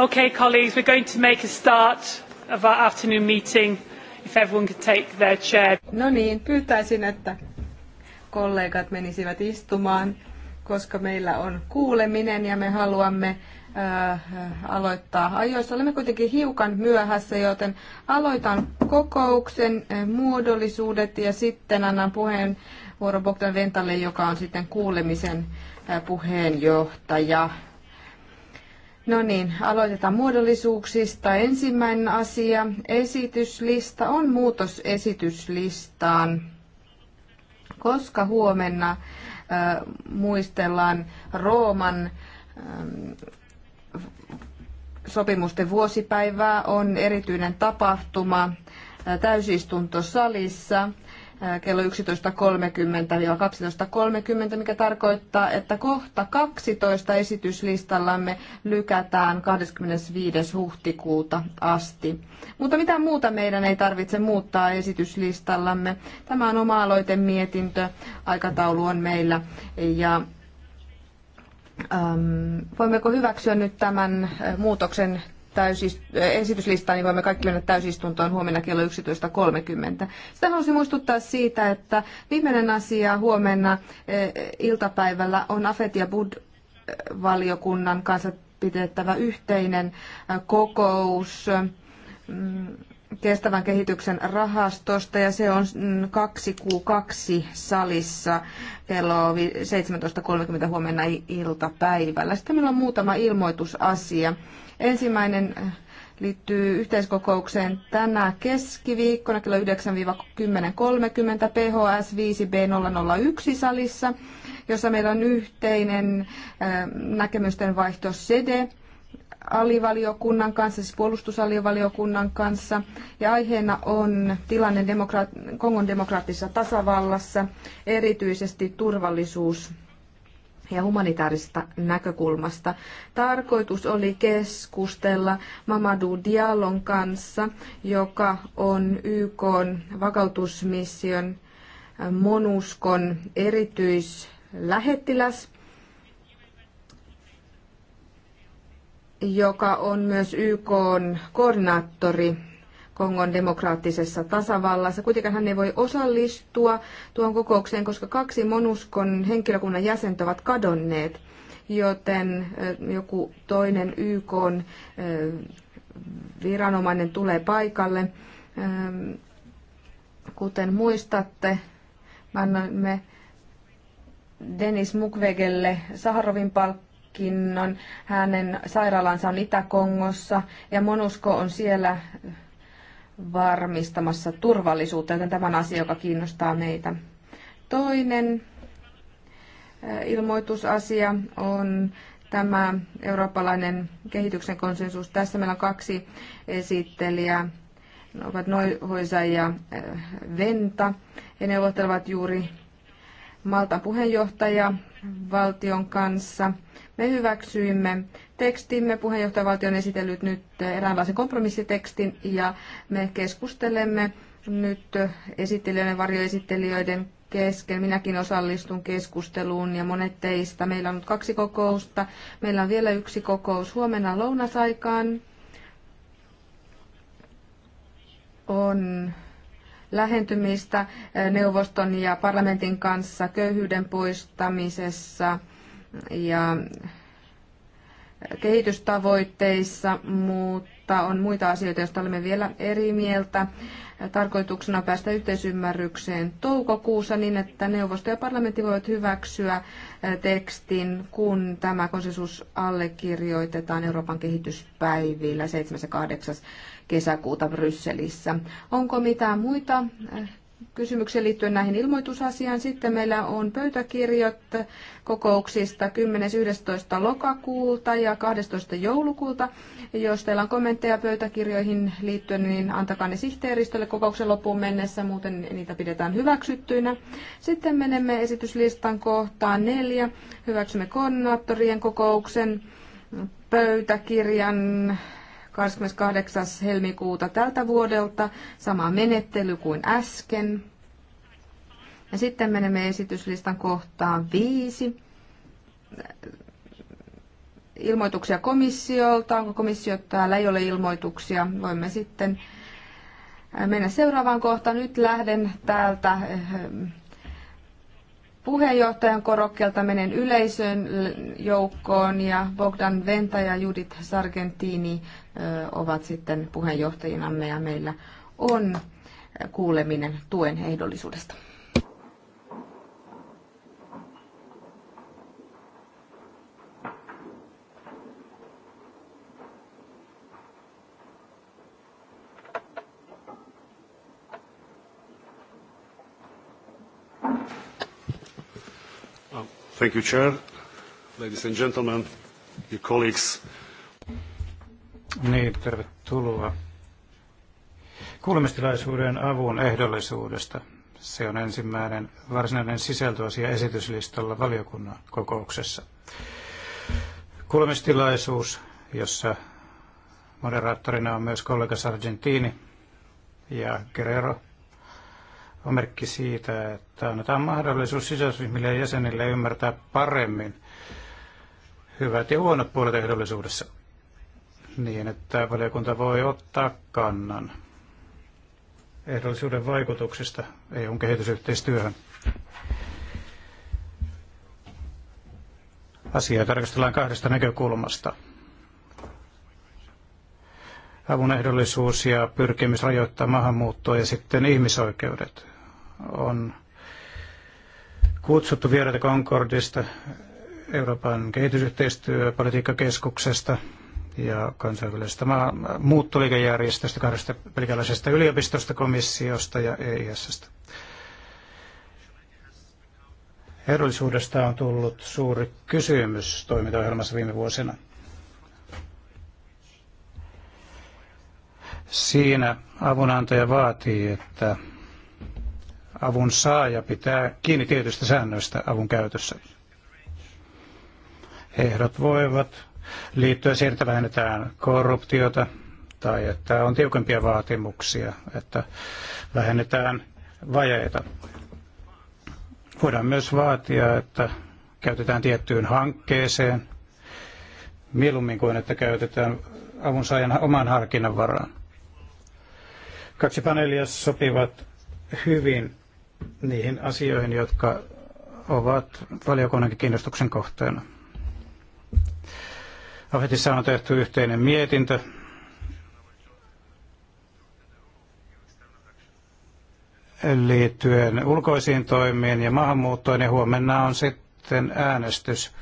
Okay, colleagues, we're going to make a start of our afternoon meeting, if everyone could take their chair. No niin, pyytäisin, että kollegat menisivät istumaan, koska meillä on kuuleminen ja me haluamme äh, aloittaa ajoissa. Olemme kuitenkin hiukan myöhässä, joten aloitan kokouksen äh, muodollisuudet ja sitten annan puheen vuoro Bogdan Ventalle, joka on sitten kuulemisen äh, puheenjohtaja. No niin, aloitetaan muodollisuuksista. Ensimmäinen asia, esityslista on muutos esityslistaan, koska huomenna äh, muistellaan Rooman äh, sopimusten vuosipäivää, on erityinen tapahtuma äh, täysistuntosalissa kello 11.30-12.30, mikä tarkoittaa, että kohta 12 esityslistallamme lykätään 25. huhtikuuta asti. Mutta mitä muuta meidän ei tarvitse muuttaa esityslistallamme. Tämä on oma aloitemietintö, aikataulu on meillä ja Voimmeko hyväksyä nyt tämän muutoksen täysist- esityslistaa, niin voimme kaikki mennä täysistuntoon huomenna kello 11.30. Sitä haluaisin muistuttaa siitä, että viimeinen asia huomenna eh, iltapäivällä on Afet ja Bud-valiokunnan eh, kanssa pidettävä yhteinen eh, kokous mm, kestävän kehityksen rahastosta ja se on 2Q2 mm, salissa kello 17.30 huomenna iltapäivällä. Sitten meillä on muutama ilmoitusasia. Ensimmäinen äh, liittyy yhteiskokoukseen tänä keskiviikkona kello 9-10.30 PHS 5B001 salissa, jossa meillä on yhteinen äh, näkemysten vaihto SEDE alivaliokunnan kanssa, siis puolustusalivaliokunnan kanssa. Ja aiheena on tilanne demokra- Kongon demokraattisessa tasavallassa, erityisesti turvallisuus ja humanitaarisesta näkökulmasta. Tarkoitus oli keskustella Mamadou Diallon kanssa, joka on YK vakautusmission äh, Monuskon erityislähettiläs, joka on myös YK koordinaattori Kongon demokraattisessa tasavallassa. Kuitenkaan hän ei voi osallistua tuon kokoukseen, koska kaksi Monuskon henkilökunnan jäsentä ovat kadonneet, joten joku toinen YK viranomainen tulee paikalle. Kuten muistatte, me annoimme Denis Mukwegelle Saharovin palkinnon. Hänen sairaalansa on Itä-Kongossa ja Monusko on siellä varmistamassa turvallisuutta, joten tämä on asia, joka kiinnostaa meitä. Toinen eh, ilmoitusasia on tämä eurooppalainen kehityksen konsensus. Tässä meillä on kaksi esittelijää, ne ovat Noihoisa ja eh, Venta. He neuvottelevat juuri Maltan puheenjohtaja valtion kanssa. Me hyväksyimme tekstimme. Puheenjohtajavaltio on esitellyt nyt eräänlaisen kompromissitekstin ja me keskustelemme nyt esittelijöiden, varjoesittelijöiden kesken. Minäkin osallistun keskusteluun ja monet teistä. Meillä on nyt kaksi kokousta. Meillä on vielä yksi kokous huomenna lounasaikaan. On lähentymistä neuvoston ja parlamentin kanssa köyhyyden poistamisessa ja kehitystavoitteissa, mutta on muita asioita, joista olemme vielä eri mieltä. Tarkoituksena päästä yhteisymmärrykseen toukokuussa niin, että neuvosto ja parlamentti voivat hyväksyä eh, tekstin, kun tämä konsensus allekirjoitetaan Euroopan kehityspäivillä 7. ja 8. kesäkuuta Brysselissä. Onko mitään muita eh, kysymykseen liittyen näihin ilmoitusasiaan. Sitten meillä on pöytäkirjat kokouksista 10.11. lokakuulta ja 12. joulukuulta, Jos teillä on kommentteja pöytäkirjoihin liittyen, niin antakaa ne sihteeristölle kokouksen loppuun mennessä, muuten niitä pidetään hyväksyttyinä. Sitten menemme esityslistan kohtaan neljä. Hyväksymme koordinaattorien kokouksen pöytäkirjan 28. helmikuuta tältä vuodelta. Sama menettely kuin äsken. Ja sitten menemme esityslistan kohtaan viisi. Ilmoituksia komissiolta. Onko komissio täällä? Ei ole ilmoituksia. Voimme sitten mennä seuraavaan kohtaan. Nyt lähden täältä eh, eh, puheenjohtajan korokkeelta menen yleisön joukkoon ja Bogdan Venta ja Judith Sargentini ovat sitten puheenjohtajinamme ja meillä on kuuleminen tuen ehdollisuudesta. Thank you, Chair. Ladies and gentlemen, dear colleagues. Niin, tervetuloa. Kuulemistilaisuuden avun ehdollisuudesta. Se on ensimmäinen varsinainen sisältöasia esityslistalla valiokunnan kokouksessa. Kuulemistilaisuus, jossa moderaattorina on myös kollega Sargentini ja Guerrero – on merkki siitä, että annetaan mahdollisuus sisäisryhmille ja jäsenille ymmärtää paremmin hyvät ja huonot puolet ehdollisuudessa niin, että valiokunta voi ottaa kannan ehdollisuuden vaikutuksista EUn kehitysyhteistyöhön. Asiaa tarkastellaan kahdesta näkökulmasta avun ehdollisuus ja pyrkimys rajoittaa maahanmuuttoa ja sitten ihmisoikeudet on kutsuttu vieraita Concordista, Euroopan kehitysyhteistyöpolitiikkakeskuksesta ja kansainvälisestä maa- muuttoliikejärjestöstä, kahdesta pelkäläisestä yliopistosta, komissiosta ja EISstä. Ehdollisuudesta on tullut suuri kysymys toimintaohjelmassa viime vuosina – Siinä avunantaja vaatii, että avun saaja pitää kiinni tietystä säännöistä avun käytössä. Ehdot voivat liittyä siihen, että vähennetään korruptiota tai että on tiukempia vaatimuksia, että vähennetään vajeita. Voidaan myös vaatia, että käytetään tiettyyn hankkeeseen, mieluummin kuin että käytetään avunsaajan oman harkinnan varaan. Kaksi paneelia sopivat hyvin niihin asioihin, jotka ovat valiokunnan kiinnostuksen kohteena. Afetissa on tehty yhteinen mietintö, liittyen ulkoisiin toimiin ja maahanmuuttoon ja huomenna on sitten äänestys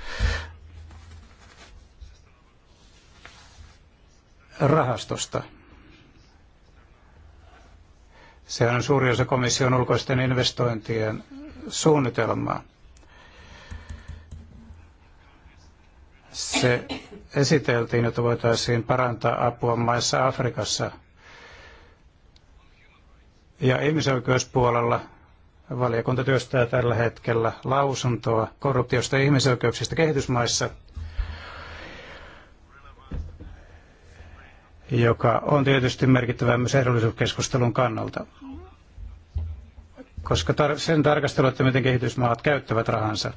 rahastosta. Sehän on suuri osa komission ulkoisten investointien suunnitelmaa. Se esiteltiin, että voitaisiin parantaa apua maissa Afrikassa. Ja ihmisoikeuspuolella valiokunta työstää tällä hetkellä lausuntoa korruptiosta ja ihmisoikeuksista kehitysmaissa, joka on tietysti merkittävä myös ehdollisuuskeskustelun kannalta koska tar- sen tarkastelu, että miten kehitysmaat käyttävät rahansa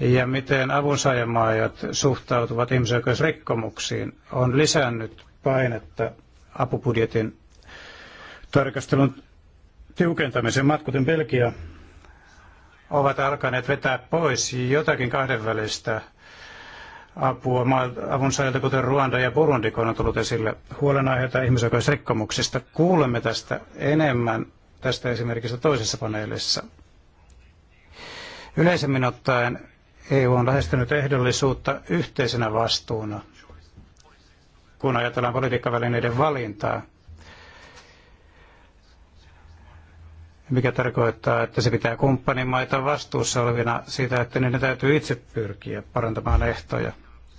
ja miten avunsaajamaajat suhtautuvat ihmisoikeusrikkomuksiin, on lisännyt painetta apubudjetin tarkastelun tiukentamiseen. Maat kuten Belgia ovat alkaneet vetää pois jotakin kahdenvälistä apua avunsaajilta, kuten Ruanda ja Burundi, kun on tullut esille huolenaiheita ihmisoikeusrikkomuksista. Kuulemme tästä enemmän tästä esimerkiksi toisessa paneelissa. Yleisemmin ottaen EU on lähestynyt ehdollisuutta yhteisenä vastuuna, kun ajatellaan politiikkavälineiden valintaa, mikä tarkoittaa, että se pitää kumppanimaita vastuussa olevina siitä, että niiden täytyy itse pyrkiä parantamaan ehtoja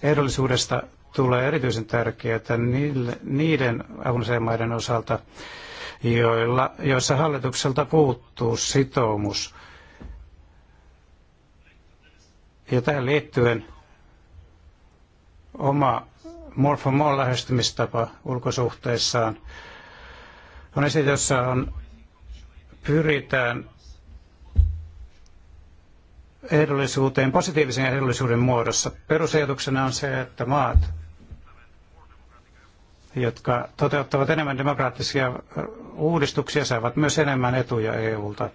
ehdollisuudesta tulee erityisen tärkeää niiden avunsaajamaiden osalta, joilla, joissa hallitukselta puuttuu sitoumus. Ja tähän liittyen oma more for more lähestymistapa ulkosuhteissaan on esitys, jossa on, pyritään ehdollisuuteen positiivisen ehdollisuuden muodossa. Perusajatuksena on se, että maat, jotka toteuttavat enemmän demokraattisia uudistuksia, saavat myös enemmän etuja EUlta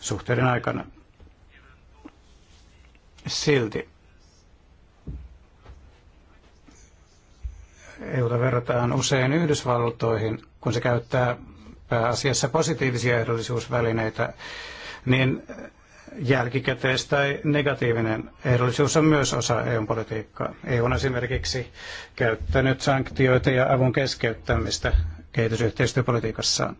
suhteiden aikana. Silti EUta verrataan usein Yhdysvaltoihin, kun se käyttää pääasiassa positiivisia ehdollisuusvälineitä, niin jälkikäteis- tai negatiivinen ehdollisuus on myös osa EU-politiikkaa. EU on esimerkiksi käyttänyt sanktioita ja avun keskeyttämistä kehitysyhteistyöpolitiikassaan.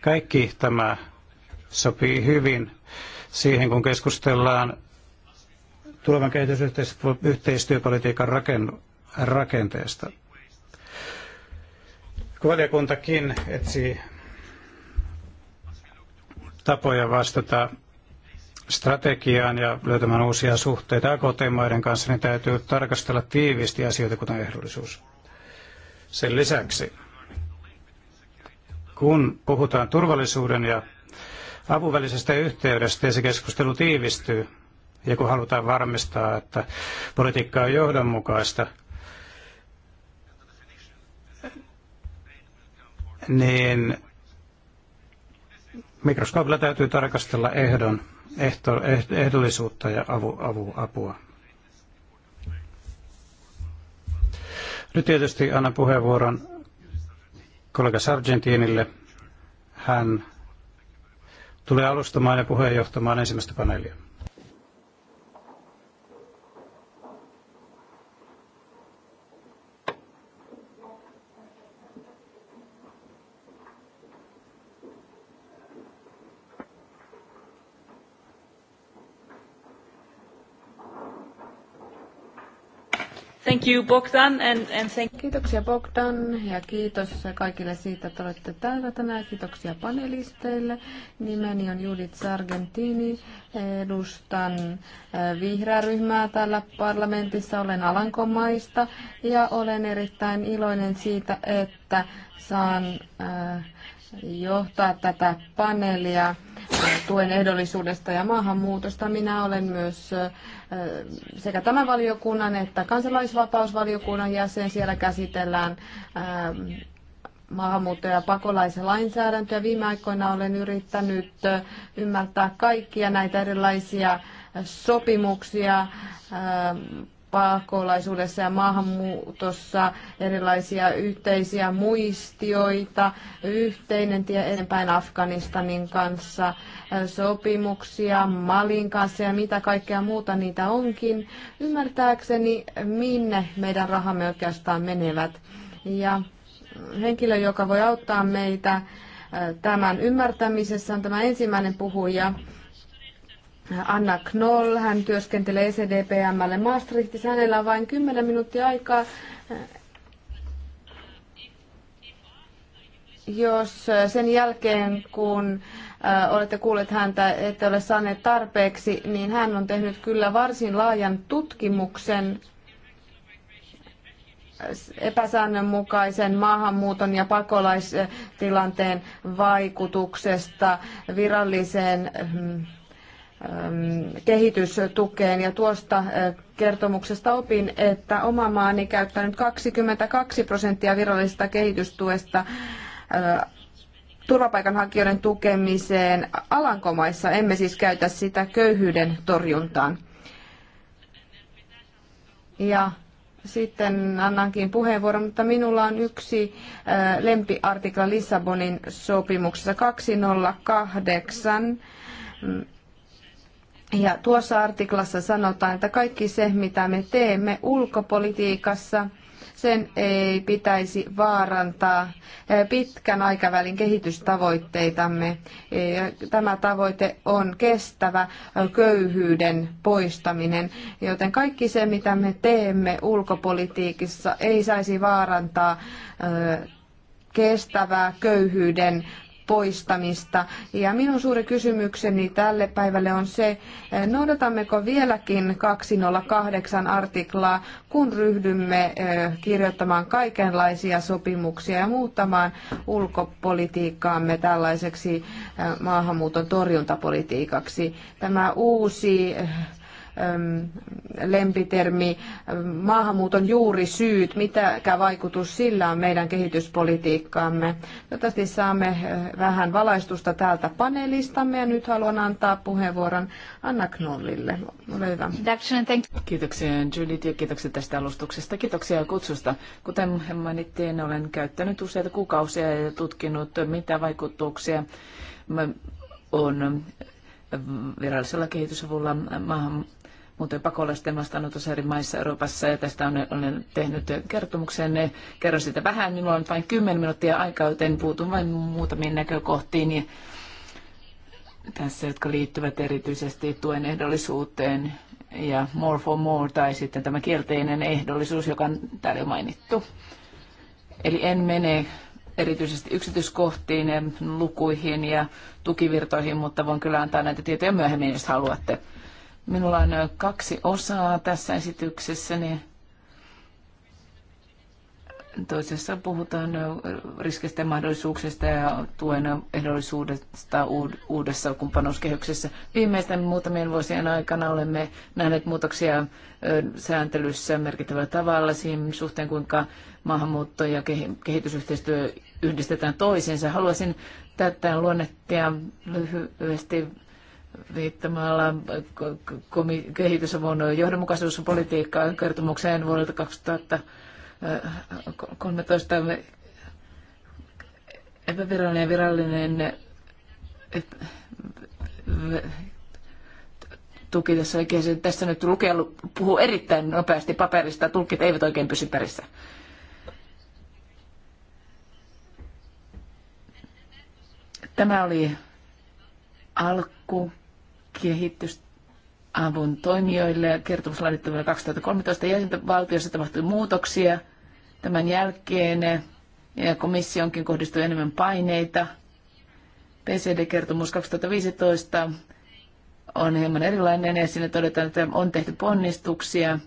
Kaikki tämä sopii hyvin siihen, kun keskustellaan tulevan kehitysyhteistyöpolitiikan rakenteesta. Valiokuntakin etsii tapoja vastata strategiaan ja löytämään uusia suhteita AKT-maiden kanssa, niin täytyy tarkastella tiiviisti asioita, kuten ehdollisuus. Sen lisäksi, kun puhutaan turvallisuuden ja apuvälisestä yhteydestä ja se keskustelu tiivistyy, ja kun halutaan varmistaa, että politiikka on johdonmukaista, niin Mikroskoopilla täytyy tarkastella ehdon, ehto, eh, ehdollisuutta ja avu, avu, apua. Nyt tietysti annan puheenvuoron kollega Sargentinille. Hän tulee alustamaan ja puheenjohtamaan ensimmäistä paneelia. Thank you Bogdan and, and thank... Kiitoksia Bogdan ja kiitos kaikille siitä, että olette täällä tänään. Kiitoksia panelisteille. Nimeni on Judith Sargentini. Edustan vihreää ryhmää täällä parlamentissa. Olen Alankomaista ja olen erittäin iloinen siitä, että saan äh, johtaa tätä paneelia tuen ehdollisuudesta ja maahanmuutosta. Minä olen myös sekä tämän valiokunnan että kansalaisvapausvaliokunnan jäsen. Siellä käsitellään maahanmuutto- ja pakolaislainsäädäntöä. Viime aikoina olen yrittänyt ymmärtää kaikkia näitä erilaisia sopimuksia, pakolaisuudessa ja maahanmuutossa erilaisia yhteisiä muistioita, yhteinen tie eteenpäin Afganistanin kanssa, äh, sopimuksia Malin kanssa ja mitä kaikkea muuta niitä onkin, ymmärtääkseni minne meidän rahamme oikeastaan menevät. Ja henkilö, joka voi auttaa meitä äh, tämän ymmärtämisessä, on tämä ensimmäinen puhuja. Anna Knoll, hän työskentelee ECDPMlle Maastrichtissa. Hänellä on vain 10 minuuttia aikaa. Jos äh, sen jälkeen, kun äh, olette kuulleet häntä, että ole saaneet tarpeeksi, niin hän on tehnyt kyllä varsin laajan tutkimuksen äh, epäsäännönmukaisen maahanmuuton ja pakolaistilanteen vaikutuksesta viralliseen mm, Ähm, kehitystukeen ja tuosta äh, kertomuksesta opin, että oma maani käyttää nyt 22 prosenttia virallisesta kehitystuesta äh, turvapaikanhakijoiden tukemiseen Alankomaissa. Emme siis käytä sitä köyhyyden torjuntaan. Ja sitten annankin puheenvuoron, mutta minulla on yksi äh, lempiartikla Lissabonin sopimuksessa 208 ja tuossa artiklassa sanotaan, että kaikki se, mitä me teemme ulkopolitiikassa, sen ei pitäisi vaarantaa pitkän aikavälin kehitystavoitteitamme. E, tämä tavoite on kestävä köyhyyden poistaminen, joten kaikki se, mitä me teemme ulkopolitiikassa, ei saisi vaarantaa kestävää köyhyyden poistamista. Ja minun suuri kysymykseni tälle päivälle on se, eh, noudatammeko vieläkin 208 artiklaa, kun ryhdymme eh, kirjoittamaan kaikenlaisia sopimuksia ja muuttamaan ulkopolitiikkaamme tällaiseksi eh, maahanmuuton torjuntapolitiikaksi. Tämä uusi lempitermi, maahanmuuton juurisyyt, mitä vaikutus sillä on meidän kehityspolitiikkaamme. Toivottavasti saamme vähän valaistusta täältä paneelistamme ja nyt haluan antaa puheenvuoron Anna Knollille. Ole hyvä. Kiitoksia Judith ja kiitoksia tästä alustuksesta. Kiitoksia kutsusta. Kuten mainittiin, olen käyttänyt useita kuukausia ja tutkinut, mitä vaikutuksia on virallisella kehitysavulla maahan muuten pakolaisten vastaanotossa eri maissa Euroopassa, ja tästä on, olen tehnyt kertomuksen. Kerron siitä vähän, minulla on vain 10 minuuttia aikaa, joten puutun vain muutamiin näkökohtiin tässä, jotka liittyvät erityisesti tuen ehdollisuuteen ja more for more, tai sitten tämä kielteinen ehdollisuus, joka on täällä jo mainittu. Eli en mene erityisesti yksityiskohtiin ja lukuihin ja tukivirtoihin, mutta voin kyllä antaa näitä tietoja myöhemmin, jos haluatte. Minulla on kaksi osaa tässä esityksessäni. Niin toisessa puhutaan riskeistä ja mahdollisuuksista ja tuen ehdollisuudesta uudessa kumppanuuskehyksessä. Viimeisten muutamien vuosien aikana olemme nähneet muutoksia sääntelyssä merkittävällä tavalla siinä suhteen, kuinka maahanmuutto ja kehitysyhteistyö yhdistetään toisiinsa. Haluaisin tätä luonnettia lyhyesti viittamalla kehitysavun johdonmukaisuuspolitiikkaan kertomukseen vuodelta 2013 äh, epävirallinen ja virallinen tuki tässä oikein. Tässä nyt lukee puhuu erittäin nopeasti paperista. Tulkit eivät oikein pysy pärissä. Tämä oli alku kehitysavun toimijoille. Kertomus laadittu vuonna 2013 jäsenvaltiossa tapahtui muutoksia. Tämän jälkeen ja komissionkin kohdistui enemmän paineita. PCD-kertomus 2015 on hieman erilainen ja siinä todetaan, että on tehty ponnistuksia,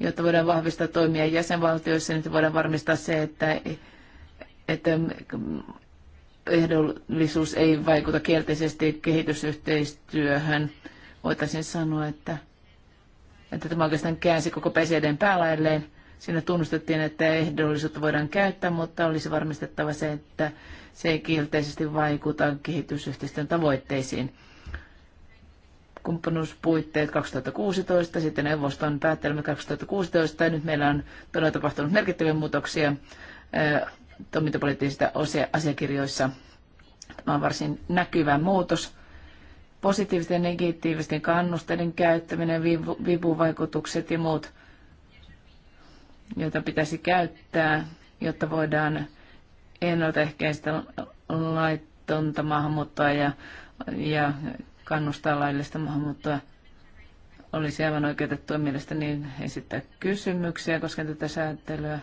jotta voidaan vahvistaa toimia jäsenvaltioissa, niin voidaan varmistaa se, että, että ehdollisuus ei vaikuta kielteisesti kehitysyhteistyöhön. Voitaisiin sanoa, että, että tämä oikeastaan käänsi koko PCDn päälailleen. Siinä tunnustettiin, että ehdollisuutta voidaan käyttää, mutta olisi varmistettava se, että se ei kielteisesti vaikuta kehitysyhteistyön tavoitteisiin. Kumppanuuspuitteet 2016, sitten neuvoston päättelmä 2016, ja nyt meillä on todella tapahtunut merkittäviä muutoksia toimintapoliittisista asiakirjoissa. Tämä on varsin näkyvä muutos. Positiivisten ja negatiivisten kannusteiden käyttäminen, vipuvaikutukset ja muut, joita pitäisi käyttää, jotta voidaan ennaltaehkäistä laitonta maahanmuuttoa ja, ja kannustaa laillista maahanmuuttoa olisi aivan oikeutettua mielestäni esittää kysymyksiä koskien tätä sääntelyä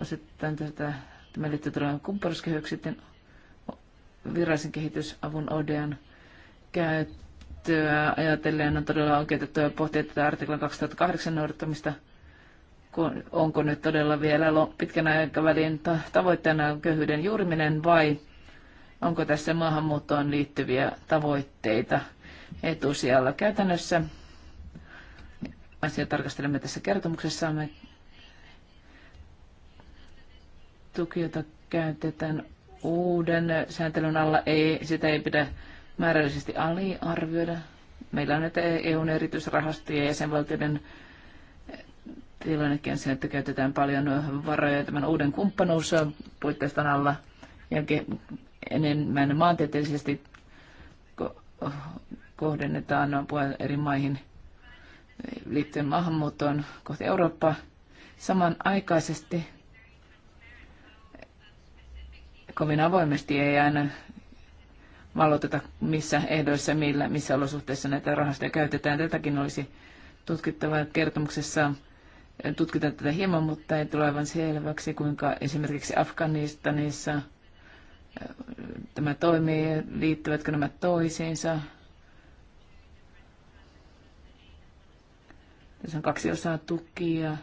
osittain tätä, tämä liittyy tulevan kumppanuuskehyksitten virallisen kehitysavun ODEAN käyttöä ajatellen on todella ja pohtia tätä artiklan 2008 noudattamista, onko nyt todella vielä pitkän aikavälin tavoitteena köyhyyden juuriminen vai onko tässä maahanmuuttoon liittyviä tavoitteita etusijalla käytännössä. Asia tarkastelemme tässä kertomuksessamme tuki, jota käytetään uuden sääntelyn alla, ei, sitä ei pidä määrällisesti aliarvioida. Meillä on näitä EUn erityisrahastoja ja jäsenvaltioiden tilannekin se, että käytetään paljon varoja tämän uuden puitteistan alla ja enemmän maantieteellisesti kohdennetaan eri maihin liittyen maahanmuuttoon kohti Eurooppaa. Samanaikaisesti kovin avoimesti ei aina valoteta, missä ehdoissa, millä, missä olosuhteissa näitä rahastoja käytetään. Tätäkin olisi tutkittava kertomuksessa. Tutkitaan tätä hieman, mutta ei tule aivan selväksi, kuinka esimerkiksi Afganistanissa äh, tämä toimii, liittyvätkö nämä toisiinsa. Tässä on kaksi osaa tukia.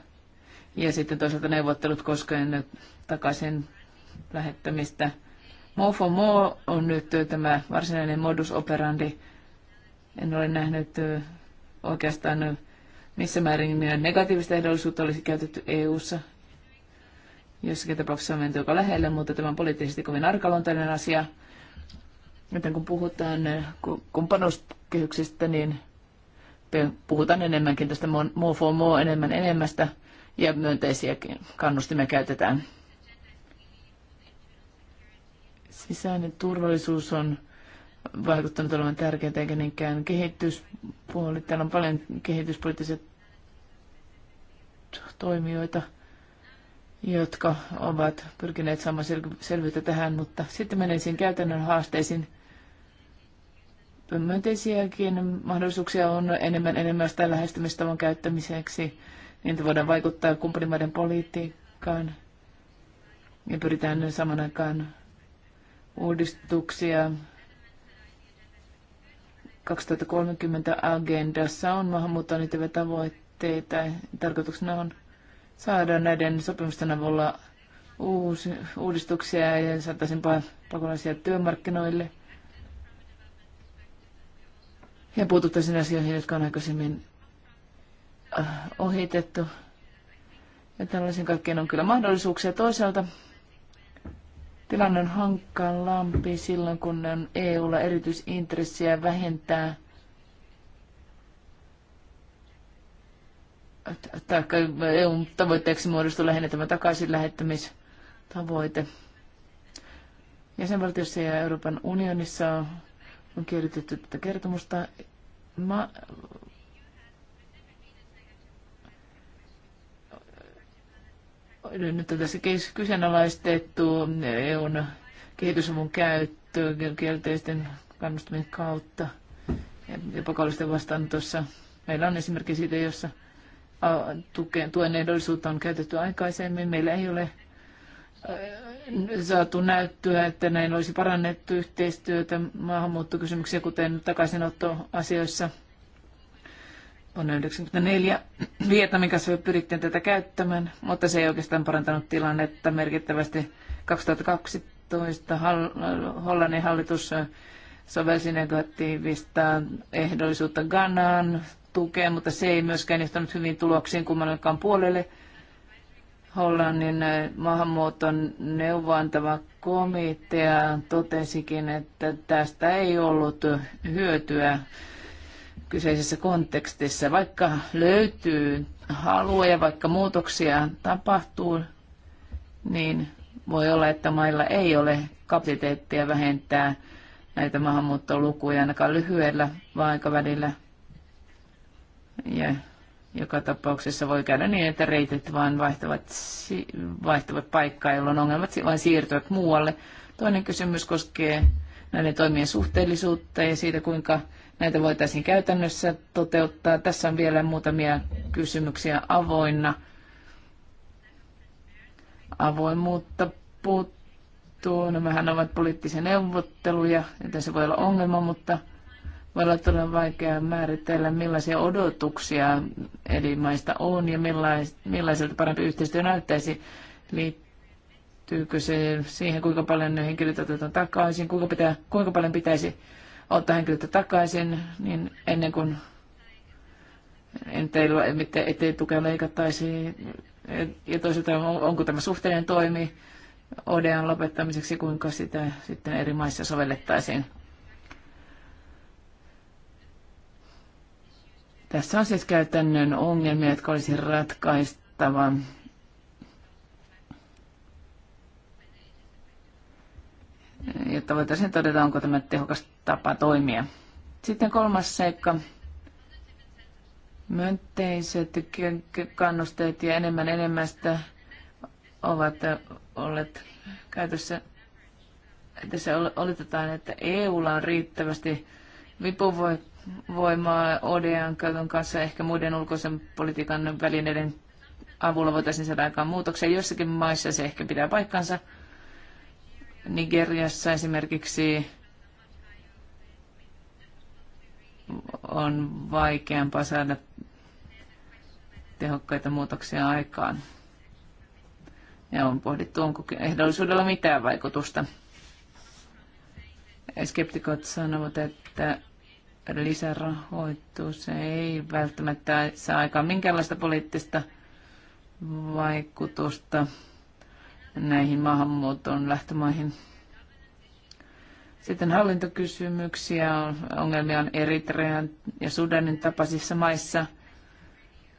Ja sitten toisaalta neuvottelut koskien takaisin lähettämistä. MoFoMo on nyt tämä varsinainen modus operandi. En ole nähnyt oikeastaan missä määrin negatiivista ehdollisuutta olisi käytetty EU-ssa. Jossakin tapauksessa on menty aika lähelle, mutta tämä on poliittisesti kovin arkaluontainen asia. Joten kun puhutaan kumppanuuskehyksistä, niin puhutaan enemmänkin tästä more for more, enemmän enemmästä ja myönteisiäkin kannustimia käytetään Sisäinen turvallisuus on vaikuttanut olevan tärkeää, eikä niinkään kehityspuoli. Täällä on paljon kehityspoliittisia toimijoita, jotka ovat pyrkineet saamaan sel- selvyyttä tähän, mutta sitten menisin käytännön haasteisiin. Myönteisiäkin mahdollisuuksia on enemmän enemmän sitä lähestymistavan käyttämiseksi. Niitä voidaan vaikuttaa kumppanimaiden politiikkaan ja pyritään saman aikaan uudistuksia. 2030 agendassa on maahanmuuttoon liittyviä tavoitteita. Tarkoituksena on saada näiden sopimusten avulla uusi, uudistuksia ja saataisiin pakolaisia työmarkkinoille. Ja puututtaisiin asioihin, jotka on aikaisemmin äh, ohitettu. Ja tällaisen kaikkeen on kyllä mahdollisuuksia. Toisaalta Tilanne on hankalampi silloin, kun on EUlla erityisintressiä vähentää tai EUn tavoitteeksi muodostuu lähinnä tämä takaisin lähettämistavoite. Jäsenvaltiossa ja Euroopan unionissa on kirjoitettu tätä kertomusta. Ma- nyt on tässä kyseenalaistettu EUn kehitysavun käyttö kielteisten kannustamien kautta ja pakollisten vastaanotossa. Meillä on esimerkki siitä, jossa tuen ehdollisuutta on käytetty aikaisemmin. Meillä ei ole saatu näyttöä, että näin olisi parannettu yhteistyötä maahanmuuttokysymyksiä, kuten takaisinottoasioissa. Vuonna 1994 Vietnamin kanssa pyrittiin tätä käyttämään, mutta se ei oikeastaan parantanut tilannetta merkittävästi. 2012 Hollannin hallitus sovelsi negatiivista ehdollisuutta Ghanaan tukeen, mutta se ei myöskään johtanut hyvin tuloksiin kummallekaan puolelle. Hollannin maahanmuuton neuvoantava komitea totesikin, että tästä ei ollut hyötyä kyseisessä kontekstissa. Vaikka löytyy halua ja vaikka muutoksia tapahtuu, niin voi olla, että mailla ei ole kapiteettia vähentää näitä maahanmuuttolukuja ainakaan lyhyellä aikavälillä. Ja joka tapauksessa voi käydä niin, että reitit vain vaihtavat, vaihtavat paikkaa, jolloin ongelmat vain siirtyvät muualle. Toinen kysymys koskee näiden toimien suhteellisuutta ja siitä, kuinka näitä voitaisiin käytännössä toteuttaa. Tässä on vielä muutamia kysymyksiä avoinna. Avoimuutta puuttuu. Nämähän no, ovat poliittisia neuvotteluja, joten se voi olla ongelma, mutta voi olla todella vaikea määritellä, millaisia odotuksia eri maista on ja millaiselta parempi yhteistyö näyttäisi liittyykö se siihen, kuinka paljon ne henkilöt otetaan takaisin, kuinka, pitää, kuinka paljon pitäisi ottaa henkilöitä takaisin, niin ennen kuin en teillä, ettei, ettei tukea leikattaisi. Ja toisaalta onko tämä suhteellinen toimi ODAn lopettamiseksi, kuinka sitä sitten eri maissa sovellettaisiin. Tässä on siis käytännön ongelmia, jotka olisi ratkaistava jotta voitaisiin todeta, onko tämä tehokas tapa toimia. Sitten kolmas seikka. Myönteiset kannusteet ja enemmän enemmästä ovat olleet käytössä. Tässä oletetaan, että EUlla on riittävästi vipuvoimaa ODAn käytön kanssa ehkä muiden ulkoisen politiikan välineiden avulla voitaisiin saada aikaan muutoksia. Jossakin maissa se ehkä pitää paikkansa Nigeriassa esimerkiksi on vaikeampaa saada tehokkaita muutoksia aikaan. Ja on pohdittu, onko ehdollisuudella mitään vaikutusta. Skeptikot sanovat, että lisärahoitus ei välttämättä saa aikaan minkäänlaista poliittista vaikutusta näihin maahanmuuton lähtömaihin. Sitten hallintokysymyksiä, ongelmia on Eritrean ja Sudanin tapaisissa maissa.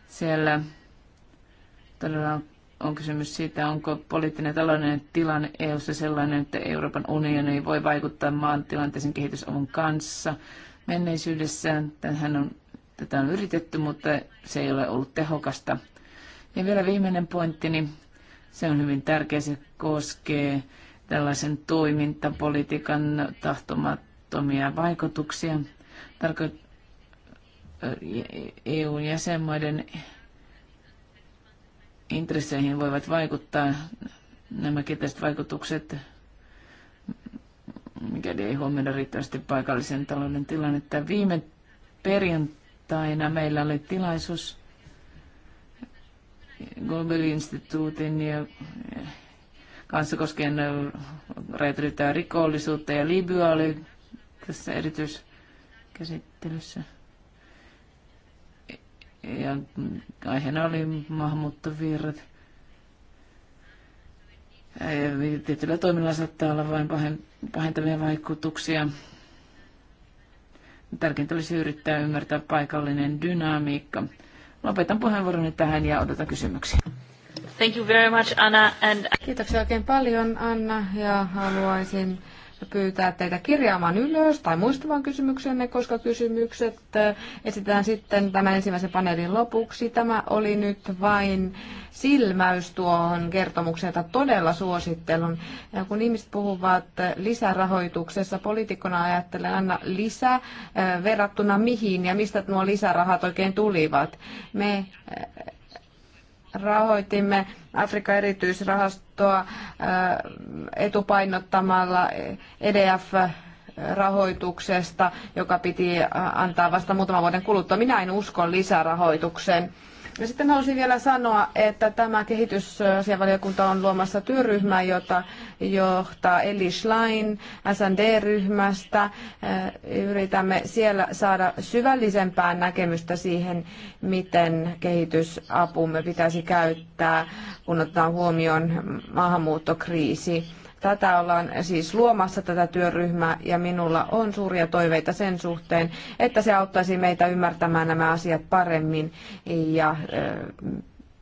Siellä todella on kysymys siitä, onko poliittinen ja taloudellinen tilanne EU:ssa sellainen, että Euroopan unioni voi vaikuttaa maan tilanteeseen kehitysavun kanssa. Menneisyydessään tähän on, tätä on yritetty, mutta se ei ole ollut tehokasta. Ja vielä viimeinen pointti, Niin se on hyvin tärkeä, se koskee tällaisen toimintapolitiikan tahtomattomia vaikutuksia. Tarkoittaa eu e jäsenmaiden intresseihin voivat vaikuttaa nämä kiteiset vaikutukset, mikäli ei huomioida riittävästi paikallisen talouden tilannetta. Viime perjantaina meillä oli tilaisuus Google-instituutin ja eh, kanssa koskien eh, räätälöityä rikollisuutta ja Libya oli tässä erityiskäsittelyssä. Ja aiheena oli maahanmuuttovirrat. Eh, tietyllä toiminnalla saattaa olla vain pahentavia vaikutuksia. Tärkeintä olisi yrittää ymmärtää paikallinen dynamiikka. Lopetan puheenvuoroni tähän ja odotan kysymyksiä. Thank you very much, Anna. And... Kiitoksia oikein paljon, Anna, ja haluaisin pyytää teitä kirjaamaan ylös tai muistamaan kysymyksenne, koska kysymykset eh, esitetään sitten tämän ensimmäisen paneelin lopuksi. Tämä oli nyt vain silmäys tuohon kertomukseen, jota todella suosittelun. Ja kun ihmiset puhuvat eh, lisärahoituksessa, poliitikkona ajattelen aina lisä eh, verrattuna mihin ja mistä nuo lisärahat oikein tulivat. Me rahoitimme Afrikan erityisrahastoa äh, etupainottamalla EDF rahoituksesta, joka piti äh, antaa vasta muutaman vuoden kuluttua. Minä en usko lisärahoitukseen. No sitten haluaisin vielä sanoa, että tämä kehitysasianvaliokunta on luomassa työryhmää, jota johtaa Eli Schlein SND-ryhmästä. Äh, yritämme siellä saada syvällisempää näkemystä siihen, miten kehitysapumme pitäisi käyttää, kun otetaan huomioon maahanmuuttokriisi Tätä ollaan siis luomassa tätä työryhmää ja minulla on suuria toiveita sen suhteen, että se auttaisi meitä ymmärtämään nämä asiat paremmin ja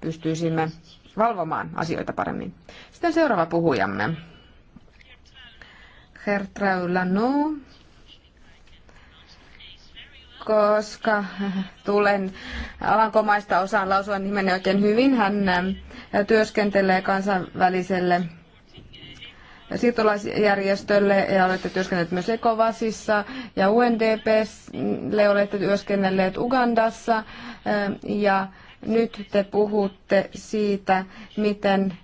pystyisimme valvomaan asioita paremmin. Sitten seuraava puhujamme. Gertrau Lanu, koska tulen alankomaista osaan lausua nimeni oikein hyvin. Hän työskentelee kansainväliselle siirtolaisjärjestölle ja olette työskennelleet myös Ekovasissa ja UNDPlle olette työskennelleet Ugandassa ja nyt te puhutte siitä, miten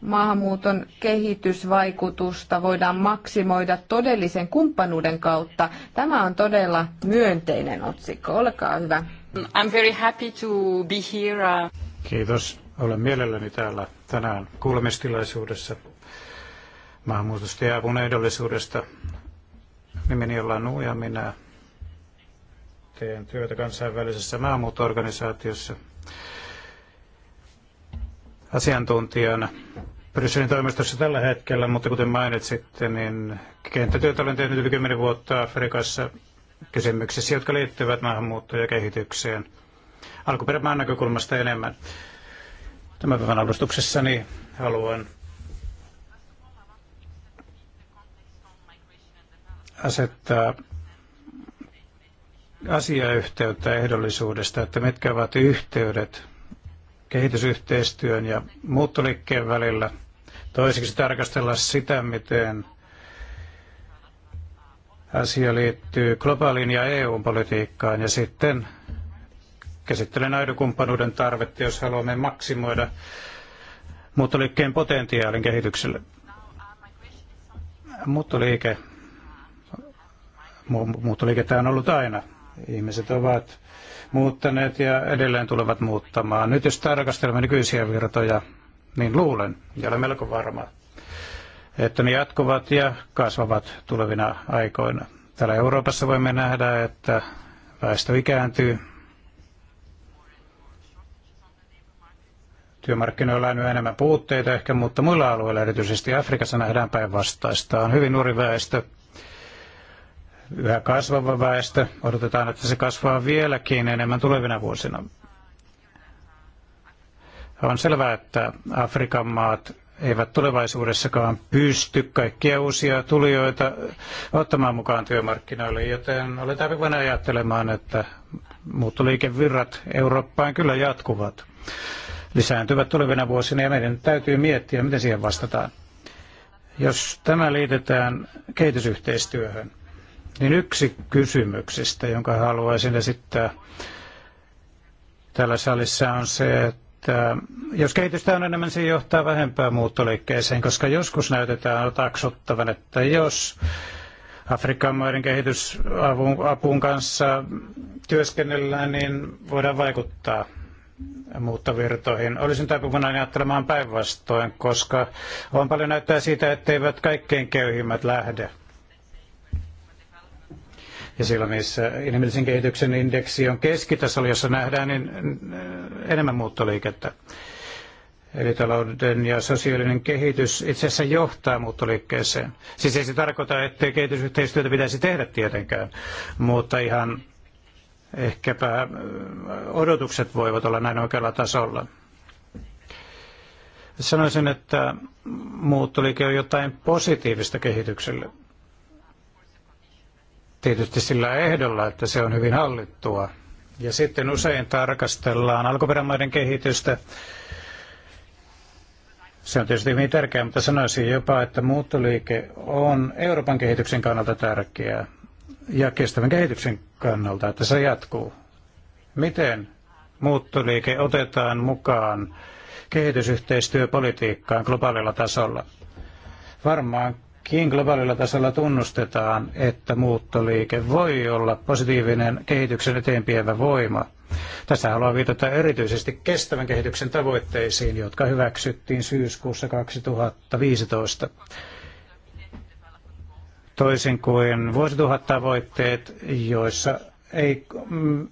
maahanmuuton kehitysvaikutusta voidaan maksimoida todellisen kumppanuuden kautta. Tämä on todella myönteinen otsikko. Olkaa hyvä. I'm very happy to be here. Uh, Kiitos. Olen mielelläni täällä tänään kuulemistilaisuudessa maahanmuutosta ja avun ehdollisuudesta. Nimeni on Lanu ja minä teen työtä kansainvälisessä maahanmuuttoorganisaatiossa asiantuntijana Brysselin toimistossa tällä hetkellä, mutta kuten mainitsitte, niin kenttätyötä olen tehnyt yli 10 vuotta Afrikassa kysymyksissä, jotka liittyvät maahanmuuttoon ja kehitykseen alkuperämaan näkökulmasta enemmän. Tämän päivän alustuksessani haluan asettaa asiayhteyttä ehdollisuudesta, että mitkä ovat yhteydet kehitysyhteistyön ja muuttoliikkeen välillä. Toiseksi tarkastella sitä, miten asia liittyy globaaliin ja EU-politiikkaan ja sitten käsittelen aidokumppanuuden tarvetta, jos haluamme maksimoida muuttoliikkeen potentiaalin kehitykselle. Muuttoliike Muuttoliikettä on ollut aina. Ihmiset ovat muuttaneet ja edelleen tulevat muuttamaan. Nyt jos tarkastelemme nykyisiä virtoja, niin luulen ja olen melko varma, että ne jatkuvat ja kasvavat tulevina aikoina. Täällä Euroopassa voimme nähdä, että väestö ikääntyy. Työmarkkinoilla on enemmän puutteita ehkä, mutta muilla alueilla, erityisesti Afrikassa, nähdään päinvastaista. On hyvin nuori väestö, yhä kasvava väestö. Odotetaan, että se kasvaa vieläkin enemmän tulevina vuosina. On selvää, että Afrikan maat eivät tulevaisuudessakaan pysty kaikkia uusia tulijoita ottamaan mukaan työmarkkinoille, joten olen taipuvainen ajattelemaan, että muuttoliikevirrat Eurooppaan kyllä jatkuvat, lisääntyvät tulevina vuosina ja meidän täytyy miettiä, miten siihen vastataan. Jos tämä liitetään kehitysyhteistyöhön, niin yksi kysymyksistä, jonka haluaisin esittää täällä salissa on se, että jos kehitystä on enemmän, se johtaa vähempään muuttoliikkeeseen, koska joskus näytetään taksottavan, että jos Afrikan maiden kehitysavun kanssa työskennellään, niin voidaan vaikuttaa muuttovirtoihin. Olisin taipuvainen ajattelemaan päinvastoin, koska on paljon näyttää siitä, etteivät kaikkein köyhimmät lähde ja siellä missä inhimillisen kehityksen indeksi on keskitasolla, jossa nähdään niin äh, enemmän muuttoliikettä. Eli talouden ja sosiaalinen kehitys itse asiassa johtaa muuttoliikkeeseen. Siis ei se tarkoita, että kehitysyhteistyötä pitäisi tehdä tietenkään, mutta ihan ehkäpä äh, odotukset voivat olla näin oikealla tasolla. Sanoisin, että muuttoliike on jotain positiivista kehitykselle tietysti sillä ehdolla, että se on hyvin hallittua. Ja sitten usein tarkastellaan alkuperämaiden kehitystä. Se on tietysti hyvin tärkeää, mutta sanoisin jopa, että muuttoliike on Euroopan kehityksen kannalta tärkeää ja kestävän kehityksen kannalta, että se jatkuu. Miten muuttoliike otetaan mukaan kehitysyhteistyöpolitiikkaan globaalilla tasolla? Varmaan Kiin globaalilla tasolla tunnustetaan, että muuttoliike voi olla positiivinen kehityksen eteenpäivä voima. Tässä haluan viitata erityisesti kestävän kehityksen tavoitteisiin, jotka hyväksyttiin syyskuussa 2015. Toisin kuin vuosituhattavoitteet, joissa ei mm,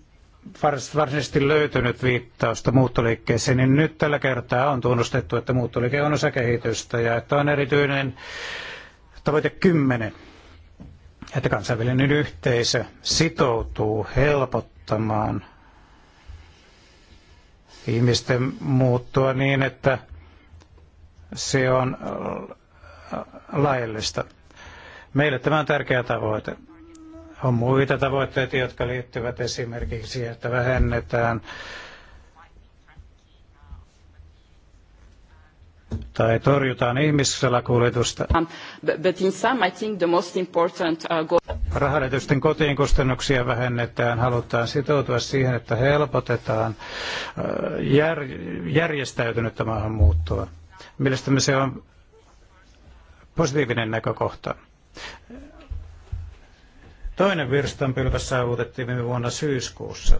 varsinaisesti löytynyt viittausta muuttoliikkeeseen, niin nyt tällä kertaa on tunnustettu, että muuttoliike on osa kehitystä ja että on erityinen tavoite 10, että kansainvälinen yhteisö sitoutuu helpottamaan ihmisten muuttua niin, että se on laillista. Meille tämä on tärkeä tavoite. On muita tavoitteita, jotka liittyvät esimerkiksi, että vähennetään tai torjutaan ihmissalakuljetusta. Um, in I think the most important, uh, kotiin kustannuksia vähennetään, halutaan sitoutua siihen, että helpotetaan uh, jär, järjestäytynyttä maahanmuuttoa. Mielestäni se on positiivinen näkökohta. Toinen virstanpylväs saavutettiin viime vuonna syyskuussa.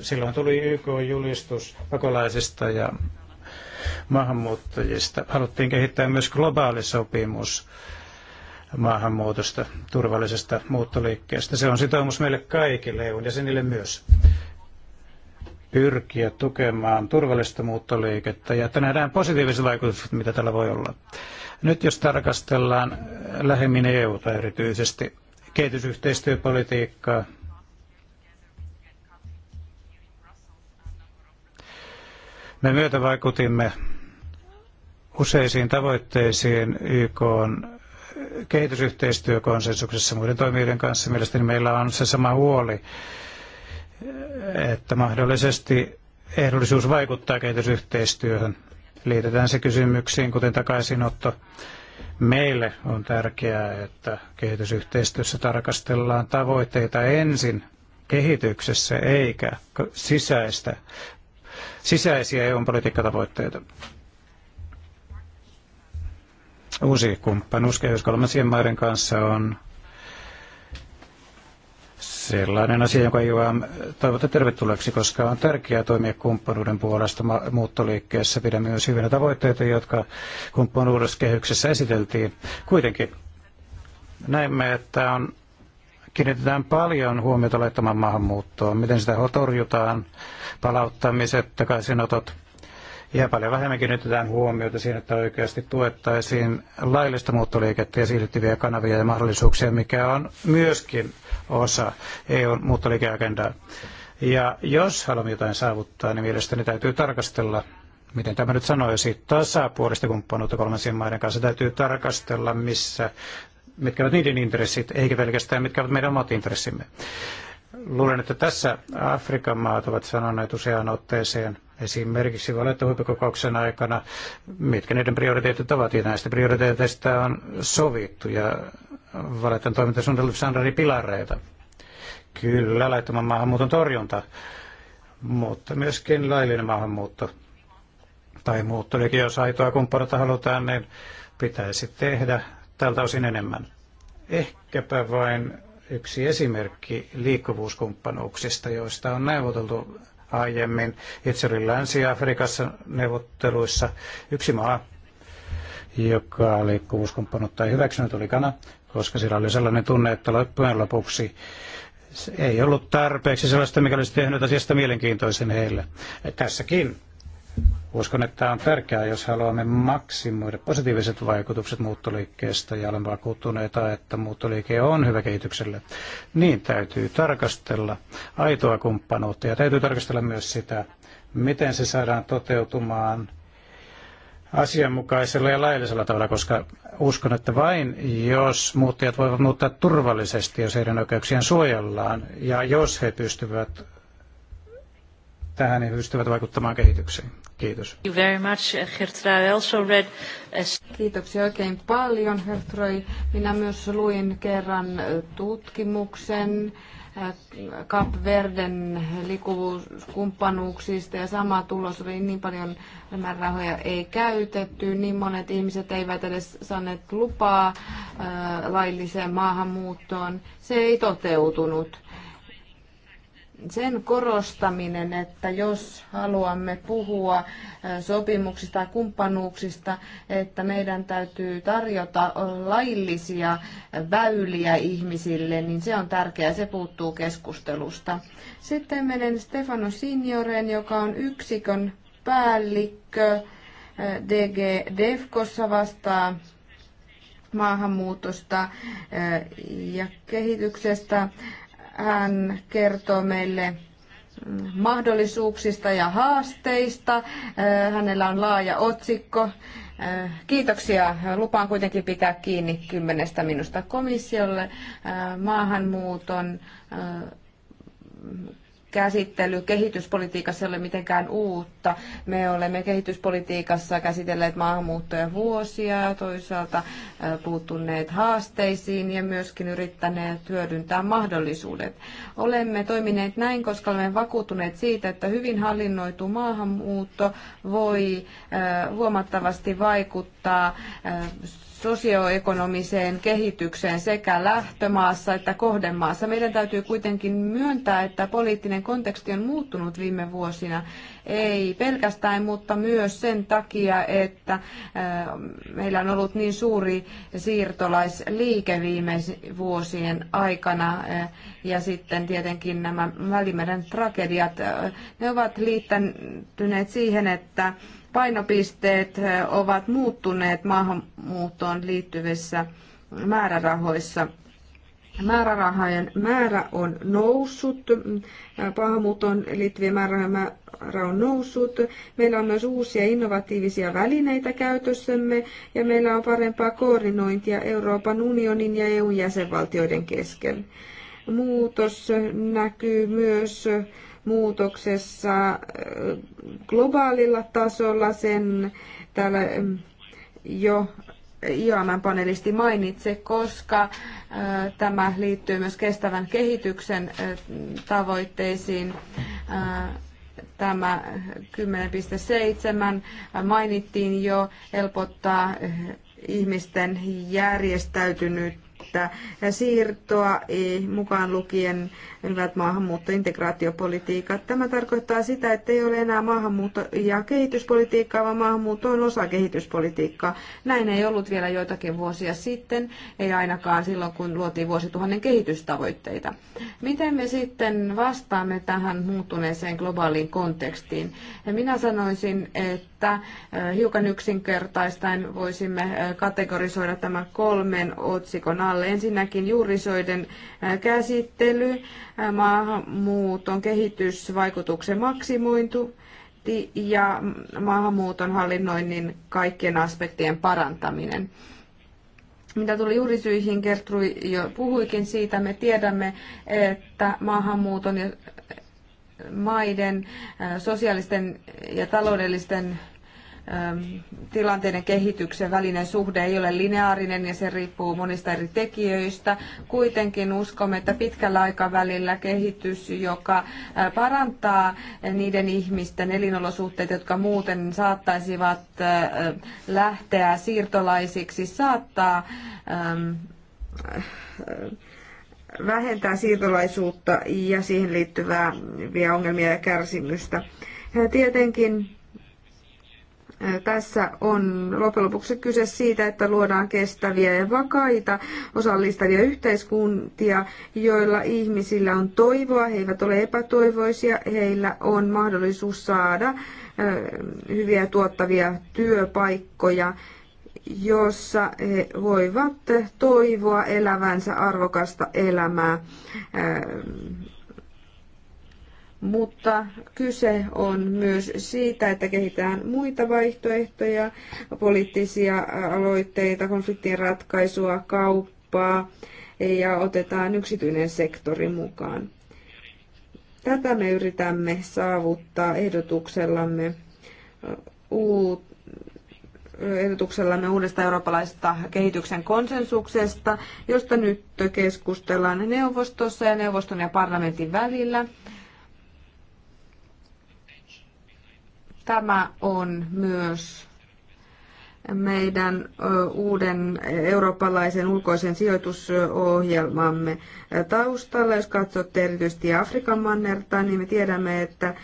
Silloin tuli YK-julistus pakolaisista ja maahanmuuttajista. Haluttiin kehittää myös globaali sopimus maahanmuutosta, turvallisesta muuttoliikkeestä. Se on sitoumus meille kaikille EUn jäsenille myös pyrkiä tukemaan turvallista muuttoliikettä ja että nähdään positiiviset vaikutukset, mitä tällä voi olla. Nyt jos tarkastellaan lähemmin EUta erityisesti kehitysyhteistyöpolitiikkaa, Me myötävaikutimme useisiin tavoitteisiin YK on kehitysyhteistyökonsensuksessa muiden toimijoiden kanssa. Mielestäni meillä on se sama huoli, että mahdollisesti ehdollisuus vaikuttaa kehitysyhteistyöhön. Liitetään se kysymyksiin, kuten takaisinotto. Meille on tärkeää, että kehitysyhteistyössä tarkastellaan tavoitteita ensin kehityksessä eikä sisäistä sisäisiä EU-politiikkatavoitteita. Uusi kumppanuus kolmansien maiden kanssa on sellainen asia, jonka IOM toivottaa tervetulleeksi, koska on tärkeää toimia kumppanuuden puolesta muuttoliikkeessä. Pidämme myös hyvinä tavoitteita, jotka kumppanuudessa kehyksessä esiteltiin. Kuitenkin näemme, että on kiinnitetään paljon huomiota laittamaan maahanmuuttoon, miten sitä torjutaan, palauttamiset, takaisinotot. Ja paljon vähemmän kiinnitetään huomiota siihen, että oikeasti tuettaisiin laillista muuttoliikettä ja siirtyviä kanavia ja mahdollisuuksia, mikä on myöskin osa EUn muuttoliikeagendaa. Ja jos haluamme jotain saavuttaa, niin mielestäni täytyy tarkastella miten tämä nyt sanoisi, tasapuolista kumppanuutta kolmansien maiden kanssa täytyy tarkastella, missä mitkä ovat niiden intressit, eikä pelkästään mitkä ovat meidän omat intressimme. Luulen, että tässä Afrikan maat ovat sanoneet useaan otteeseen, esimerkiksi valetta huippukokouksen aikana, mitkä niiden prioriteetit ovat, ja näistä prioriteeteista on sovittu, ja valetan toimintasuunnitelmissa on eri pilareita. Kyllä, laittoman maahanmuuton torjunta, mutta myöskin laillinen maahanmuutto tai muuttolikin, jos aitoa kumppanata halutaan, niin pitäisi tehdä tältä osin enemmän. Ehkäpä vain yksi esimerkki liikkuvuuskumppanuuksista, joista on neuvoteltu aiemmin. Itse olin Länsi-Afrikassa neuvotteluissa yksi maa, joka liikkuvuuskumppanuutta ei hyväksynyt, oli Kana, koska siellä oli sellainen tunne, että loppujen lopuksi ei ollut tarpeeksi sellaista, mikä olisi tehnyt asiasta mielenkiintoisen heille. Tässäkin Uskon, että on tärkeää, jos haluamme maksimoida positiiviset vaikutukset muuttoliikkeestä ja olemme vakuuttuneita, että muuttoliike on hyvä kehitykselle. Niin täytyy tarkastella aitoa kumppanuutta ja täytyy tarkastella myös sitä, miten se saadaan toteutumaan asianmukaisella ja laillisella tavalla, koska uskon, että vain jos muuttajat voivat muuttaa turvallisesti, jos heidän oikeuksiaan suojellaan ja jos he pystyvät tähän ja pystyvät vaikuttamaan kehitykseen. Kiitos. Thank you very much, Gertrude. also read... Uh, Kiitoksia oikein paljon, Gertrude. Minä myös luin kerran uh, tutkimuksen uh, Kapverden liikkuvuuskumppanuuksista ja sama tulos oli niin paljon nämä rahoja ei käytetty, niin monet ihmiset eivät edes saaneet lupaa lailliseen maahanmuuttoon. Se ei toteutunut sen korostaminen, että jos haluamme puhua sopimuksista ja kumppanuuksista, että meidän täytyy tarjota laillisia väyliä ihmisille, niin se on tärkeää, se puuttuu keskustelusta. Sitten menen Stefano Signoreen, joka on yksikön päällikkö DG Defkossa vastaa maahanmuutosta ja kehityksestä. Hän kertoo meille mahdollisuuksista ja haasteista. Äh, hänellä on laaja otsikko. Äh, kiitoksia. Lupaan kuitenkin pitää kiinni kymmenestä minusta komissiolle äh, maahanmuuton käsittely kehityspolitiikassa ei ole mitenkään uutta. Me olemme kehityspolitiikassa käsitelleet maahanmuuttoja vuosia, toisaalta puuttuneet haasteisiin ja myöskin yrittäneet hyödyntää mahdollisuudet. Olemme toimineet näin, koska olemme vakuuttuneet siitä, että hyvin hallinnoitu maahanmuutto voi huomattavasti vaikuttaa sosioekonomiseen kehitykseen sekä lähtömaassa että kohdemaassa. Meidän täytyy kuitenkin myöntää, että poliittinen konteksti on muuttunut viime vuosina. Ei pelkästään, mutta myös sen takia, että äh, meillä on ollut niin suuri siirtolaisliike viime vuosien aikana äh, ja sitten tietenkin nämä Välimeren tragediat. Äh, ne ovat liittäneet siihen, että painopisteet ovat muuttuneet maahanmuuttoon liittyvissä määrärahoissa. Määrärahojen määrä on noussut, maahanmuuttoon liittyvien määrärahojen määrä on noussut. Meillä on myös uusia innovatiivisia välineitä käytössämme ja meillä on parempaa koordinointia Euroopan unionin ja EUn jäsenvaltioiden kesken. Muutos näkyy myös muutoksessa globaalilla tasolla. Sen täällä mm, jo IAM-panelisti mainitse, koska tämä liittyy myös kestävän kehityksen tavoitteisiin. Tämä 10.7 mainittiin jo helpottaa ihmisten järjestäytynyt että siirtoa mukaan lukien hyvät maahanmuuttointegraatiopolitiikat. Tämä tarkoittaa sitä, että ei ole enää maahanmuutto- ja kehityspolitiikkaa, vaan maahanmuutto on osa kehityspolitiikkaa. Näin ei ollut vielä joitakin vuosia sitten, ei ainakaan silloin, kun luotiin vuosituhannen kehitystavoitteita. Miten me sitten vastaamme tähän muuttuneeseen globaaliin kontekstiin? Ja minä sanoisin, että että äh, hiukan yksinkertaistaen voisimme äh, kategorisoida tämän kolmen otsikon alle. Ensinnäkin juurisoiden äh, käsittely, maahanmuuton kehitysvaikutuksen maksimointu ja maahanmuuton hallinnoinnin kaikkien aspektien parantaminen. Mitä tuli juurisyihin, Gertrui jo puhuikin siitä, me tiedämme, että maahanmuuton ja maiden sosiaalisten ja taloudellisten tilanteiden kehityksen välinen suhde ei ole lineaarinen ja se riippuu monista eri tekijöistä. Kuitenkin uskomme, että pitkällä aikavälillä kehitys, joka parantaa niiden ihmisten elinolosuhteet, jotka muuten saattaisivat lähteä siirtolaisiksi, saattaa vähentää siirtolaisuutta ja siihen liittyvää ongelmia ja kärsimystä. Tietenkin tässä on loppujen lopuksi kyse siitä, että luodaan kestäviä ja vakaita osallistavia yhteiskuntia, joilla ihmisillä on toivoa, he eivät ole epätoivoisia, heillä on mahdollisuus saada hyviä tuottavia työpaikkoja, jossa he voivat toivoa elävänsä arvokasta elämää mutta kyse on myös siitä, että kehitetään muita vaihtoehtoja, poliittisia aloitteita, konfliktien ratkaisua, kauppaa ja otetaan yksityinen sektori mukaan. Tätä me yritämme saavuttaa ehdotuksellamme uut ehdotuksellamme uudesta eurooppalaisesta kehityksen konsensuksesta, josta nyt keskustellaan neuvostossa ja neuvoston ja parlamentin välillä. Tämä on myös meidän uuden eurooppalaisen ulkoisen sijoitusohjelmamme taustalla. Jos katsotte erityisesti Afrikan mannerta, niin me tiedämme, että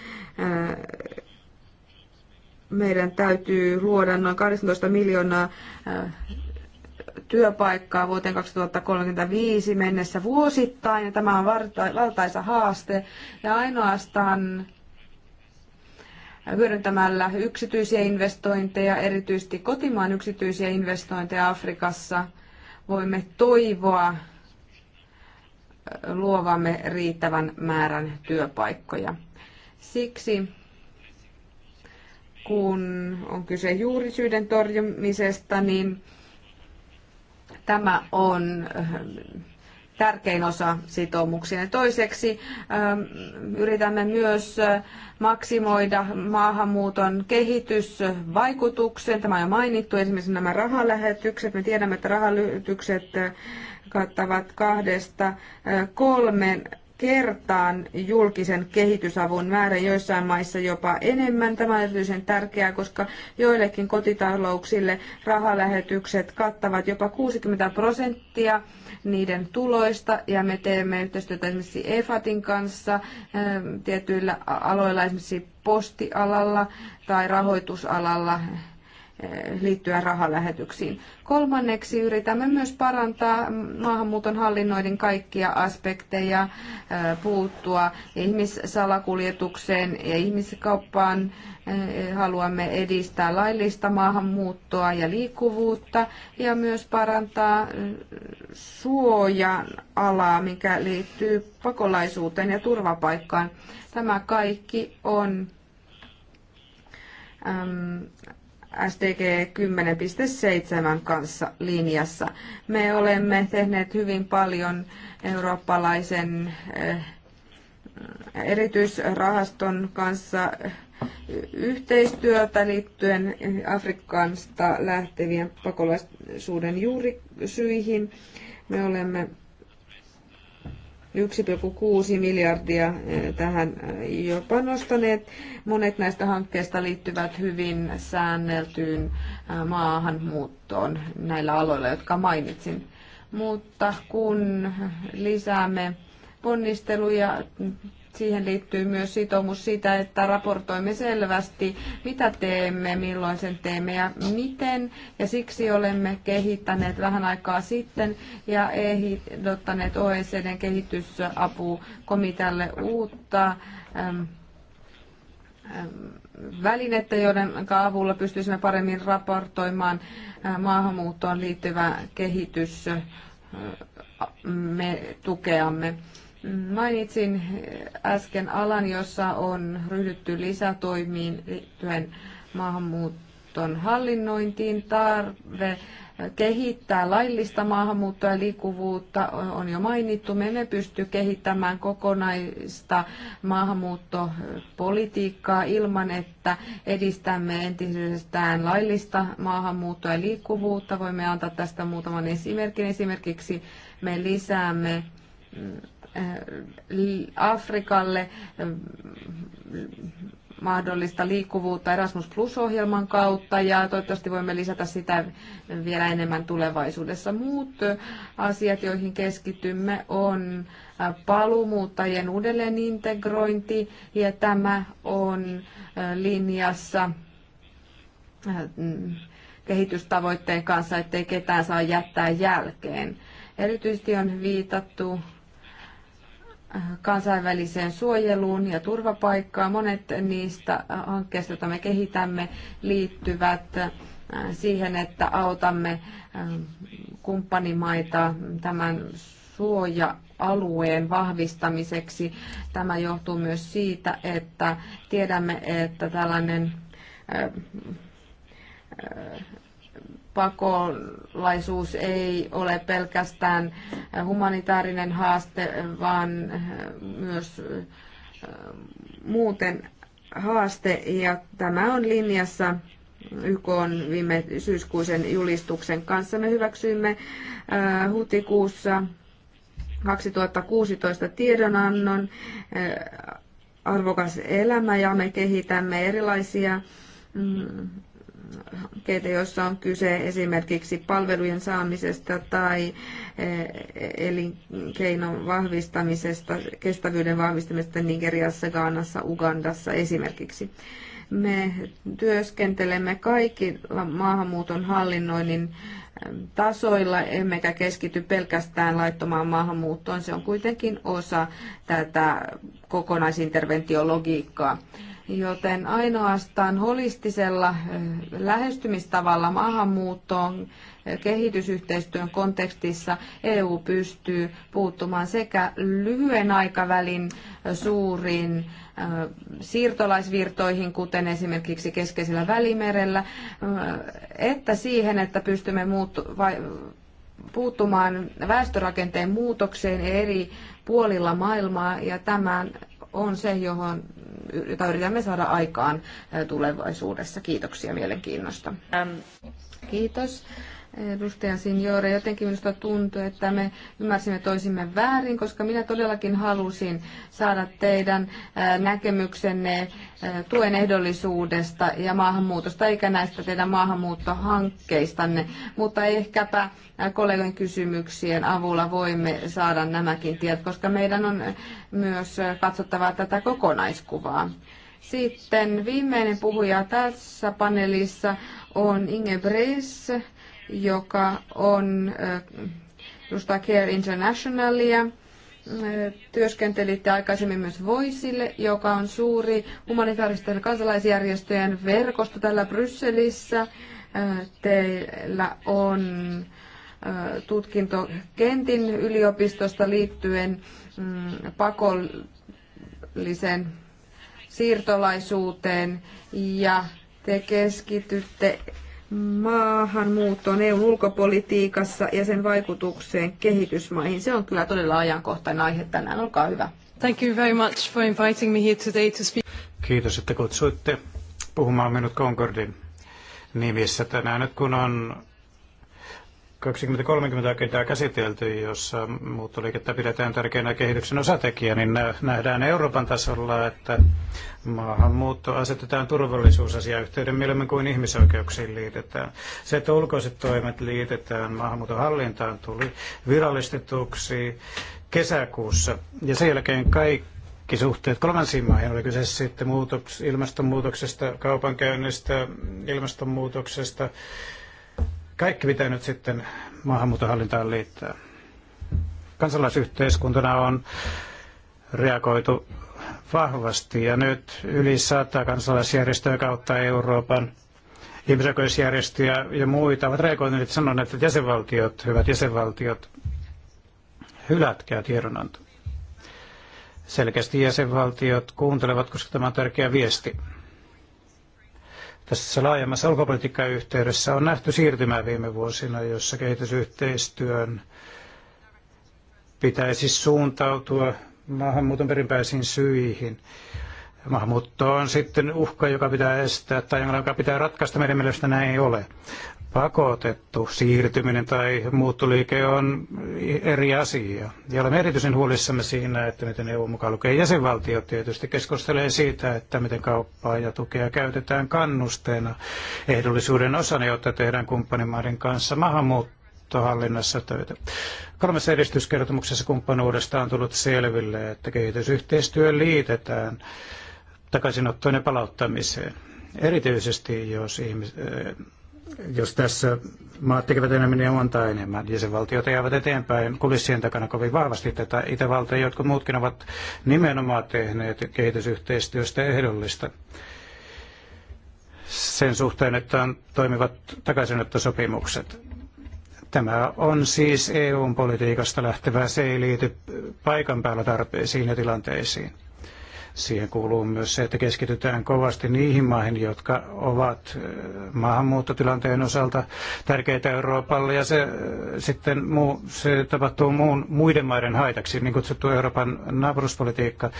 meidän täytyy luoda noin 18 miljoonaa työpaikkaa vuoteen 2035 mennessä vuosittain. Ja tämä on valtaisa haaste. Ja ainoastaan hyödyntämällä yksityisiä investointeja, erityisesti kotimaan yksityisiä investointeja Afrikassa, voimme toivoa luovamme riittävän määrän työpaikkoja. Siksi kun on kyse juurisyyden torjumisesta, niin tämä on tärkein osa sitoumuksia. toiseksi ähm, yritämme myös äh, maksimoida maahanmuuton kehitysvaikutuksen. Tämä on jo mainittu, esimerkiksi nämä rahalähetykset. Me tiedämme, että rahalähetykset äh, kattavat kahdesta äh, kolmen kertaan julkisen kehitysavun määrän joissain maissa jopa enemmän. Tämä on erityisen tärkeää, koska joillekin kotitalouksille rahalähetykset kattavat jopa 60 prosenttia niiden tuloista ja me teemme yhteistyötä esimerkiksi EFATin kanssa ähm, tietyillä aloilla, esimerkiksi postialalla tai rahoitusalalla Eh, liittyä rahalähetyksiin. Kolmanneksi yritämme myös parantaa maahanmuuton hallinnoiden kaikkia aspekteja, eh, puuttua ihmissalakuljetukseen ja ihmiskauppaan. Eh, haluamme edistää laillista maahanmuuttoa ja liikkuvuutta ja myös parantaa suojan alaa, mikä liittyy pakolaisuuteen ja turvapaikkaan. Tämä kaikki on SDG 10.7 kanssa linjassa. Me olemme tehneet hyvin paljon eurooppalaisen eh, erityisrahaston kanssa yhteistyötä liittyen Afrikasta lähtevien pakolaisuuden juurisyihin. Me olemme 1,6 miljardia eh, tähän eh, jo panostaneet. Monet näistä hankkeista liittyvät hyvin säänneltyyn eh, maahanmuuttoon näillä aloilla, jotka mainitsin. Mutta kun lisäämme ponnisteluja Siihen liittyy myös sitoumus siitä, että raportoimme selvästi, mitä teemme, milloin sen teemme ja miten. Ja siksi olemme kehittäneet vähän aikaa sitten ja ehdottaneet OECDn kehitysapukomitealle uutta äm, välinettä, joiden avulla pystyisimme paremmin raportoimaan maahanmuuttoon liittyvää kehitys me tukeamme. Mainitsin äsken alan, jossa on ryhdytty lisätoimiin liittyen maahanmuuton hallinnointiin. Tarve kehittää laillista maahanmuuttoa ja liikkuvuutta on jo mainittu. Me emme pysty kehittämään kokonaista maahanmuuttopolitiikkaa ilman, että edistämme entisestään laillista maahanmuuttoa ja liikkuvuutta. Voimme antaa tästä muutaman esimerkin. Esimerkiksi me lisäämme mm, Äh, Afrikalle äh, mahdollista liikkuvuutta Erasmus Plus-ohjelman kautta ja toivottavasti voimme lisätä sitä vielä enemmän tulevaisuudessa. Muut äh, asiat, joihin keskitymme, on paluumuuttajien uudelleen integrointi ja tämä on linjassa kehitystavoitteen kanssa, ettei ketään saa jättää jälkeen. Erityisesti on viitattu kansainväliseen suojeluun ja turvapaikkaan. Monet niistä hankkeista, joita me kehitämme, liittyvät äh, siihen, että autamme ähm, kumppanimaita tämän suoja-alueen vahvistamiseksi. Tämä johtuu myös siitä, että tiedämme, että tällainen äh, äh, pakolaisuus ei ole pelkästään humanitaarinen haaste, vaan myös muuten haaste. Ja tämä on linjassa YK on viime syyskuisen julistuksen kanssa. Me hyväksyimme huhtikuussa 2016 tiedonannon arvokas elämä ja me kehitämme erilaisia mm, hankkeita, joissa on kyse esimerkiksi palvelujen saamisesta tai e, e, elinkeinon vahvistamisesta, kestävyyden vahvistamisesta Nigeriassa, Gaanassa, Ugandassa esimerkiksi. Me työskentelemme kaikilla maahanmuuton hallinnoinnin e, tasoilla, emmekä keskity pelkästään laittomaan maahanmuuttoon. Se on kuitenkin osa tätä kokonaisinterventiologiikkaa. logiikkaa Joten ainoastaan holistisella lähestymistavalla maahanmuuttoon kehitysyhteistyön kontekstissa EU pystyy puuttumaan sekä lyhyen aikavälin suuriin siirtolaisvirtoihin, kuten esimerkiksi keskeisellä välimerellä, että siihen, että pystymme muuttu- puuttumaan väestörakenteen muutokseen eri puolilla maailmaa, ja tämän on se, johon jota yritämme saada aikaan tulevaisuudessa. Kiitoksia mielenkiinnosta. Kiitos edustaja Signore. Jotenkin minusta tuntuu, että me ymmärsimme toisimme väärin, koska minä todellakin halusin saada teidän näkemyksenne tuen ehdollisuudesta ja maahanmuutosta, eikä näistä teidän maahanmuuttohankkeistanne. Mutta ehkäpä kollegan kysymyksien avulla voimme saada nämäkin tiedot, koska meidän on myös katsottava tätä kokonaiskuvaa. Sitten viimeinen puhuja tässä paneelissa on Inge Briss joka on, edustaa Care Internationalia. Työskentelitte aikaisemmin myös Voisille, joka on suuri humanitaaristen kansalaisjärjestöjen verkosto täällä Brysselissä. Teillä on tutkinto Kentin yliopistosta liittyen mm, pakollisen siirtolaisuuteen ja te keskitytte maahanmuuttoon EUn ulkopolitiikassa ja sen vaikutukseen kehitysmaihin. Se on kyllä todella ajankohtainen aihe tänään. Olkaa hyvä. Thank you very much for inviting me here today to speak. Kiitos, että kutsuitte puhumaan minut Concordin nimissä tänään. kun on 2030 agendaa käsitelty, jossa muuttoliikettä pidetään tärkeänä kehityksen osatekijä, niin nähdään Euroopan tasolla, että maahanmuutto asetetaan turvallisuusasiayhteyden mieluummin kuin ihmisoikeuksiin liitetään. Se, että ulkoiset toimet liitetään maahanmuuton hallintaan, tuli virallistetuksi kesäkuussa. Ja sen jälkeen kaikki suhteet kolmansiin maihin, oli kyse sitten muutoks, ilmastonmuutoksesta, kaupankäynnistä, ilmastonmuutoksesta, kaikki mitä nyt sitten maahanmuuttohallintaan liittää. Kansalaisyhteiskuntana on reagoitu vahvasti ja nyt yli sata kansalaisjärjestöä kautta Euroopan ihmisoikeusjärjestöjä ja muita ovat reagoineet sanoneet, että jäsenvaltiot, hyvät jäsenvaltiot, hylätkää tiedonanto. Selkeästi jäsenvaltiot kuuntelevat, koska tämä on tärkeä viesti. Tässä laajemmassa ulkopolitiikka-yhteydessä on nähty siirtymää viime vuosina, jossa kehitysyhteistyön pitäisi suuntautua maahanmuuton perimmäisiin syihin. Maahanmuutto on sitten uhka, joka pitää estää tai joka pitää ratkaista. Meidän mielestä näin ei ole pakotettu siirtyminen tai muuttoliike on eri asia. Ja olemme erityisen huolissamme siinä, että miten EU mukaan lukee jäsenvaltiot tietysti keskustelee siitä, että miten kauppaa ja tukea käytetään kannusteena ehdollisuuden osana, jotta tehdään kumppanimaiden kanssa maahanmuuttohallinnassa töitä. Kolmessa edistyskertomuksessa kumppanuudesta on tullut selville, että kehitysyhteistyö liitetään takaisinottoon ja palauttamiseen. Erityisesti jos ihmis- jos tässä maat tekevät enemmän, niin antaa enemmän. Jäsenvaltiot jäävät eteenpäin kulissien takana kovin vahvasti tätä. Itävaltaa, jotka muutkin ovat nimenomaan tehneet kehitysyhteistyöstä ehdollista sen suhteen, että on toimivat takaisinottosopimukset. Tämä on siis EUn politiikasta lähtevää, se ei liity paikan päällä tarpeisiin ja tilanteisiin. Siihen kuuluu myös se, että keskitytään kovasti niihin maihin, jotka ovat maahanmuuttotilanteen osalta tärkeitä Euroopalle ja se sitten muu, se tapahtuu muun, muiden maiden haitaksi, niin kutsuttu Euroopan naapuruspolitiikka.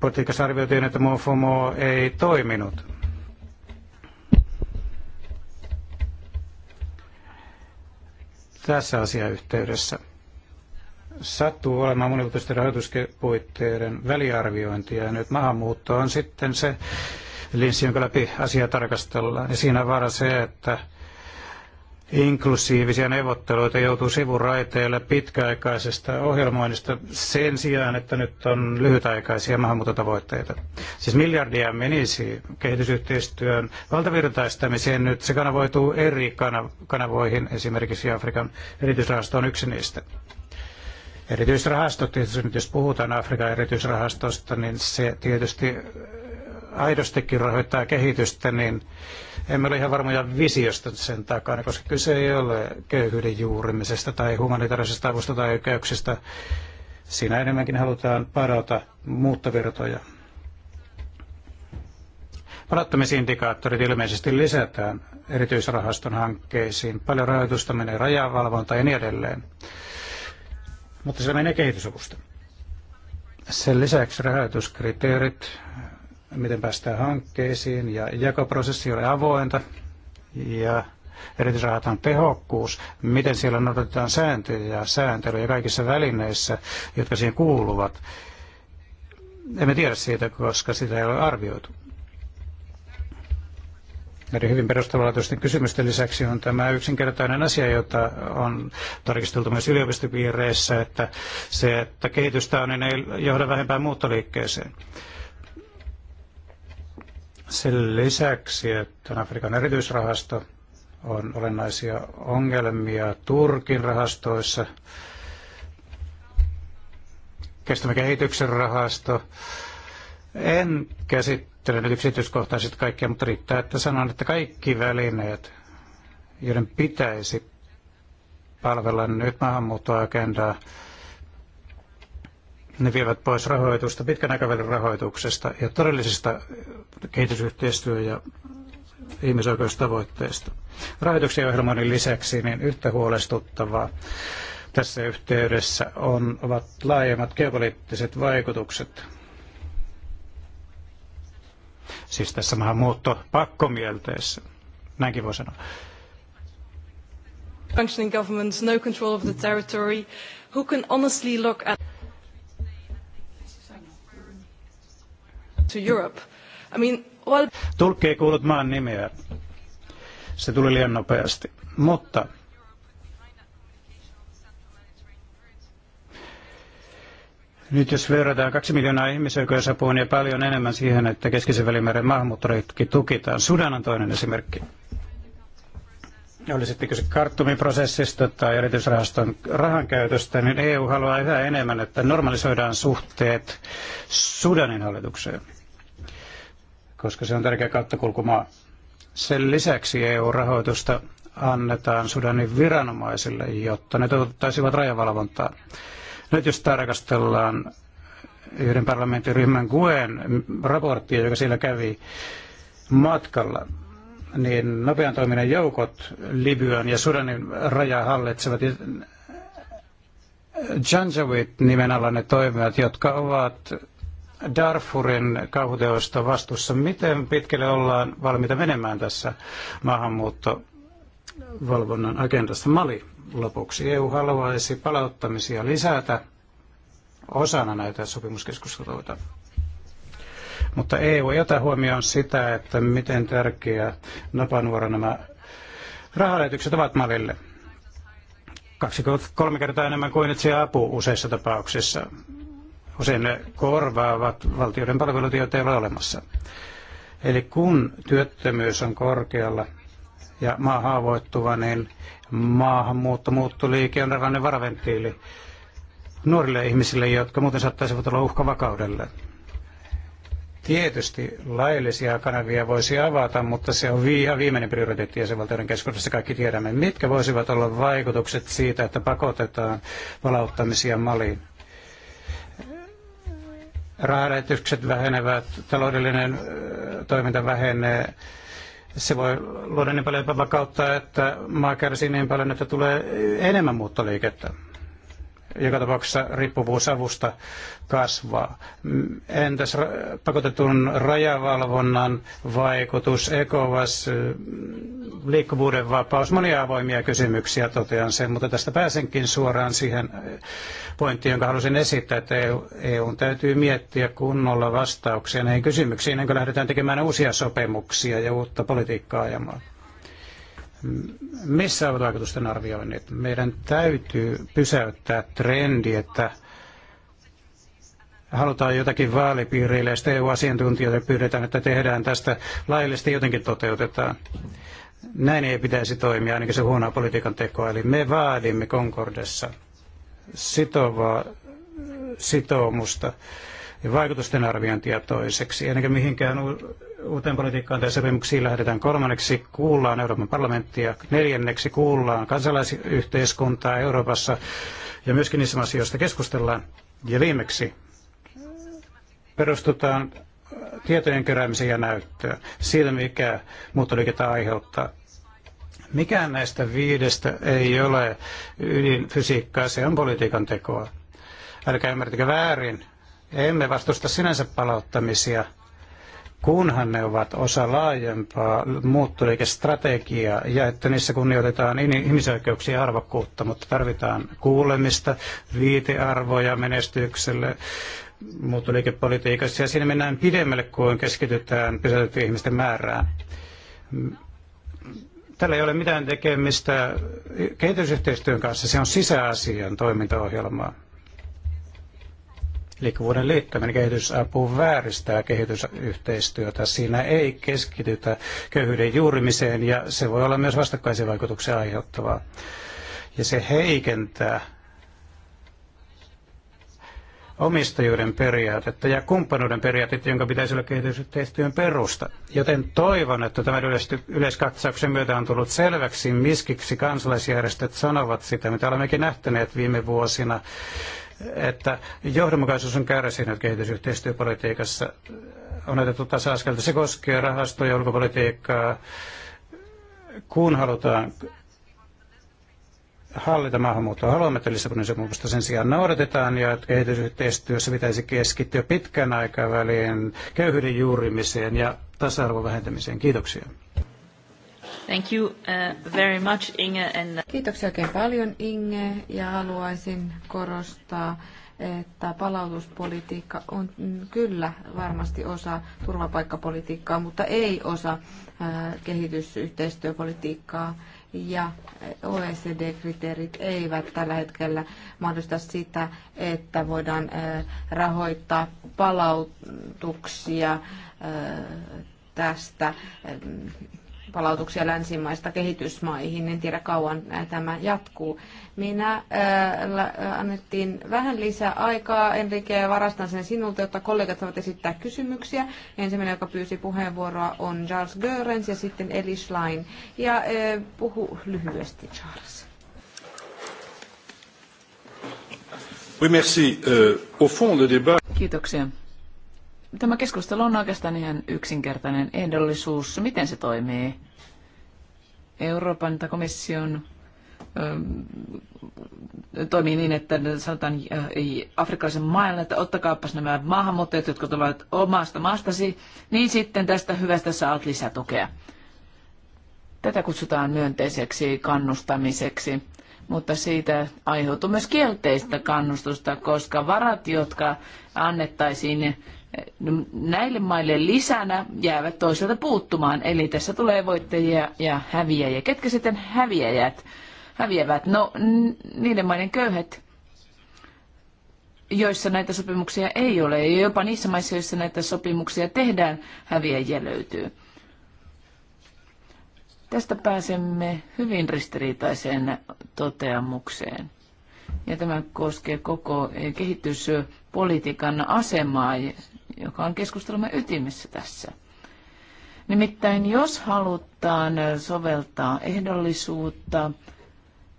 Politiikassa arvioitiin, että MOFOMO ei toiminut. tässä asiayhteydessä sattuu olemaan monivuotisten rahoituspuitteiden väliarviointia ja nyt maahanmuutto on sitten se linssi, jonka läpi asiaa tarkastellaan. Ja siinä vaara se, että inklusiivisia neuvotteluita joutuu sivuraiteille pitkäaikaisesta ohjelmoinnista sen sijaan, että nyt on lyhytaikaisia maahanmuuttotavoitteita. Siis miljardia menisi kehitysyhteistyön valtavirtaistamiseen nyt. Se kanavoituu eri kanavoihin, esimerkiksi Afrikan erityisrahasto on yksi niistä. Erityisrahastot, tietysti nyt jos puhutaan Afrikan erityisrahastosta, niin se tietysti aidostikin rahoittaa kehitystä, niin emme ole ihan varmoja visiosta sen takana, koska kyse ei ole köyhyyden juurimisesta tai humanitaarisesta avusta tai oikeuksista. Siinä enemmänkin halutaan parata muuttovirtoja. Palattamisindikaattorit ilmeisesti lisätään erityisrahaston hankkeisiin. Paljon rahoitusta menee rajavalvontaan ja niin edelleen mutta se menee kehitysavusta. Sen lisäksi rahoituskriteerit, miten päästään hankkeisiin ja jakoprosessi oli avointa ja erityisrahoitan tehokkuus, miten siellä noudatetaan sääntöjä ja ja kaikissa välineissä, jotka siihen kuuluvat. Emme tiedä siitä, koska sitä ei ole arvioitu. Näiden hyvin perustavanlaatuisten kysymysten lisäksi on tämä yksinkertainen asia, jota on tarkisteltu myös yliopistopiireissä, että se, että kehitystä on, niin ei johda vähempään muuttoliikkeeseen. Sen lisäksi, että Afrikan erityisrahasto on olennaisia ongelmia Turkin rahastoissa, kestävän kehityksen rahasto. En käsittää käsittelen nyt yksityiskohtaisesti kaikkea, mutta riittää, että sanon, että kaikki välineet, joiden pitäisi palvella nyt maahanmuuttoagendaa, ne vievät pois rahoitusta, pitkän aikavälin rahoituksesta ja todellisista kehitysyhteistyö- ja ihmisoikeustavoitteista. Rahoituksen ohjelmoinnin lisäksi niin yhtä huolestuttavaa tässä yhteydessä on, ovat laajemmat geopoliittiset vaikutukset Siis tässä maahanmuutto pakkomielteessä, näinkin voi sanoa. Functioning governments, no control of the territory. Who can honestly look at to Europe? I mean, well... Tulkki ei kuullut maan nimeä. Se tuli liian nopeasti. Mutta Nyt jos verrataan kaksi miljoonaa ihmisoikeusapuun niin paljon enemmän siihen, että keskisen välimeren maahanmuuttoreitki tukitaan. Sudan on toinen esimerkki. Oli sitten kyse karttumiprosessista tai erityisrahaston rahankäytöstä, niin EU haluaa yhä enemmän, että normalisoidaan suhteet Sudanin hallitukseen, koska se on tärkeä kauttakulkumaa. Sen lisäksi EU-rahoitusta annetaan Sudanin viranomaisille, jotta ne toteuttaisivat rajavalvontaa. Nyt jos tarkastellaan yhden parlamenttiryhmän Guen raporttia, joka siellä kävi matkalla, niin nopean toiminnan joukot Libyan ja Sudanin rajaa hallitsevat Janjawit nimen alla ne toimijat, jotka ovat Darfurin kauhuteosta vastuussa. Miten pitkälle ollaan valmiita menemään tässä maahanmuuttovalvonnan agendassa? Mali. Lopuksi EU haluaisi palauttamisia lisätä osana näitä sopimuskeskusteluita. Mutta EU ei ota huomioon sitä, että miten tärkeä napanuora nämä rahalähetykset ovat Malille. 23 kertaa enemmän kuin itse apu useissa tapauksissa. Usein ne korvaavat valtioiden palveluita, joita ei ole olemassa. Eli kun työttömyys on korkealla, ja maa haavoittuva, niin maahanmuutto, muuttoliike on eräänlainen varaventtiili nuorille ihmisille, jotka muuten saattaisivat olla uhka vakaudelle. Tietysti laillisia kanavia voisi avata, mutta se on ihan viimeinen prioriteetti jäsenvaltioiden keskuudessa. Kaikki tiedämme, mitkä voisivat olla vaikutukset siitä, että pakotetaan palauttamisia maliin. Rahalähetykset vähenevät, taloudellinen toiminta vähenee, se voi luoda niin paljon epävakautta, että maa kärsii niin paljon, että tulee enemmän muuttoliikettä joka tapauksessa riippuvuus avusta kasvaa. Entäs pakotetun rajavalvonnan vaikutus, ECOWAS, liikkuvuuden vapaus, monia avoimia kysymyksiä totean sen, mutta tästä pääsenkin suoraan siihen pointtiin, jonka halusin esittää, että EUn e täytyy miettiä kunnolla vastauksia näihin kysymyksiin, ennen kuin lähdetään tekemään uusia sopimuksia ja uutta politiikkaa ajamaan missä ovat vaikutusten arvioinnit? Meidän täytyy pysäyttää trendi, että halutaan jotakin vaalipiireille ja sitten EU-asiantuntijoita pyydetään, että tehdään tästä laillisesti jotenkin toteutetaan. Näin ei pitäisi toimia, ainakin se huonoa politiikan tekoa. Eli me vaadimme Concordessa sitovaa sitoumusta ja vaikutusten arviointia toiseksi, ennen kuin mihinkään uuteen politiikkaan tai sopimuksiin lähdetään. Kolmanneksi kuullaan Euroopan parlamenttia. Neljänneksi kuullaan kansalaisyhteiskuntaa Euroopassa ja myöskin niissä asioista keskustellaan. Ja viimeksi perustutaan äh, tietojen keräämiseen ja näyttöön siitä, mikä muuttoliikettä aiheuttaa. Mikään näistä viidestä ei ole ydinfysiikkaa, se on politiikan tekoa. Älkää ymmärtäkö väärin. Emme vastusta sinänsä palauttamisia, kunhan ne ovat osa laajempaa muuttoliikestrategiaa ja että niissä kunnioitetaan ihmisoikeuksia ja arvokkuutta, mutta tarvitaan kuulemista, viitearvoja menestykselle, muuttoliikepolitiikassa ja siinä mennään pidemmälle kuin keskitytään pysäytettyjen ihmisten määrään. Tällä ei ole mitään tekemistä kehitysyhteistyön kanssa, se on sisäasian toimintaohjelmaa. Liikkuvuuden liittäminen kehitysapuun vääristää kehitysyhteistyötä. Siinä ei keskitytä köyhyyden juurimiseen ja se voi olla myös vastakkaisia vaikutuksia aiheuttavaa. Ja se heikentää omistajuuden periaatetta ja kumppanuuden periaatetta, jonka pitäisi olla kehitysyhteistyön perusta. Joten toivon, että tämän yleiskatsauksen myötä on tullut selväksi, miskiksi kansalaisjärjestöt sanovat sitä, mitä olemmekin nähtäneet viime vuosina että johdonmukaisuus on kärsinyt kehitysyhteistyöpolitiikassa. On otettu tasa-askelta. Se koskee rahastoja ja ulkopolitiikkaa, kun halutaan hallita maahanmuuttoa. Haluamme, että Lissabonin sopimusta sen sijaan noudatetaan ja että kehitysyhteistyössä pitäisi keskittyä pitkän aikavälin köyhyyden juurimiseen ja tasa-arvon vähentämiseen. Kiitoksia. Thank you uh, very much, Inge. And... Uh, Kiitoksia oikein paljon, Inge, ja haluaisin korostaa, että palautuspolitiikka on mm, kyllä varmasti osa turvapaikkapolitiikkaa, mutta ei osa äh, kehitysyhteistyöpolitiikkaa ja äh, OECD-kriteerit eivät tällä hetkellä mahdollista sitä, että voidaan äh, rahoittaa palautuksia tästä palautuksia länsimaista kehitysmaihin. En tiedä kauan tämä jatkuu. Minä ää, äh, äh, annettiin vähän lisää aikaa. Enrique, ja varastan sen sinulta, jotta kollegat saavat esittää kysymyksiä. Ensimmäinen, joka pyysi puheenvuoroa, on Charles Görens ja sitten Eli Schlein. Ja ää, äh, puhu lyhyesti, Charles. Oui, merci. Uh, au fond, le débat... Kiitoksia. Tämä keskustelu on oikeastaan ihan yksinkertainen ehdollisuus. Miten se toimii? Euroopan tai komission toimii niin, että sanotaan afrikkalaisen maailman, että ottakaapas nämä maahanmuuttajat, jotka tulevat omasta maastasi, niin sitten tästä hyvästä saat lisätukea. Tätä kutsutaan myönteiseksi kannustamiseksi, mutta siitä aiheutuu myös kielteistä kannustusta, koska varat, jotka annettaisiin No, näille maille lisänä jäävät toiselta puuttumaan. Eli tässä tulee voittajia ja häviäjiä. Ketkä sitten häviäjät? häviävät? No niiden maiden köyhät, joissa näitä sopimuksia ei ole, ja jopa niissä maissa, joissa näitä sopimuksia tehdään, häviäjiä löytyy. Tästä pääsemme hyvin ristiriitaiseen toteamukseen. Ja tämä koskee koko kehityspolitiikan asemaa joka on keskustelumme ytimessä tässä. Nimittäin jos halutaan soveltaa ehdollisuutta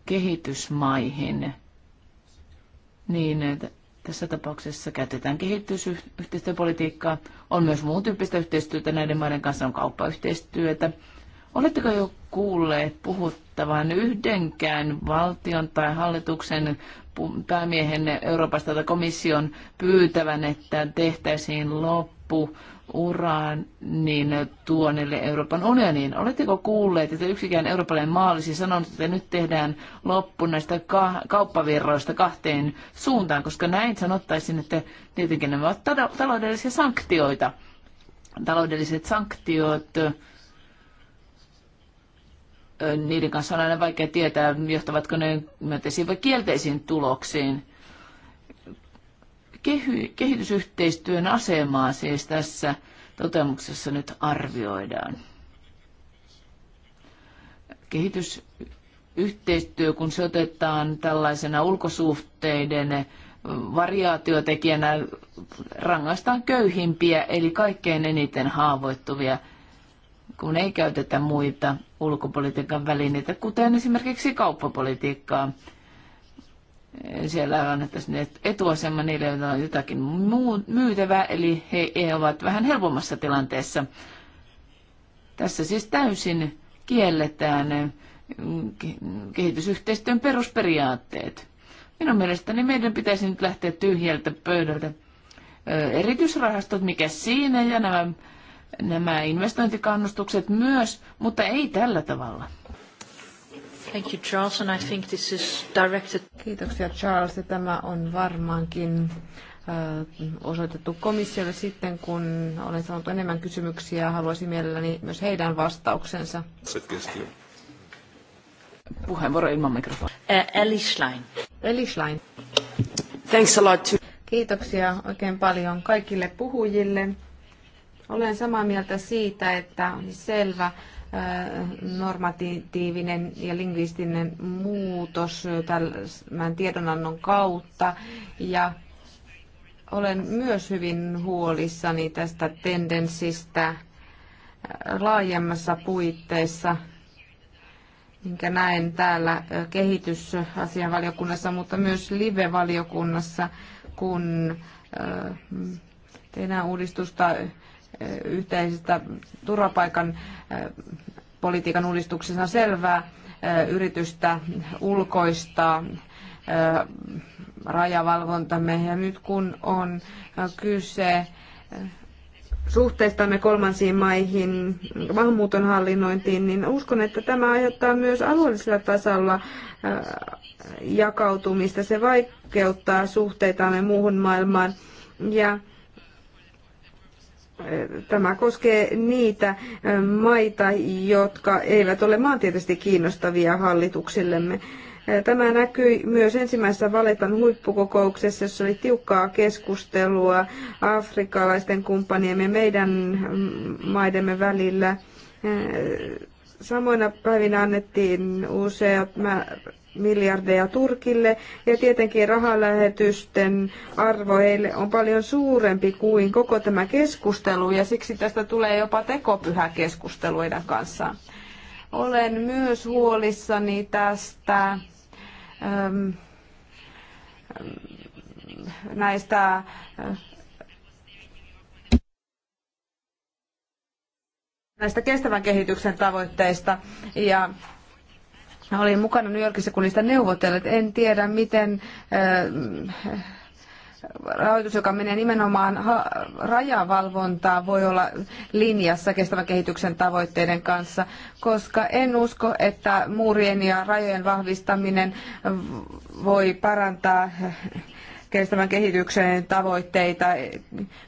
kehitysmaihin, niin tässä tapauksessa käytetään kehitysyhteistyöpolitiikkaa. On myös muun tyyppistä yhteistyötä näiden maiden kanssa, on kauppayhteistyötä, Oletteko jo kuulleet puhuttavan yhdenkään valtion tai hallituksen päämiehen Euroopasta tai komission pyytävän, että tehtäisiin loppu uraan niin tuonille Euroopan unioniin. Oletteko kuulleet, että yksikään eurooppalainen maa olisi sanonut, että nyt tehdään loppu näistä ka- kauppavirroista kahteen suuntaan, koska näin sanottaisiin, että tietenkin nämä ovat taloudellisia sanktioita. Taloudelliset sanktiot niiden kanssa on aina vaikea tietää, johtavatko ne myönteisiin vai kielteisiin tuloksiin. Kehy, kehitysyhteistyön asemaa siis tässä toteamuksessa nyt arvioidaan. Kehitysyhteistyö, kun se otetaan tällaisena ulkosuhteiden variaatiotekijänä, rangaistaan köyhimpiä eli kaikkein eniten haavoittuvia – kun ei käytetä muita ulkopolitiikan välineitä, kuten esimerkiksi kauppapolitiikkaa. Siellä on annettaisiin etuasema niille, joilla on jotakin myytävää, eli he, he ovat vähän helpommassa tilanteessa. Tässä siis täysin kielletään kehitysyhteistyön perusperiaatteet. Minun mielestäni meidän pitäisi nyt lähteä tyhjältä pöydältä. Erityisrahastot, mikä siinä, ja nämä nämä investointikannustukset myös, mutta ei tällä tavalla. Thank you, Charles, and I think this is directed... Kiitoksia Charles, ja tämä on varmaankin äh, osoitettu komissiolle sitten, kun olen saanut enemmän kysymyksiä. Haluaisin mielelläni myös heidän vastauksensa. Puheenvuoro ilman mikrofonia. Eh, Eli Schlein. Eli Schlein. Thanks a lot. To... Kiitoksia oikein paljon kaikille puhujille. Olen samaa mieltä siitä, että on selvä normatiivinen ja lingvistinen muutos tämän tiedonannon kautta. Ja olen myös hyvin huolissani tästä tendenssistä laajemmassa puitteissa, minkä näen täällä kehitysasianvaliokunnassa, mutta myös live-valiokunnassa, kun tehdään uudistusta yhteisestä turvapaikan politiikan uudistuksessa selvää yritystä ulkoistaa rajavalvontamme. Ja nyt kun on kyse suhteistamme kolmansiin maihin, maahanmuuton hallinnointiin, niin uskon, että tämä aiheuttaa myös alueellisella tasolla jakautumista. Se vaikeuttaa suhteitamme muuhun maailmaan. Ja Tämä koskee niitä maita, jotka eivät ole maantieteellisesti kiinnostavia hallituksillemme. Tämä näkyi myös ensimmäisessä Valetan huippukokouksessa, jossa oli tiukkaa keskustelua afrikkalaisten kumppaniemme ja meidän mm, maidemme välillä. Samoina päivinä annettiin useat miljardeja Turkille ja tietenkin rahalähetysten arvo heille on paljon suurempi kuin koko tämä keskustelu ja siksi tästä tulee jopa tekopyhä keskustelu heidän kanssaan. Olen myös huolissani tästä ähm, ähm näistä äh, näistä kestävän kehityksen tavoitteista ja olin mukana New Yorkissa, kun niistä neuvotellut. En tiedä, miten äh, rahoitus, joka menee nimenomaan rajavalvontaa, voi olla linjassa kestävän kehityksen tavoitteiden kanssa, koska en usko, että muurien ja rajojen vahvistaminen voi parantaa kestävän kehityksen tavoitteita,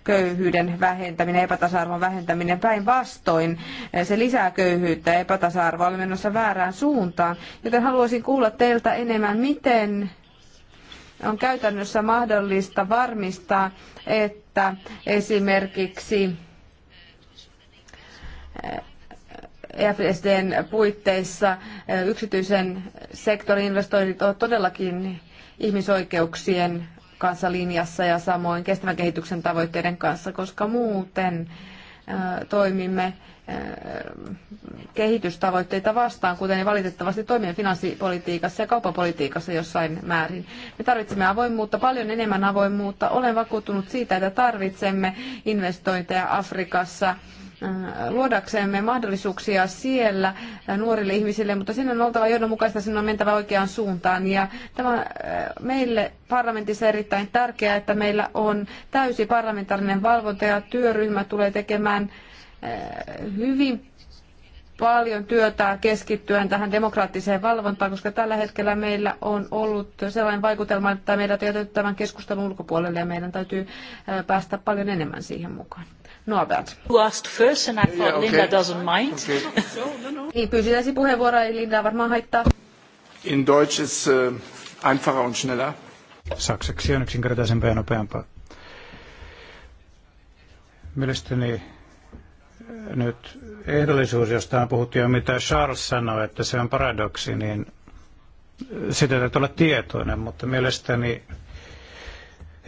köyhyyden vähentäminen, epätasa-arvon vähentäminen. Päinvastoin se lisää köyhyyttä ja epätasa-arvoa oli menossa väärään suuntaan. Joten haluaisin kuulla teiltä enemmän, miten on käytännössä mahdollista varmistaa, että esimerkiksi EFSDn eh, puitteissa eh, yksityisen sektorin investoinnit ovat todellakin ihmisoikeuksien kanssa linjassa ja samoin kestävän kehityksen tavoitteiden kanssa, koska muuten toimimme kehitystavoitteita vastaan, kuten valitettavasti toimien finanssipolitiikassa ja kauppapolitiikassa jossain määrin. Me tarvitsemme avoimuutta, paljon enemmän avoimuutta. Olen vakuuttunut siitä, että tarvitsemme investointeja Afrikassa, Äh, luodaksemme mahdollisuuksia siellä äh, nuorille ihmisille, mutta sinne on oltava johdonmukaista, sinne on mentävä oikeaan suuntaan. Ja tämä on äh, meille parlamentissa erittäin tärkeää, että meillä on täysi parlamentaarinen valvonta ja työryhmä tulee tekemään hyvin paljon työtä keskittyen tähän demokraattiseen valvontaan, koska tällä hetkellä meillä on ollut sellainen vaikutelma, että meidät on jätetty tämän keskustelun ulkopuolelle ja meidän täytyy päästä paljon enemmän siihen mukaan. Norbert. You asked first and I thought yeah, okay. Linda doesn't mind. Okay. niin, pyysin ensin puheenvuoroa, ei Linda varmaan haittaa. In Deutsch ist äh, einfacher und schneller. Saksaksi on yksinkertaisempaa ja nopeampaa. Mielestäni äh, nyt ehdollisuus, josta on puhuttu ja mitä Charles sanoi, että se on paradoksi, niin äh, sitä täytyy olla tietoinen, mutta mielestäni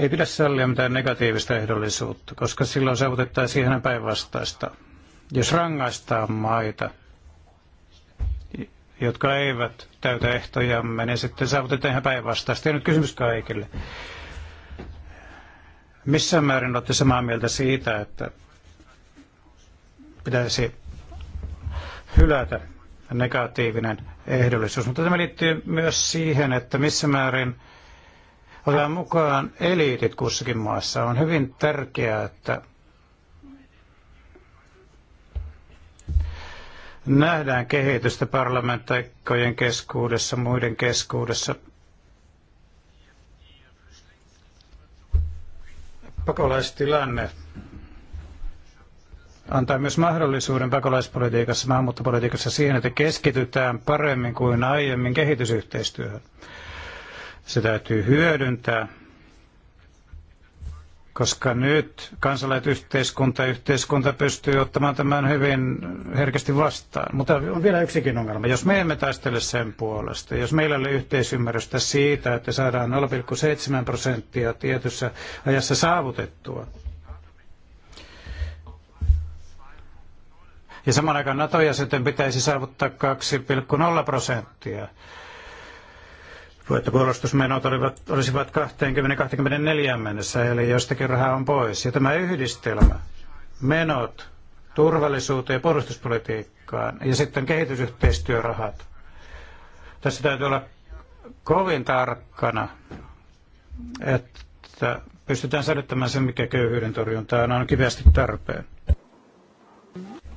ei pidä sallia mitään negatiivista ehdollisuutta, koska silloin saavutettaisiin ihan päinvastaista. Jos rangaistaan maita, jotka eivät täytä ehtojamme, niin sitten saavutetaan ihan päinvastaista. Ja nyt kysymys kaikille. Missään määrin olette samaa mieltä siitä, että pitäisi hylätä negatiivinen ehdollisuus, mutta tämä liittyy myös siihen, että missä määrin olen mukaan eliitit kussakin maassa. On hyvin tärkeää, että nähdään kehitystä parlamentaikkojen keskuudessa, muiden keskuudessa. Pakolaistilanne antaa myös mahdollisuuden pakolaispolitiikassa, maahanmuuttopolitiikassa siihen, että keskitytään paremmin kuin aiemmin kehitysyhteistyöhön. Se täytyy hyödyntää, koska nyt kansalaisyhteiskunta yhteiskunta pystyy ottamaan tämän hyvin herkästi vastaan. Mutta on vielä yksikin ongelma. Jos me emme taistele sen puolesta, jos meillä ei ole yhteisymmärrystä siitä, että saadaan 0,7 prosenttia tietyssä ajassa saavutettua, ja saman aikaan NATO-jäsenten pitäisi saavuttaa 2,0 prosenttia että puolustusmenot olivat, olisivat 20-24 mennessä, eli jostakin rahaa on pois. Ja tämä yhdistelmä, menot, turvallisuuteen ja puolustuspolitiikkaan ja sitten kehitysyhteistyörahat. Tässä täytyy olla kovin tarkkana, että pystytään säilyttämään sen, mikä köyhyyden torjuntaan on kipeästi tarpeen.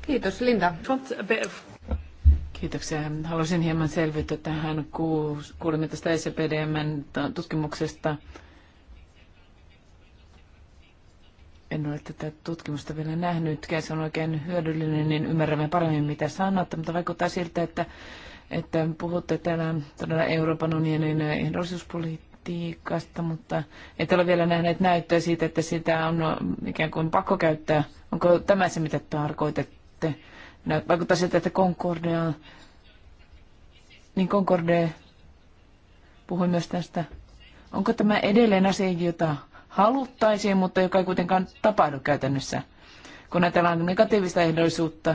Kiitos Linda. Kiitoksia. Haluaisin hieman selvittää tähän. Kuulimme tästä ECPDMn tutkimuksesta. En ole tätä tutkimusta vielä nähnyt. Se on oikein hyödyllinen, niin ymmärrämme paremmin, mitä sanotte, mutta vaikuttaa siltä, että, että puhutte täällä todella Euroopan unionin ehdollisuuspolitiikasta, mutta et ole vielä nähneet näyttöä siitä, että sitä on ikään kuin pakko käyttää. Onko tämä se, mitä tarkoitatte? Vaikuttaa siltä, että Concordia, niin Concorde puhui myös tästä. Onko tämä edelleen asia, jota haluttaisiin, mutta joka ei kuitenkaan tapahdu käytännössä? Kun ajatellaan negatiivista ehdollisuutta,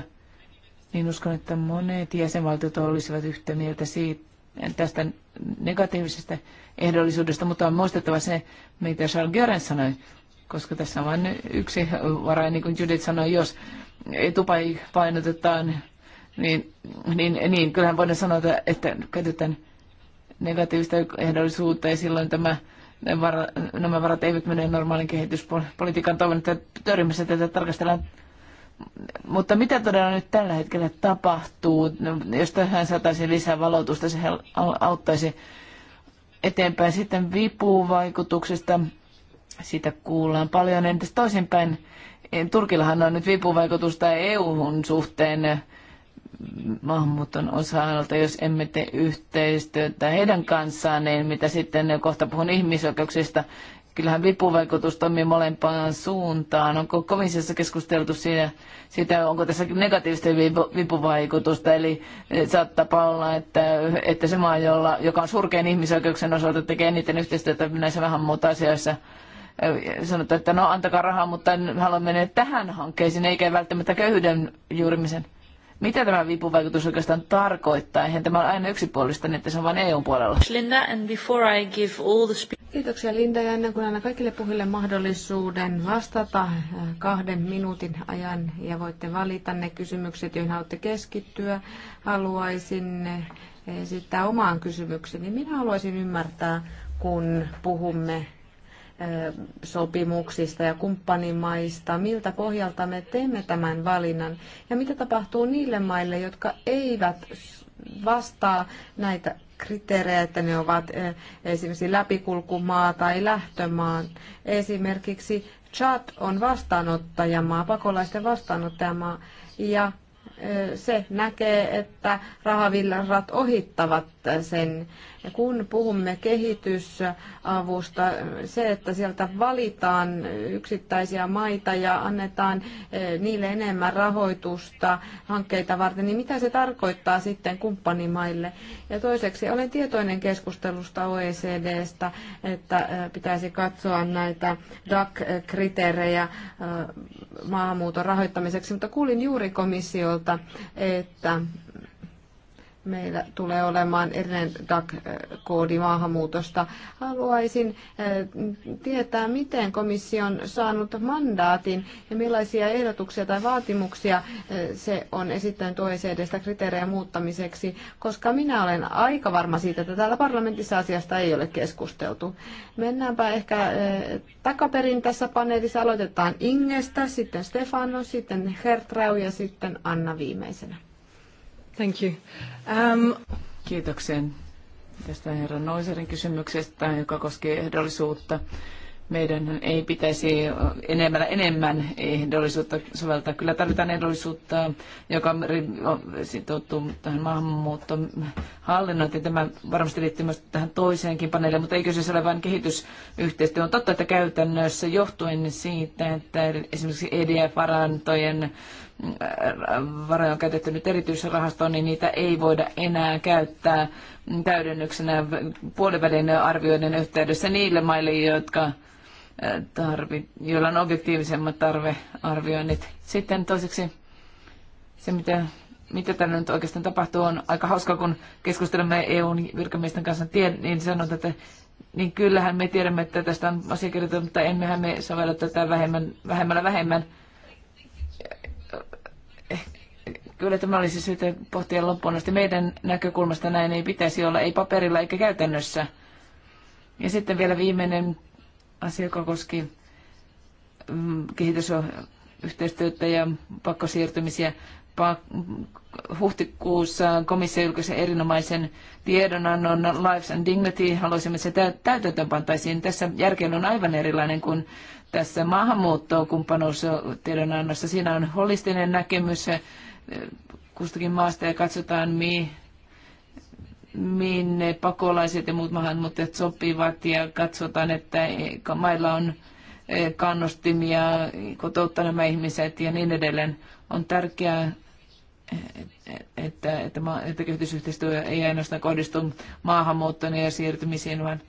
niin uskon, että monet jäsenvaltiot olisivat yhtä mieltä siitä, tästä negatiivisesta ehdollisuudesta, mutta on muistettava se, mitä Charles Gören sanoi, koska tässä on vain yksi varain, niin kuin Judith sanoi, jos etupainotetaan, painotetaan, niin, niin, niin kyllähän voidaan sanoa, että käytetään negatiivista ehdollisuutta ja silloin tämä, varat, nämä varat eivät mene normaalin kehityspolitiikan toivon, että työryhmässä tätä tarkastellaan. Mutta mitä todella nyt tällä hetkellä tapahtuu? Jos tähän saataisiin lisää valotusta, se auttaisi eteenpäin. Sitten vipuvaikutuksesta, siitä kuullaan paljon. Entäs toisinpäin, Turkillahan on nyt vipuvaikutusta EU-hun suhteen maahanmuuton osa jos emme tee yhteistyötä heidän kanssaan, niin mitä sitten kohta puhun ihmisoikeuksista. Kyllähän vipuvaikutus toimii molempaan suuntaan. Onko komissiossa keskusteltu siinä, siitä, onko tässä negatiivista vipuvaikutusta, eli eh, saattaa olla, että, että se maa, jolla, joka on surkein ihmisoikeuksien osalta, tekee eniten yhteistyötä näissä vähän muuta asioissa – sanotaan, että no antakaa rahaa, mutta en halua mennä tähän hankkeeseen, eikä välttämättä köyhyyden juurimisen. Mitä tämä vipuvaikutus oikeastaan tarkoittaa? Eihän tämä ole aina yksipuolista, niin että se on vain EUn puolella. Linda, and before I give all the Kiitoksia Linda, ja ennen kuin annan kaikille puhille mahdollisuuden vastata äh, kahden minuutin ajan, ja voitte valita ne kysymykset, joihin haluatte keskittyä, haluaisin äh, esittää omaan kysymykseni. Minä haluaisin ymmärtää, kun puhumme sopimuksista ja kumppanimaista, miltä pohjalta me teemme tämän valinnan ja mitä tapahtuu niille maille, jotka eivät vastaa näitä kriteerejä, että ne ovat esimerkiksi läpikulkumaa tai lähtömaa. Esimerkiksi Chad on vastaanottajamaa, pakolaisten vastaanottajamaa, ja se näkee, että rahavillarat ohittavat sen ja kun puhumme kehitysavusta, se, että sieltä valitaan yksittäisiä maita ja annetaan eh, niille enemmän rahoitusta hankkeita varten, niin mitä se tarkoittaa sitten kumppanimaille? Ja toiseksi olen tietoinen keskustelusta OECDstä, että eh, pitäisi katsoa näitä DAC-kriteerejä eh, maahanmuuton rahoittamiseksi, mutta kuulin juuri komissiolta, että meillä tulee olemaan erillinen DAC-koodi maahanmuutosta. Haluaisin eh, tietää, miten komissio on saanut mandaatin ja millaisia ehdotuksia tai vaatimuksia eh, se on esittänyt OECDstä kriteerejä muuttamiseksi, koska minä olen aika varma siitä, että täällä parlamentissa asiasta ei ole keskusteltu. Mennäänpä ehkä eh, takaperin tässä paneelissa. Aloitetaan Ingestä, sitten Stefano, sitten Hertrau ja sitten Anna viimeisenä. Thank you. Um... Kiitoksia tästä herra Noiserin kysymyksestä, joka koskee ehdollisuutta. Meidän ei pitäisi enemmän, enemmän ehdollisuutta soveltaa. Kyllä tarvitaan ehdollisuutta, joka sitoutuu tähän maahanmuuton hallinnointiin. Tämä varmasti liittyy myös tähän toiseenkin paneeliin, mutta eikö se ole vain kehitysyhteistyö? On totta, että käytännössä johtuen siitä, että esimerkiksi EDF-varantojen Äh, varoja on käytetty nyt erityisrahastoon, niin niitä ei voida enää käyttää täydennyksenä puolivälin arvioiden yhteydessä niille maille, jotka äh, tarvi, joilla on objektiivisemmat tarvearvioinnit. Sitten toiseksi se, mitä, mitä tällä nyt oikeastaan tapahtuu, on aika hauska, kun keskustelemme EUn virkamiesten kanssa, niin sanotaan, että niin kyllähän me tiedämme, että tästä on asiakirjoitettu, mutta emmehän me sovella tätä vähemmän, vähemmällä vähemmän. Kyllä tämä olisi syytä pohtia loppuun asti. Meidän näkökulmasta näin ei pitäisi olla, ei paperilla eikä käytännössä. Ja sitten vielä viimeinen asia, joka koski mm, kehitysyhteistyötä ja pakkosiirtymisiä. Huhtikuussa komissio julkaisi erinomaisen tiedonannon Lives and Dignity. Haluaisimme se täytäntöön pantaisiin. Tässä järkeen on aivan erilainen kuin tässä maahanmuuttokumppanuustiedonannossa. Siinä on holistinen näkemys kustakin maasta ja katsotaan, mi, minne pakolaiset ja muut maahanmuuttajat sopivat ja katsotaan, että mailla on eh, kannustimia kotouttaa nämä ihmiset ja niin edelleen. On tärkeää, eh, että, että, että kehitysyhteistyö ei ainoastaan kohdistu maahanmuuttoon ja siirtymisiin, vaan,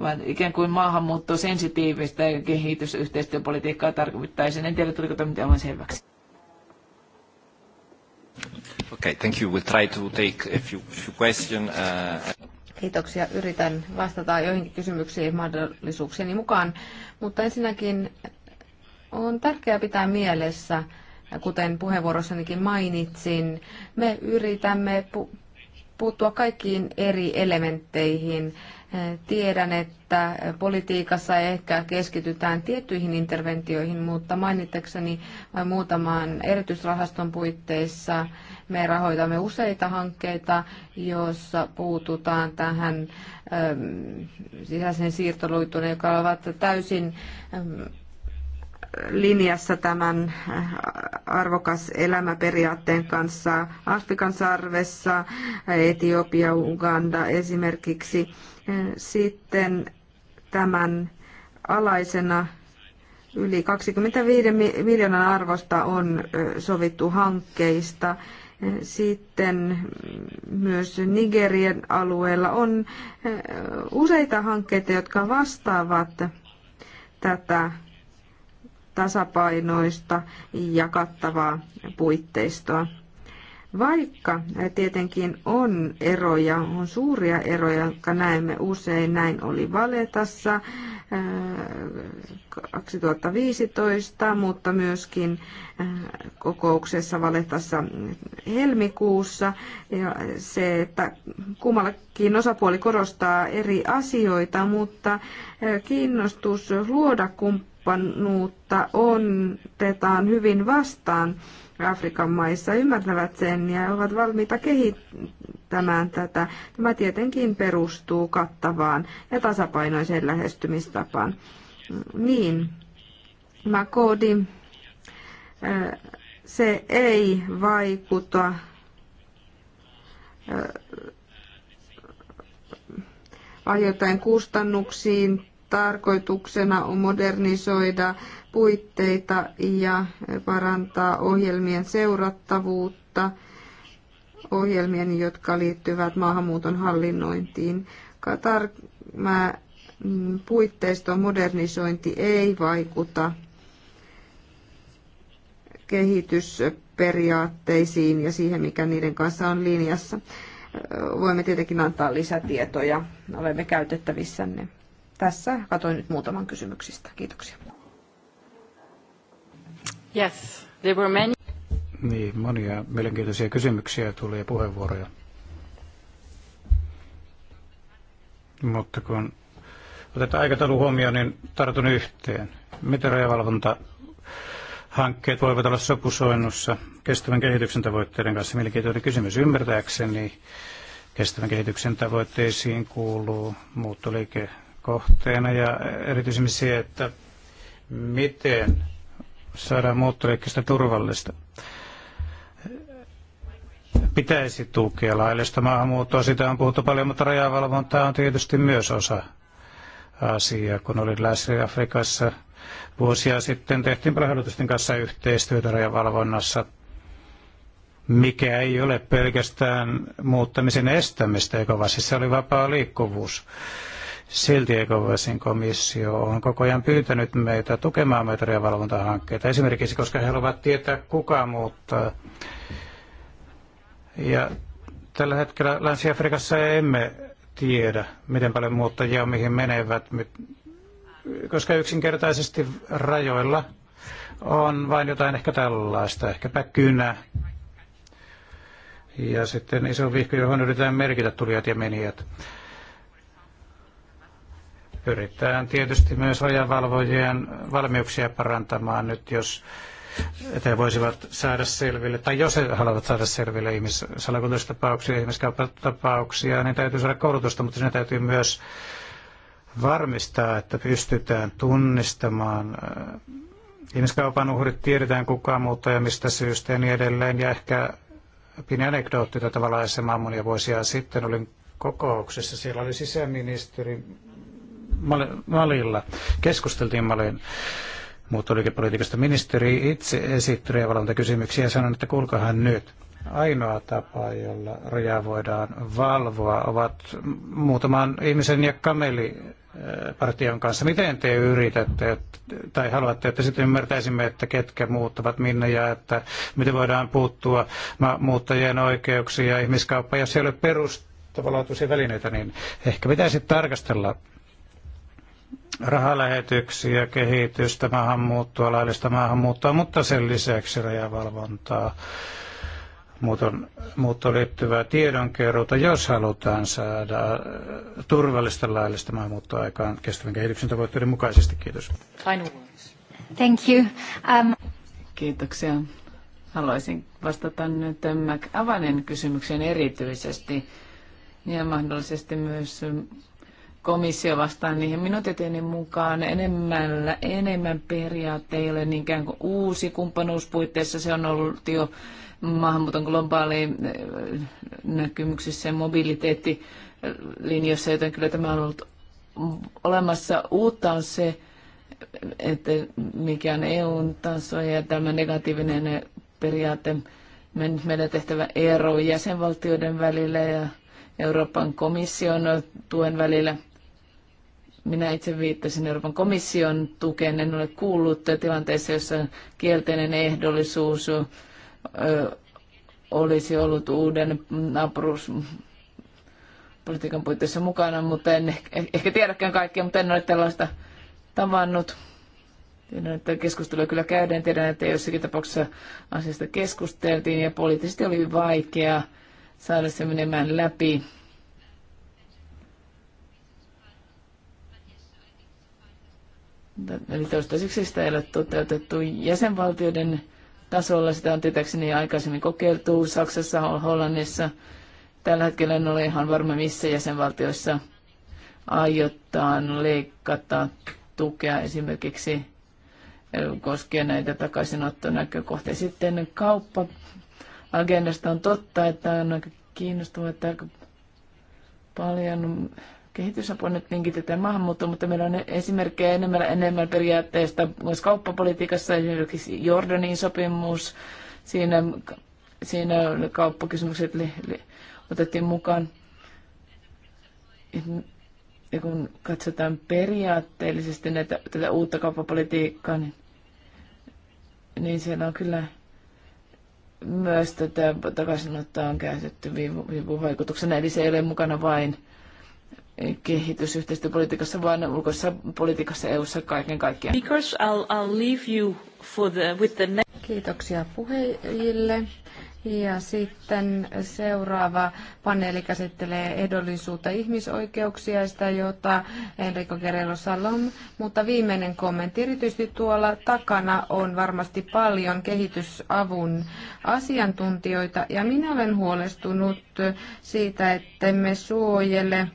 vaan ikään kuin maahanmuutto sensitiivistä kehitysyhteistyöpolitiikkaa tarvittaisiin. En tiedä, tuliko tämä mitään selväksi. Okay, thank you. We'll try to take a few, few questions. Uh... Kiitoksia. Yritän vastata joihinkin kysymyksiin mahdollisuuksieni mukaan. Mutta ensinnäkin on tärkeää pitää mielessä, kuten puheenvuorossanikin mainitsin, me yritämme puuttua kaikkiin eri elementteihin Tiedän, että politiikassa ehkä keskitytään tiettyihin interventioihin, mutta mainitakseni vain muutaman erityisrahaston puitteissa me rahoitamme useita hankkeita, joissa puututaan tähän ähm, sisäisen siirtoluituun, joka ovat täysin ähm, linjassa tämän äh, arvokas elämäperiaatteen kanssa Afrikan sarvessa, Etiopia, Uganda esimerkiksi sitten tämän alaisena yli 25 miljoonan arvosta on sovittu hankkeista. Sitten myös Nigerien alueella on useita hankkeita, jotka vastaavat tätä tasapainoista ja kattavaa puitteistoa. Vaikka tietenkin on eroja, on suuria eroja, jotka näemme usein, näin oli Valetassa 2015, äh, mutta myöskin äh, kokouksessa Valetassa helmikuussa. Ja se, että kummallakin osapuoli korostaa eri asioita, mutta äh, kiinnostus luoda kumppanuutta kumppanuutta on, otetaan hyvin vastaan Afrikan maissa, ymmärtävät sen ja ovat valmiita kehittämään tätä. Tämä tietenkin perustuu kattavaan ja tasapainoiseen lähestymistapaan. Niin, koodi, eh, se ei vaikuta eh, aiheuttaen kustannuksiin tarkoituksena on modernisoida puitteita ja parantaa ohjelmien seurattavuutta, ohjelmien, jotka liittyvät maahanmuuton hallinnointiin. Katar, mä, mm, puitteiston modernisointi ei vaikuta kehitysperiaatteisiin ja siihen, mikä niiden kanssa on linjassa. Voimme tietenkin antaa lisätietoja, olemme käytettävissänne. Tässä katoin nyt muutaman kysymyksistä. Kiitoksia. Yes, there were many. Niin, monia mielenkiintoisia kysymyksiä tuli ja puheenvuoroja. Mutta kun otetaan aikataulu huomioon, niin tartun yhteen. Miten rajavalvonta hankkeet voivat olla sopusoinnussa kestävän kehityksen tavoitteiden kanssa? Mielenkiintoinen kysymys ymmärtääkseni. Kestävän kehityksen tavoitteisiin kuuluu muuttoliike, kohteena ja erityisesti se, että miten saadaan muuttoliikkeestä turvallista. Pitäisi tukea laillista maahanmuuttoa, sitä on puhuttu paljon, mutta rajavalvonta on tietysti myös osa asiaa. Kun olin läsnä Afrikassa vuosia sitten, tehtiin paljon kanssa yhteistyötä rajavalvonnassa, mikä ei ole pelkästään muuttamisen estämistä, joka vaan siis se oli vapaa liikkuvuus Silti ECOWASin komissio on koko ajan pyytänyt meitä tukemaan metriavalvontahankkeita, esimerkiksi koska he haluavat tietää, kuka muuttaa. Ja tällä hetkellä Länsi-Afrikassa emme tiedä, miten paljon muuttajia mihin menevät, koska yksinkertaisesti rajoilla on vain jotain ehkä tällaista, ehkäpä kynä. Ja sitten iso vihko, johon yritetään merkitä tulijat ja menijät. Pyritään tietysti myös rajavalvojien valmiuksia parantamaan nyt, jos että he voisivat saada selville, tai jos he haluavat saada selville ihmissalakuljetustapauksia, ihmiskauppatapauksia, niin täytyy saada koulutusta, mutta siinä täytyy myös varmistaa, että pystytään tunnistamaan äh, ihmiskaupan uhrit, tiedetään kuka muuta ja mistä syystä ja niin edelleen. Ja ehkä pieni anekdootti tätä valaisemaan monia vuosia sitten olin kokouksessa. Siellä oli sisäministeri Malilla. Keskusteltiin Malin muuttoliikepolitiikasta. Ministeri itse esitti kysymyksiä ja sanoi, että kuulkahan nyt. Ainoa tapa, jolla rajaa voidaan valvoa, ovat muutaman ihmisen ja kameli eh, partion kanssa. Miten te yritätte tai haluatte, että sitten ymmärtäisimme, että ketkä muuttavat minne ja että miten voidaan puuttua muuttajien oikeuksiin ja ihmiskauppa, jos ei ole perustavanlaatuisia välineitä, niin ehkä pitäisi tarkastella rahalähetyksiä, kehitystä, maahanmuuttoa, laillista maahanmuuttoa, mutta sen lisäksi rajavalvontaa, muuton, muuttoon liittyvää tiedonkeruuta, jos halutaan saada turvallista laillista maahanmuuttoa aikaan kestävän kehityksen tavoitteiden mukaisesti. Kiitos. Thank you. Um... Kiitoksia. Haluaisin vastata nyt McAvanen kysymykseen erityisesti ja mahdollisesti myös komissio vastaa niihin minun tietojeni mukaan enemmän, enemmän periaatteille niinkään kuin uusi kumppanuuspuitteissa. Se on ollut jo maahanmuuton globaali eh, näkymyksissä ja mobiliteettilinjoissa, joten kyllä tämä on ollut olemassa. Uutta on se, että mikä on EUn taso ja tämä negatiivinen periaate, meidän tehtävä ero jäsenvaltioiden välillä ja Euroopan komission tuen välillä – minä itse viittasin Euroopan komission tukeen. En ole kuullut tilanteessa, jossa kielteinen ehdollisuus olisi ollut uuden naapurus politiikan puitteissa mukana, mutta en eh, ehkä tiedäkään kaikkea, mutta en ole tällaista tavannut. Tiedän, että keskustelua kyllä käydään. Tiedän, että jossakin tapauksessa asiasta keskusteltiin ja poliittisesti oli vaikea saada se menemään läpi. Eli toistaiseksi sitä ei ole toteutettu jäsenvaltioiden tasolla. Sitä on tietääkseni aikaisemmin kokeiltu Saksassa, Hollannissa. Tällä hetkellä en ole ihan varma, missä jäsenvaltioissa aiotaan leikata tukea esimerkiksi eh, koskien näitä takaisinottonäkökohtia. Sitten kauppa-agendasta on totta, että on aika kiinnostavaa, että aika paljon kehitysapua nyt linkitetään maahanmuuttoon, mutta meillä on esimerkkejä enemmän enemmän periaatteesta myös kauppapolitiikassa, esimerkiksi Jordanin sopimus, siinä, siinä kauppakysymykset li, li, otettiin mukaan. Ja kun katsotaan periaatteellisesti näitä, tätä uutta kauppapolitiikkaa, niin, niin siellä on kyllä myös tätä takaisinottoa on käytetty vipuvaikutuksena, eli se ei ole mukana vain kehitysyhteistyöpolitiikassa, vaan ulkoisessa politiikassa EU-ssa kaiken kaikkiaan. Because I'll, I'll leave you for the, with the next... Kiitoksia puheille. Ja sitten seuraava paneeli käsittelee ehdollisuutta ihmisoikeuksia, sitä jota Enrico Guerrero Salom. Mutta viimeinen kommentti, erityisesti tuolla takana on varmasti paljon kehitysavun asiantuntijoita. Ja minä olen huolestunut siitä, että me suojele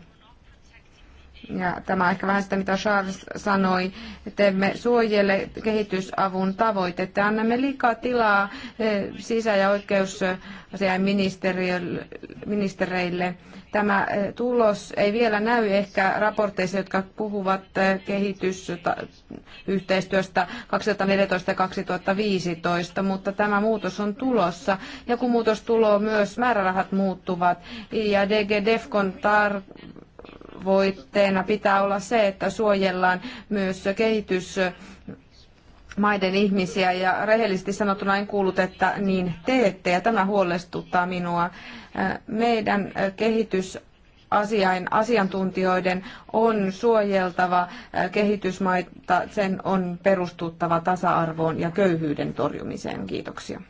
ja tämä on ehkä vähän sitä, mitä Charles sanoi, että emme suojele kehitysavun tavoitetta. Annamme liikaa tilaa eh, sisä- ja oikeusasiainministereille. Tämä eh, tulos ei vielä näy ehkä raporteissa, jotka puhuvat eh, kehitysyhteistyöstä 2014 2015, mutta tämä muutos on tulossa. Ja kun muutos tulee, myös määrärahat muuttuvat. Ja DG Defcon tar- tavoitteena pitää olla se, että suojellaan myös kehitys maiden ihmisiä ja rehellisesti sanottuna en kuullut, että niin teette ja tämä huolestuttaa minua. Meidän kehitysasiain asiantuntijoiden on suojeltava kehitysmaita, sen on perustuttava tasa-arvoon ja köyhyyden torjumiseen. Kiitoksia.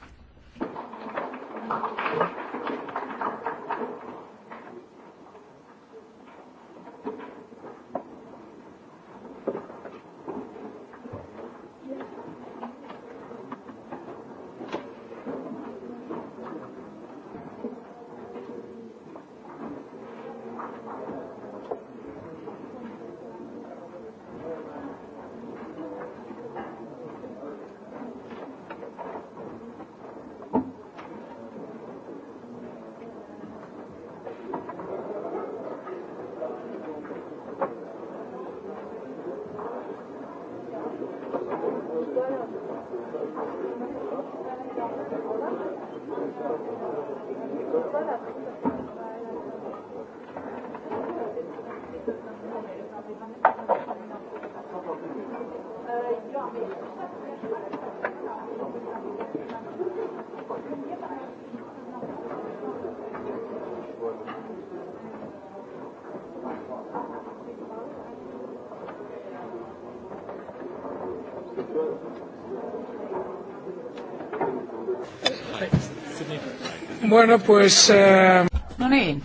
Bueno, pues... Eh... No niin.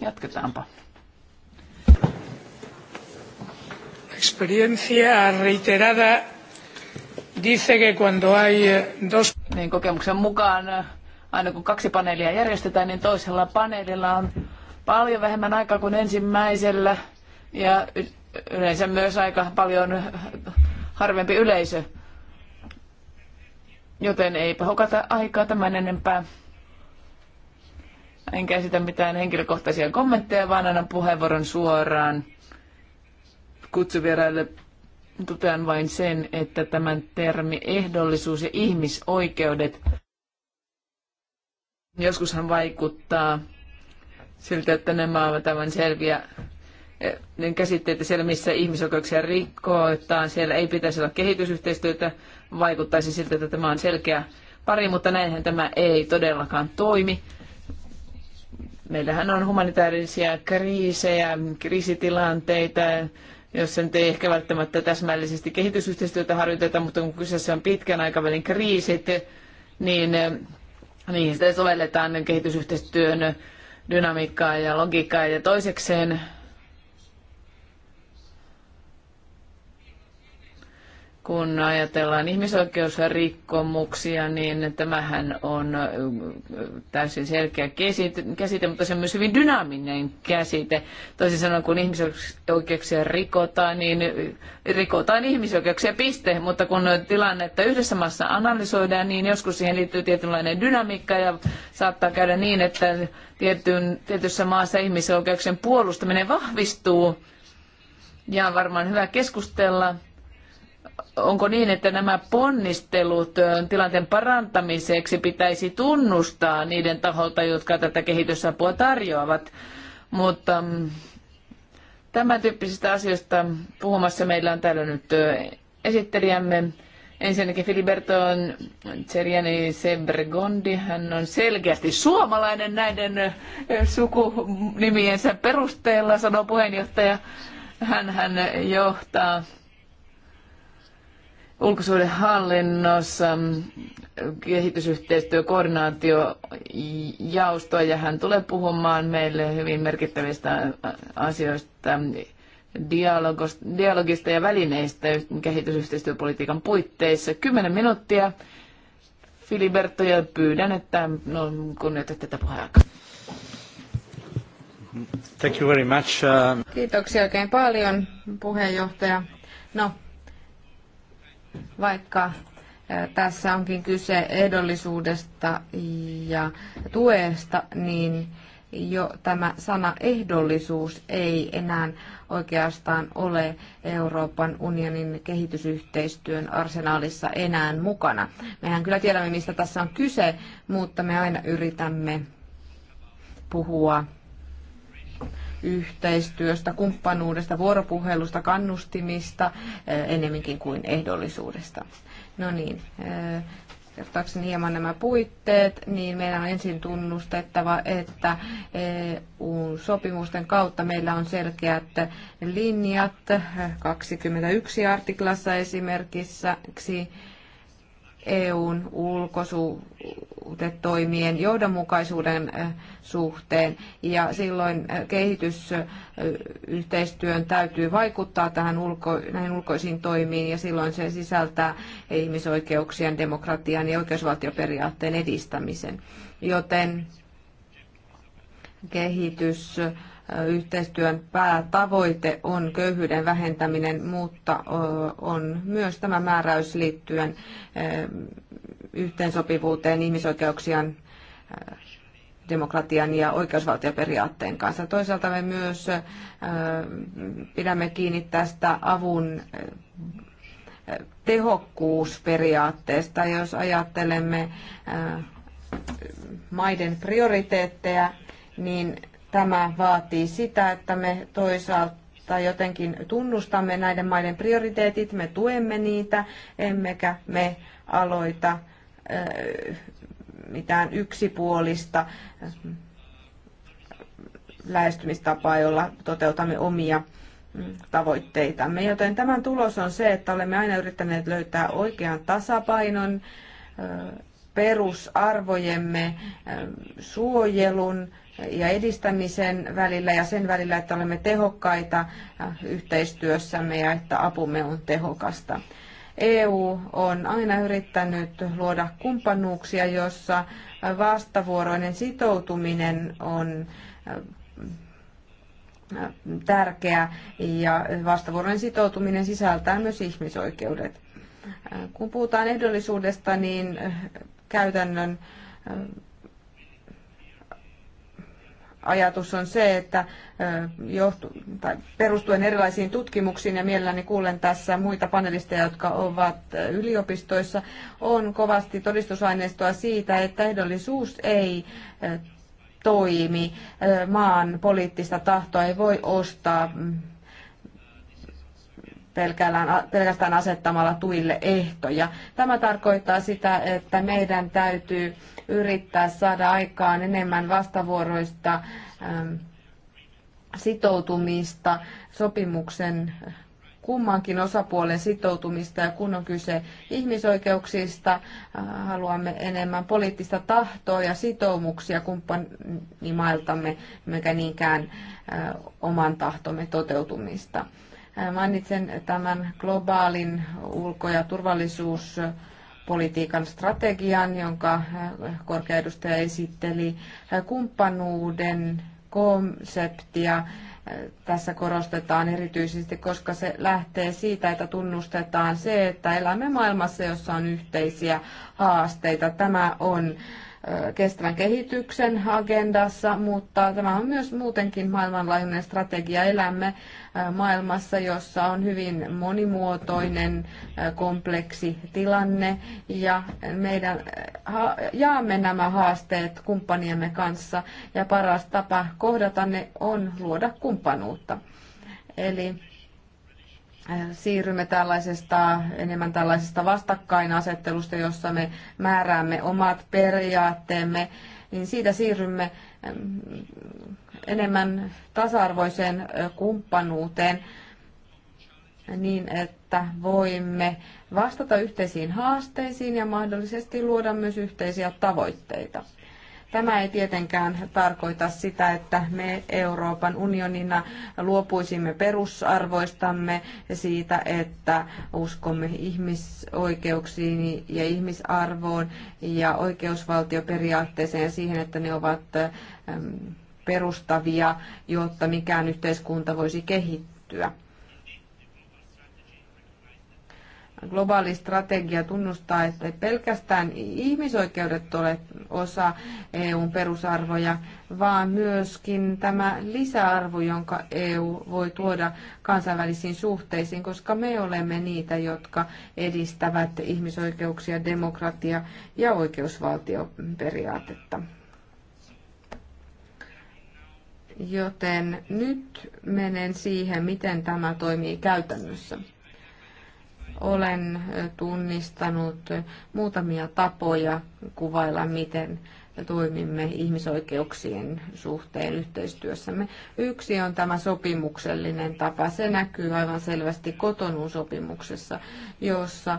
Jatketaanpa. Experiencia reiterada dice que cuando hay eh, dos... Niin kokemuksen mukaan, eh, aina kun kaksi paneelia järjestetään, niin toisella paneelilla on paljon vähemmän aikaa kuin ensimmäisellä ja yleensä myös aika paljon eh, harvempi yleisö. Joten eipä hokata aikaa tämän enempää. Enkä esitä mitään henkilökohtaisia kommentteja, vaan annan puheenvuoron suoraan kutsuvieraille totean vain sen, että tämän termi ehdollisuus ja ihmisoikeudet joskushan vaikuttaa siltä, että nämä ovat aivan selviä eh, käsitteitä siellä, missä ihmisoikeuksia että Siellä ei pitäisi olla kehitysyhteistyötä, vaikuttaisi siltä, että tämä on selkeä pari, mutta näinhän tämä ei todellakaan toimi. Meillähän on humanitaarisia kriisejä, kriisitilanteita, jossa nyt ei ehkä välttämättä täsmällisesti kehitysyhteistyötä harjoiteta, mutta kun kyseessä on pitkän aikavälin kriisit, niin niihin sitä sovelletaan kehitysyhteistyön dynamiikkaa ja logiikkaa. Ja toisekseen kun ajatellaan ihmisoikeusrikkomuksia, niin tämähän on äh, täysin selkeä käsite, mutta se on myös hyvin dynaaminen käsite. Toisin sanoen, kun ihmisoikeuksia rikotaan, niin äh, rikotaan ihmisoikeuksia piste, mutta kun tilannetta yhdessä maassa analysoidaan, niin joskus siihen liittyy tietynlainen dynamiikka ja saattaa käydä niin, että tietyn, tietyssä maassa ihmisoikeuksien puolustaminen vahvistuu ja on varmaan hyvä keskustella onko niin, että nämä ponnistelut tilanteen parantamiseksi pitäisi tunnustaa niiden taholta, jotka tätä kehitysapua tarjoavat. Mutta mm, tämän tyyppisistä asioista puhumassa meillä on täällä nyt esittelijämme. Ensinnäkin Filiberto on Ceriani Sebregondi. Hän on selkeästi suomalainen näiden sukunimiensä perusteella, sanoo puheenjohtaja. Hän, hän johtaa ulkosuudenhallinnossa mm, kehitysyhteistyökoordinaatiojaostoa ja hän tulee puhumaan meille hyvin merkittävistä asioista, dialogista ja välineistä kehitysyhteistyöpolitiikan puitteissa. Kymmenen minuuttia. Filiberto, ja pyydän, että no, kunnioitatte tätä puheaikaa. Thank you very much. Uh, Kiitoksia oikein paljon, puheenjohtaja. No, vaikka tässä onkin kyse ehdollisuudesta ja tuesta, niin jo tämä sana ehdollisuus ei enää oikeastaan ole Euroopan unionin kehitysyhteistyön arsenaalissa enää mukana. Mehän kyllä tiedämme, mistä tässä on kyse, mutta me aina yritämme puhua yhteistyöstä, kumppanuudesta, vuoropuhelusta, kannustimista enemminkin eh, kuin ehdollisuudesta. No niin, eh, kertaakseni hieman nämä puitteet, niin meidän on ensin tunnustettava, että EU-sopimusten kautta meillä on selkeät linjat 21 artiklassa esimerkiksi EUn ulkosuhdetoimien johdonmukaisuuden eh, suhteen ja silloin eh, kehitysyhteistyön täytyy vaikuttaa tähän ulko, näihin ulkoisiin toimiin ja silloin se sisältää ihmisoikeuksien, demokratian ja oikeusvaltioperiaatteen edistämisen. Joten kehitys yhteistyön päätavoite on köyhyyden vähentäminen, mutta on myös tämä määräys liittyen yhteensopivuuteen ihmisoikeuksien demokratian ja oikeusvaltioperiaatteen kanssa. Toisaalta me myös pidämme kiinni tästä avun tehokkuusperiaatteesta, jos ajattelemme maiden prioriteetteja, niin Tämä vaatii sitä, että me toisaalta jotenkin tunnustamme näiden maiden prioriteetit, me tuemme niitä, emmekä me aloita mitään yksipuolista lähestymistapaa, jolla toteutamme omia mm, tavoitteitamme. Joten tämän tulos on se, että olemme aina yrittäneet löytää oikean tasapainon perusarvojemme suojelun ja edistämisen välillä ja sen välillä, että olemme tehokkaita yhteistyössämme ja että apumme on tehokasta. EU on aina yrittänyt luoda kumppanuuksia, jossa vastavuoroinen sitoutuminen on äh, tärkeä ja vastavuoroinen sitoutuminen sisältää myös ihmisoikeudet. Äh, kun puhutaan ehdollisuudesta, niin äh, käytännön ajatus on se, että johtu, tai perustuen erilaisiin tutkimuksiin, ja mielelläni kuulen tässä muita panelisteja, jotka ovat yliopistoissa, on kovasti todistusaineistoa siitä, että ehdollisuus ei toimi. Maan poliittista tahtoa ei voi ostaa mm, pelkästään asettamalla tuille ehtoja. Tämä tarkoittaa sitä, että meidän täytyy yrittää saada aikaan enemmän vastavuoroista sitoutumista, sopimuksen kummankin osapuolen sitoutumista ja kun on kyse ihmisoikeuksista, haluamme enemmän poliittista tahtoa ja sitoumuksia kumppanimailtamme, mikä niinkään oman tahtomme toteutumista. Mainitsen tämän globaalin ulko- ja turvallisuuspolitiikan strategian, jonka korkea edustaja esitteli, kumppanuuden konseptia. Tässä korostetaan erityisesti, koska se lähtee siitä, että tunnustetaan se, että elämme maailmassa, jossa on yhteisiä haasteita. Tämä on kestävän kehityksen agendassa, mutta tämä on myös muutenkin maailmanlaajuinen strategia. Elämme maailmassa, jossa on hyvin monimuotoinen, kompleksi tilanne ja meidän jaamme nämä haasteet kumppaniemme kanssa ja paras tapa kohdata ne on luoda kumppanuutta. Eli Äh, siirrymme tällaisesta, enemmän tällaisesta vastakkainasettelusta, jossa me määräämme omat periaatteemme, niin siitä siirrymme ähm, enemmän tasa-arvoiseen äh, kumppanuuteen niin, että voimme vastata yhteisiin haasteisiin ja mahdollisesti luoda myös yhteisiä tavoitteita. Tämä ei tietenkään tarkoita sitä, että me Euroopan unionina luopuisimme perusarvoistamme siitä, että uskomme ihmisoikeuksiin ja ihmisarvoon ja oikeusvaltioperiaatteeseen ja siihen, että ne ovat ähm, perustavia, jotta mikään yhteiskunta voisi kehittyä. globaali strategia tunnustaa, että pelkästään ihmisoikeudet ole osa EUn perusarvoja, vaan myöskin tämä lisäarvo, jonka EU voi tuoda kansainvälisiin suhteisiin, koska me olemme niitä, jotka edistävät ihmisoikeuksia, demokratia ja oikeusvaltioperiaatetta. Joten nyt menen siihen, miten tämä toimii käytännössä olen tunnistanut muutamia tapoja kuvailla, miten toimimme ihmisoikeuksien suhteen yhteistyössämme. Yksi on tämä sopimuksellinen tapa. Se näkyy aivan selvästi kotonuusopimuksessa, jossa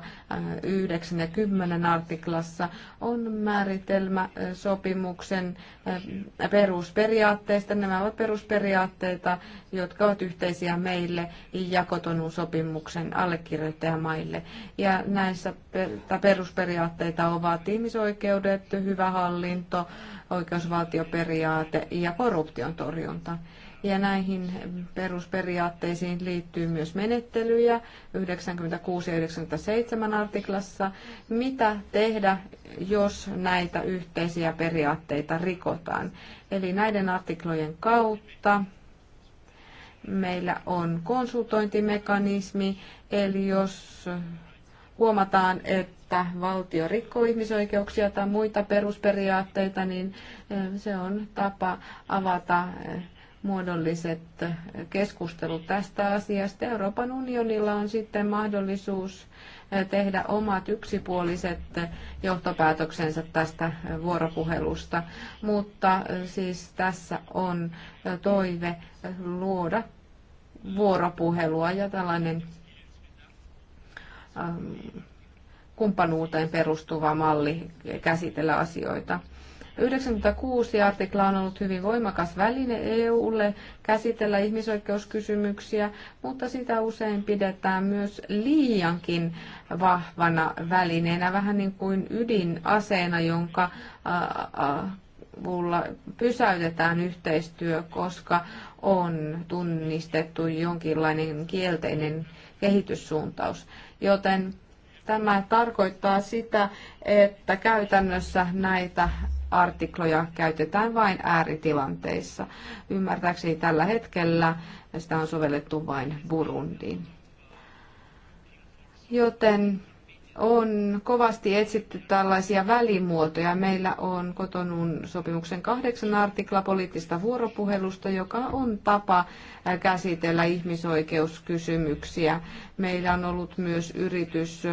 9 ja 10 artiklassa on määritelmä sopimuksen perusperiaatteista. Nämä ovat perusperiaatteita, jotka ovat yhteisiä meille ja sopimuksen allekirjoittajamaille. Ja näissä perusperiaatteita ovat ihmisoikeudet, hyvä hallinto, oikeusvaltioperiaate ja korruption torjunta ja näihin perusperiaatteisiin liittyy myös menettelyjä 96 ja 97 artiklassa. Mitä tehdä, jos näitä yhteisiä periaatteita rikotaan? Eli näiden artiklojen kautta meillä on konsultointimekanismi, eli jos huomataan, että valtio rikkoo ihmisoikeuksia tai muita perusperiaatteita, niin eh, se on tapa avata eh, muodolliset keskustelut tästä asiasta. Euroopan unionilla on sitten mahdollisuus tehdä omat yksipuoliset johtopäätöksensä tästä vuoropuhelusta, mutta siis tässä on toive luoda vuoropuhelua ja tällainen ähm, kumppanuuteen perustuva malli käsitellä asioita. 96 artikla on ollut hyvin voimakas väline EUlle käsitellä ihmisoikeuskysymyksiä, mutta sitä usein pidetään myös liiankin vahvana välineenä, vähän niin kuin ydinaseena, jonka avulla pysäytetään yhteistyö, koska on tunnistettu jonkinlainen kielteinen kehityssuuntaus. Joten tämä tarkoittaa sitä, että käytännössä näitä artikloja käytetään vain ääritilanteissa. Ymmärtääkseni tällä hetkellä sitä on sovellettu vain Burundiin. Joten on kovasti etsitty tällaisia välimuotoja. Meillä on kotonun sopimuksen kahdeksan artikla poliittista vuoropuhelusta, joka on tapa käsitellä ihmisoikeuskysymyksiä. Meillä on ollut myös yritys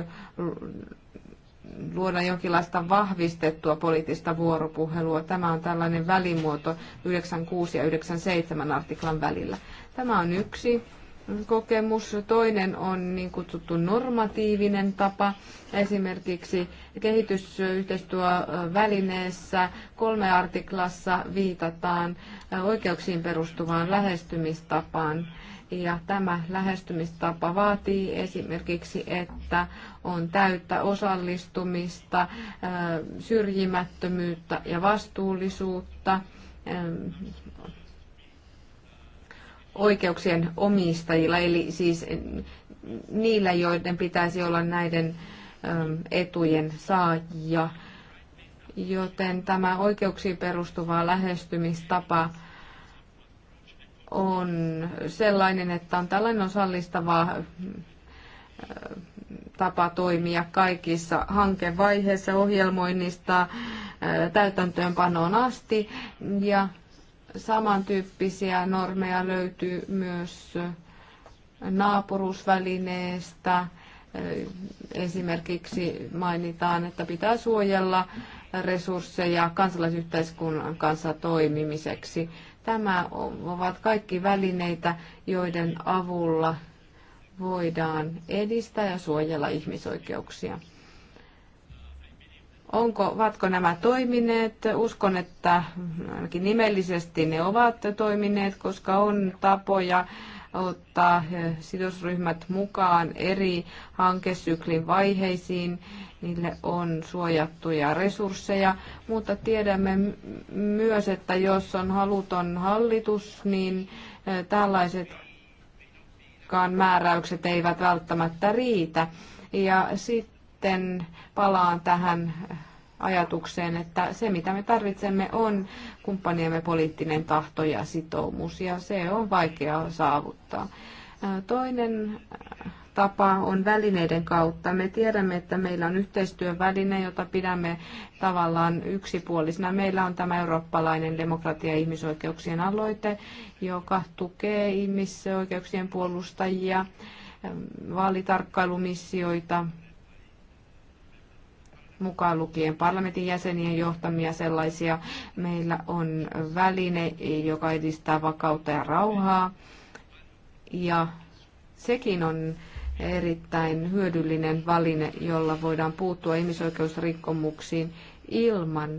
luoda jonkinlaista vahvistettua poliittista vuoropuhelua. Tämä on tällainen välimuoto 96 ja 97 artiklan välillä. Tämä on yksi kokemus. Toinen on niin kutsuttu normatiivinen tapa. Esimerkiksi kehitysyhteistyövälineessä kolme artiklassa viitataan oikeuksiin perustuvaan lähestymistapaan ja tämä lähestymistapa vaatii esimerkiksi, että on täyttä osallistumista, syrjimättömyyttä ja vastuullisuutta, oikeuksien omistajilla, eli siis niillä, joiden pitäisi olla näiden etujen saajia. Joten tämä oikeuksiin perustuva lähestymistapa on sellainen, että on tällainen osallistava tapa toimia kaikissa hankevaiheissa ohjelmoinnista täytäntöönpanoon asti. Ja samantyyppisiä normeja löytyy myös naapuruusvälineestä. Esimerkiksi mainitaan, että pitää suojella resursseja kansalaisyhteiskunnan kanssa toimimiseksi Tämä ovat kaikki välineitä, joiden avulla voidaan edistää ja suojella ihmisoikeuksia. Onko, ovatko nämä toimineet? Uskon, että ainakin nimellisesti ne ovat toimineet, koska on tapoja ottaa eh, sidosryhmät mukaan eri hankesyklin vaiheisiin niille on suojattuja resursseja, mutta tiedämme myös, että jos on haluton hallitus, niin eh, tällaisetkaan määräykset eivät välttämättä riitä. Ja sitten palaan tähän ajatukseen, että se mitä me tarvitsemme on kumppaniemme poliittinen tahto ja sitoumus, ja se on vaikea saavuttaa. Eh, toinen eh, tapa on välineiden kautta. Me tiedämme, että meillä on yhteistyöväline, jota pidämme tavallaan yksipuolisena. Meillä on tämä eurooppalainen demokratia- ja ihmisoikeuksien aloite, joka tukee ihmisoikeuksien puolustajia, ehm, vaalitarkkailumissioita, mukaan lukien parlamentin jäsenien johtamia sellaisia. Meillä on väline, joka edistää vakautta ja rauhaa. Ja sekin on erittäin hyödyllinen valine, jolla voidaan puuttua ihmisoikeusrikkomuksiin ilman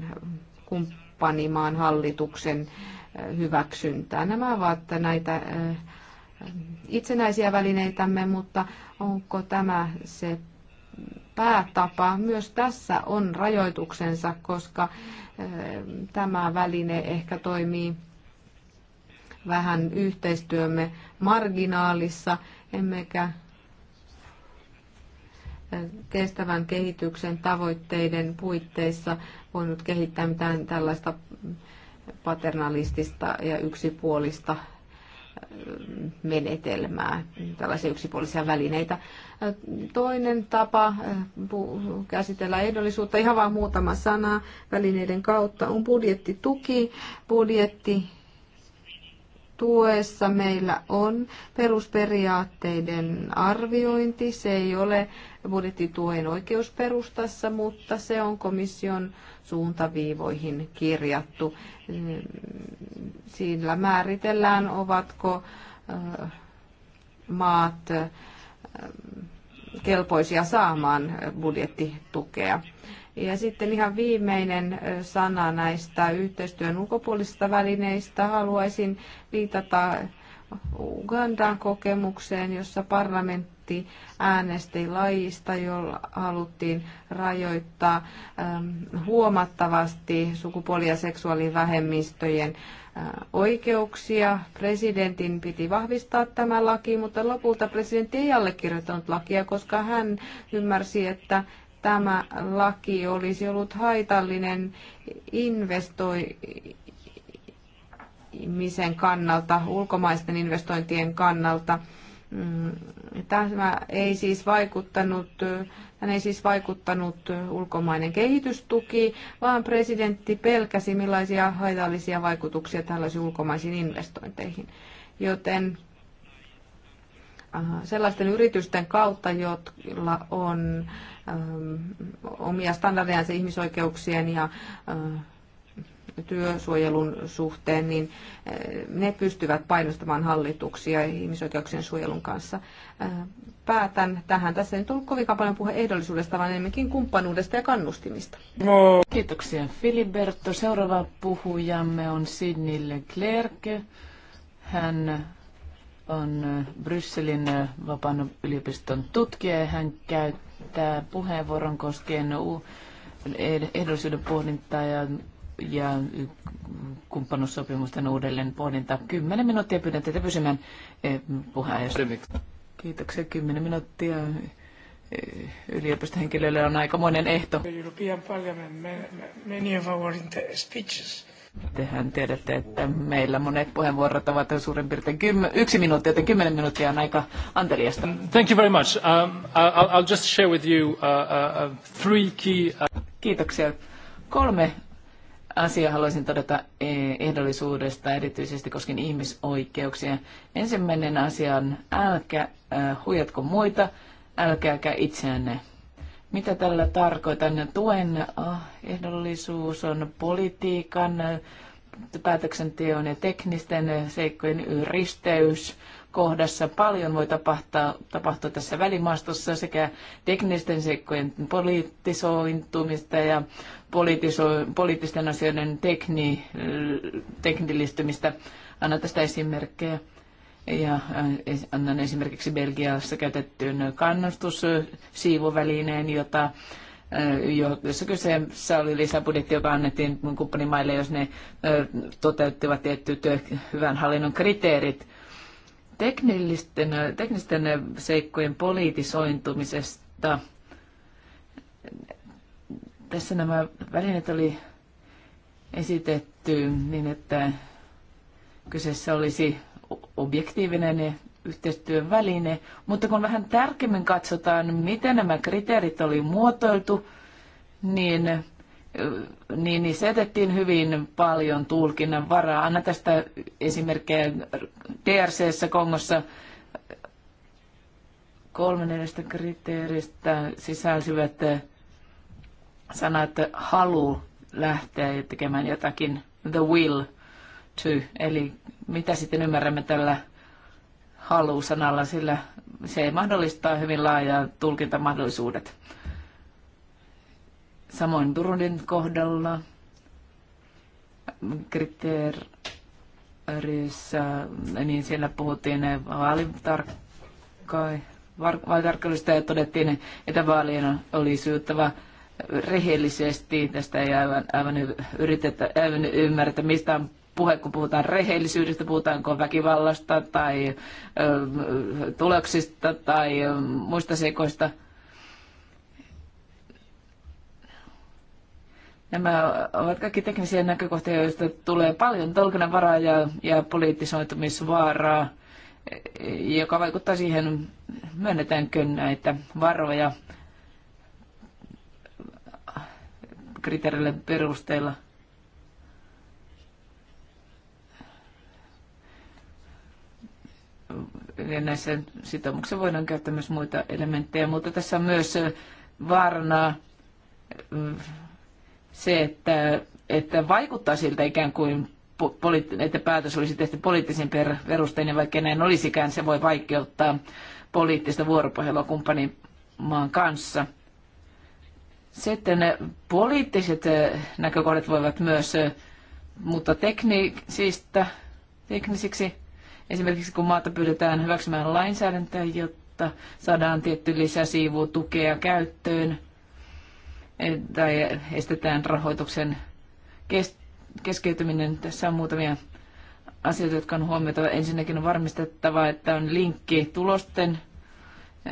kumppanimaan hallituksen äh, hyväksyntää. Nämä ovat näitä äh, itsenäisiä välineitämme, mutta onko tämä se päätapa? Myös tässä on rajoituksensa, koska äh, tämä väline ehkä toimii vähän yhteistyömme marginaalissa, emmekä kestävän kehityksen tavoitteiden puitteissa voinut kehittää mitään tällaista paternalistista ja yksipuolista menetelmää, tällaisia yksipuolisia välineitä. Toinen tapa käsitellä ehdollisuutta, ihan vain muutama sana välineiden kautta, on budjettituki. Budjetti tuessa meillä on perusperiaatteiden arviointi. Se ei ole budjettituen oikeusperustassa, mutta se on komission suuntaviivoihin kirjattu. Sillä määritellään, ovatko maat kelpoisia saamaan budjettitukea. Ja sitten ihan viimeinen sana näistä yhteistyön ulkopuolisista välineistä. Haluaisin viitata Ugandan kokemukseen, jossa parlamentti kovasti äänesti lajista, jolla haluttiin rajoittaa huomattavasti sukupuoli- ja seksuaalivähemmistöjen oikeuksia. Presidentin piti vahvistaa tämä laki, mutta lopulta presidentti ei allekirjoittanut lakia, koska hän ymmärsi, että tämä laki olisi ollut haitallinen investoimisen kannalta, ulkomaisten investointien kannalta. Mm, tämä ei siis vaikuttanut, hän ei siis vaikuttanut ulkomainen kehitystuki, vaan presidentti pelkäsi, millaisia haitallisia vaikutuksia tällaisiin ulkomaisiin investointeihin. Joten äh, sellaisten yritysten kautta, joilla on ähm, omia standardejansa ihmisoikeuksien ja äh, työsuojelun suhteen, niin eh, ne pystyvät painostamaan hallituksia ihmisoikeuksien suojelun kanssa. Eh, päätän tähän. Tässä ei tullut kovin paljon puhe ehdollisuudesta, vaan enemmänkin kumppanuudesta ja kannustimista. No. Kiitoksia Filiberto. Seuraava puhujamme on Sidney Leclerc. Hän on Brysselin vapaan yliopiston tutkija ja hän käyttää puheenvuoron koskien ehdollisuuden pohdintaa ja ja kumppanuussopimusten uudelleen pohdinta. Kymmenen minuuttia pyydän teitä pysymään e, puheenjohtaja. Kiitoksia. Kymmenen minuuttia e, yliopistohenkilöille on aikamoinen ehto. Tehän tiedätte, että meillä monet puheenvuorot ovat suurin piirtein kymmen, yksi minuutti, joten kymmenen minuuttia on aika anteliasta. Um, thank you very much. Um, I'll, I'll just share with you uh, uh, uh three key... Uh... Kiitoksia. Kolme asia haluaisin todeta e, ehdollisuudesta, erityisesti koskien ihmisoikeuksia. Ensimmäinen asia on, älkää huijatko muita, älkääkä itseänne. Mitä tällä tarkoitan? Tuen ehdollisuus on politiikan, päätöksenteon ja teknisten seikkojen risteys kohdassa. Paljon voi tapahtua, tapahtua tässä välimaastossa sekä teknisten seikkojen politisointumista ja politiso, poliittisten asioiden tekni, teknillistymistä. Anna tästä esimerkkejä. Ja annan esimerkiksi Belgiassa käytettyyn kannustussiivuvälineen, jota jossa kyseessä oli lisäbudjetti, joka annettiin kumppanimaille, jos ne toteuttivat tietyt hyvän hallinnon kriteerit teknillisten, teknisten seikkojen politisointumisesta. Tässä nämä välineet oli esitetty niin, että kyseessä olisi objektiivinen yhteistyön väline, mutta kun vähän tarkemmin katsotaan, miten nämä kriteerit oli muotoiltu, niin niin, niin se jätettiin hyvin paljon tulkinnan varaa. Anna tästä esimerkkejä drc Kongossa kolme neljästä kriteeristä sisälsivät sanat halu lähteä tekemään jotakin, the will to, eli mitä sitten ymmärrämme tällä halu-sanalla, sillä se mahdollistaa hyvin laajaa tulkintamahdollisuudet. Samoin Burundin kohdalla kriteerissä, niin siellä puhuttiin vaalitarkkailusta ja todettiin, että vaalien oli syyttävä rehellisesti. Tästä ei aivan, aivan, yritetä, aivan ymmärretä, mistä on puhe, kun puhutaan rehellisyydestä, puhutaanko väkivallasta tai ö, tuloksista tai muista seikoista – Nämä ovat kaikki teknisiä näkökohtia, joista tulee paljon tolkinnanvaraa ja, ja poliittisoitumisvaaraa, joka vaikuttaa siihen, myönnetäänkö näitä varoja kriteereille perusteella. Ja näissä sitoumuksissa voidaan käyttää myös muita elementtejä, mutta tässä on myös vaarana se, että, että vaikuttaa siltä ikään kuin että päätös olisi tehty poliittisen ja vaikka näin olisikään, se voi vaikeuttaa poliittista vuoropuhelua kumppanimaan kanssa. Sitten eh, poliittiset eh, näkökohdat voivat myös eh, mutta teknisistä, teknisiksi. Esimerkiksi kun maata pyydetään hyväksymään lainsäädäntöä, jotta saadaan tietty lisäsiivu tukea käyttöön – tai estetään rahoituksen keskeytyminen. Tässä on muutamia asioita, jotka on huomioitava. Ensinnäkin on varmistettava, että on linkki tulosten ja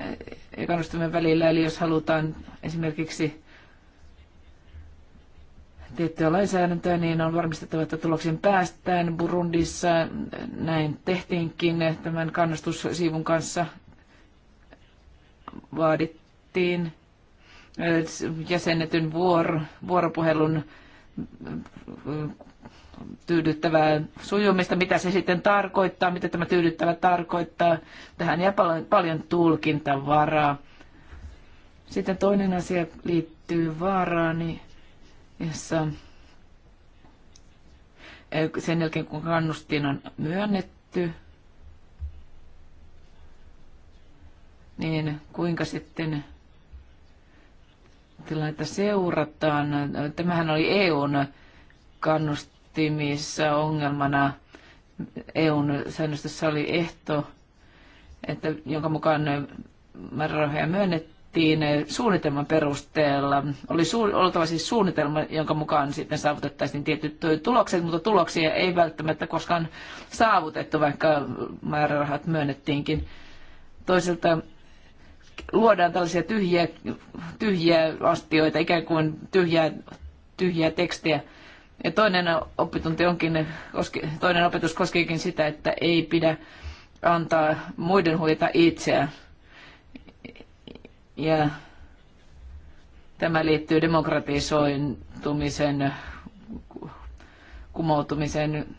eh, kannustamien välillä. Eli jos halutaan esimerkiksi tiettyä lainsäädäntöä, niin on varmistettava, että tuloksiin päästään. Burundissa näin tehtiinkin tämän kannustussiivun kanssa vaadittiin jäsennetyn vuor, vuoropuhelun tyydyttävää sujumista, mitä se sitten tarkoittaa, mitä tämä tyydyttävä tarkoittaa. Tähän jää paljon, paljon tulkintavaraa. Sitten toinen asia liittyy vaaraani, jossa sen jälkeen kun kannustin on myönnetty, niin kuinka sitten tilannetta seurataan. Tämähän oli EUn kannustimissa ongelmana. EUn säännöstössä oli ehto, että, jonka mukaan määrärahoja myönnettiin suunnitelman perusteella. Oli su- oltava siis suunnitelma, jonka mukaan sitten saavutettaisiin tietyt tulokset, mutta tuloksia ei välttämättä koskaan saavutettu, vaikka määrärahat myönnettiinkin. Toiselta luodaan tällaisia tyhjiä, tyhjiä astioita, ikään kuin tyhjää, tyhjää tekstiä. Ja toinen, onkin, toinen opetus koskeekin sitä, että ei pidä antaa muiden huita itseään. Ja tämä liittyy demokratisoitumisen kumoutumisen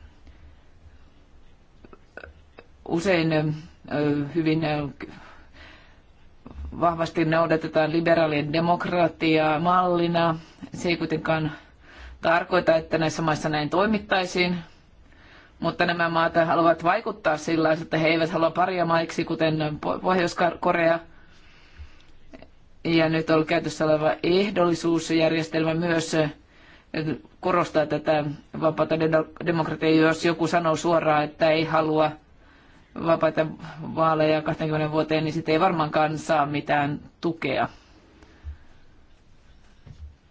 usein hyvin vahvasti noudatetaan liberaalien demokratiaa mallina. Se ei kuitenkaan tarkoita, että näissä maissa näin toimittaisiin, mutta nämä maat haluavat vaikuttaa sillä että he eivät halua paria maiksi, kuten Pohjois-Korea. Ja nyt on käytössä oleva ehdollisuusjärjestelmä myös eh, korostaa tätä vapaata demokratiaa, jos joku sanoo suoraan, että ei halua vapaita vaaleja 20 vuoteen, niin sitten ei varmaankaan saa mitään tukea.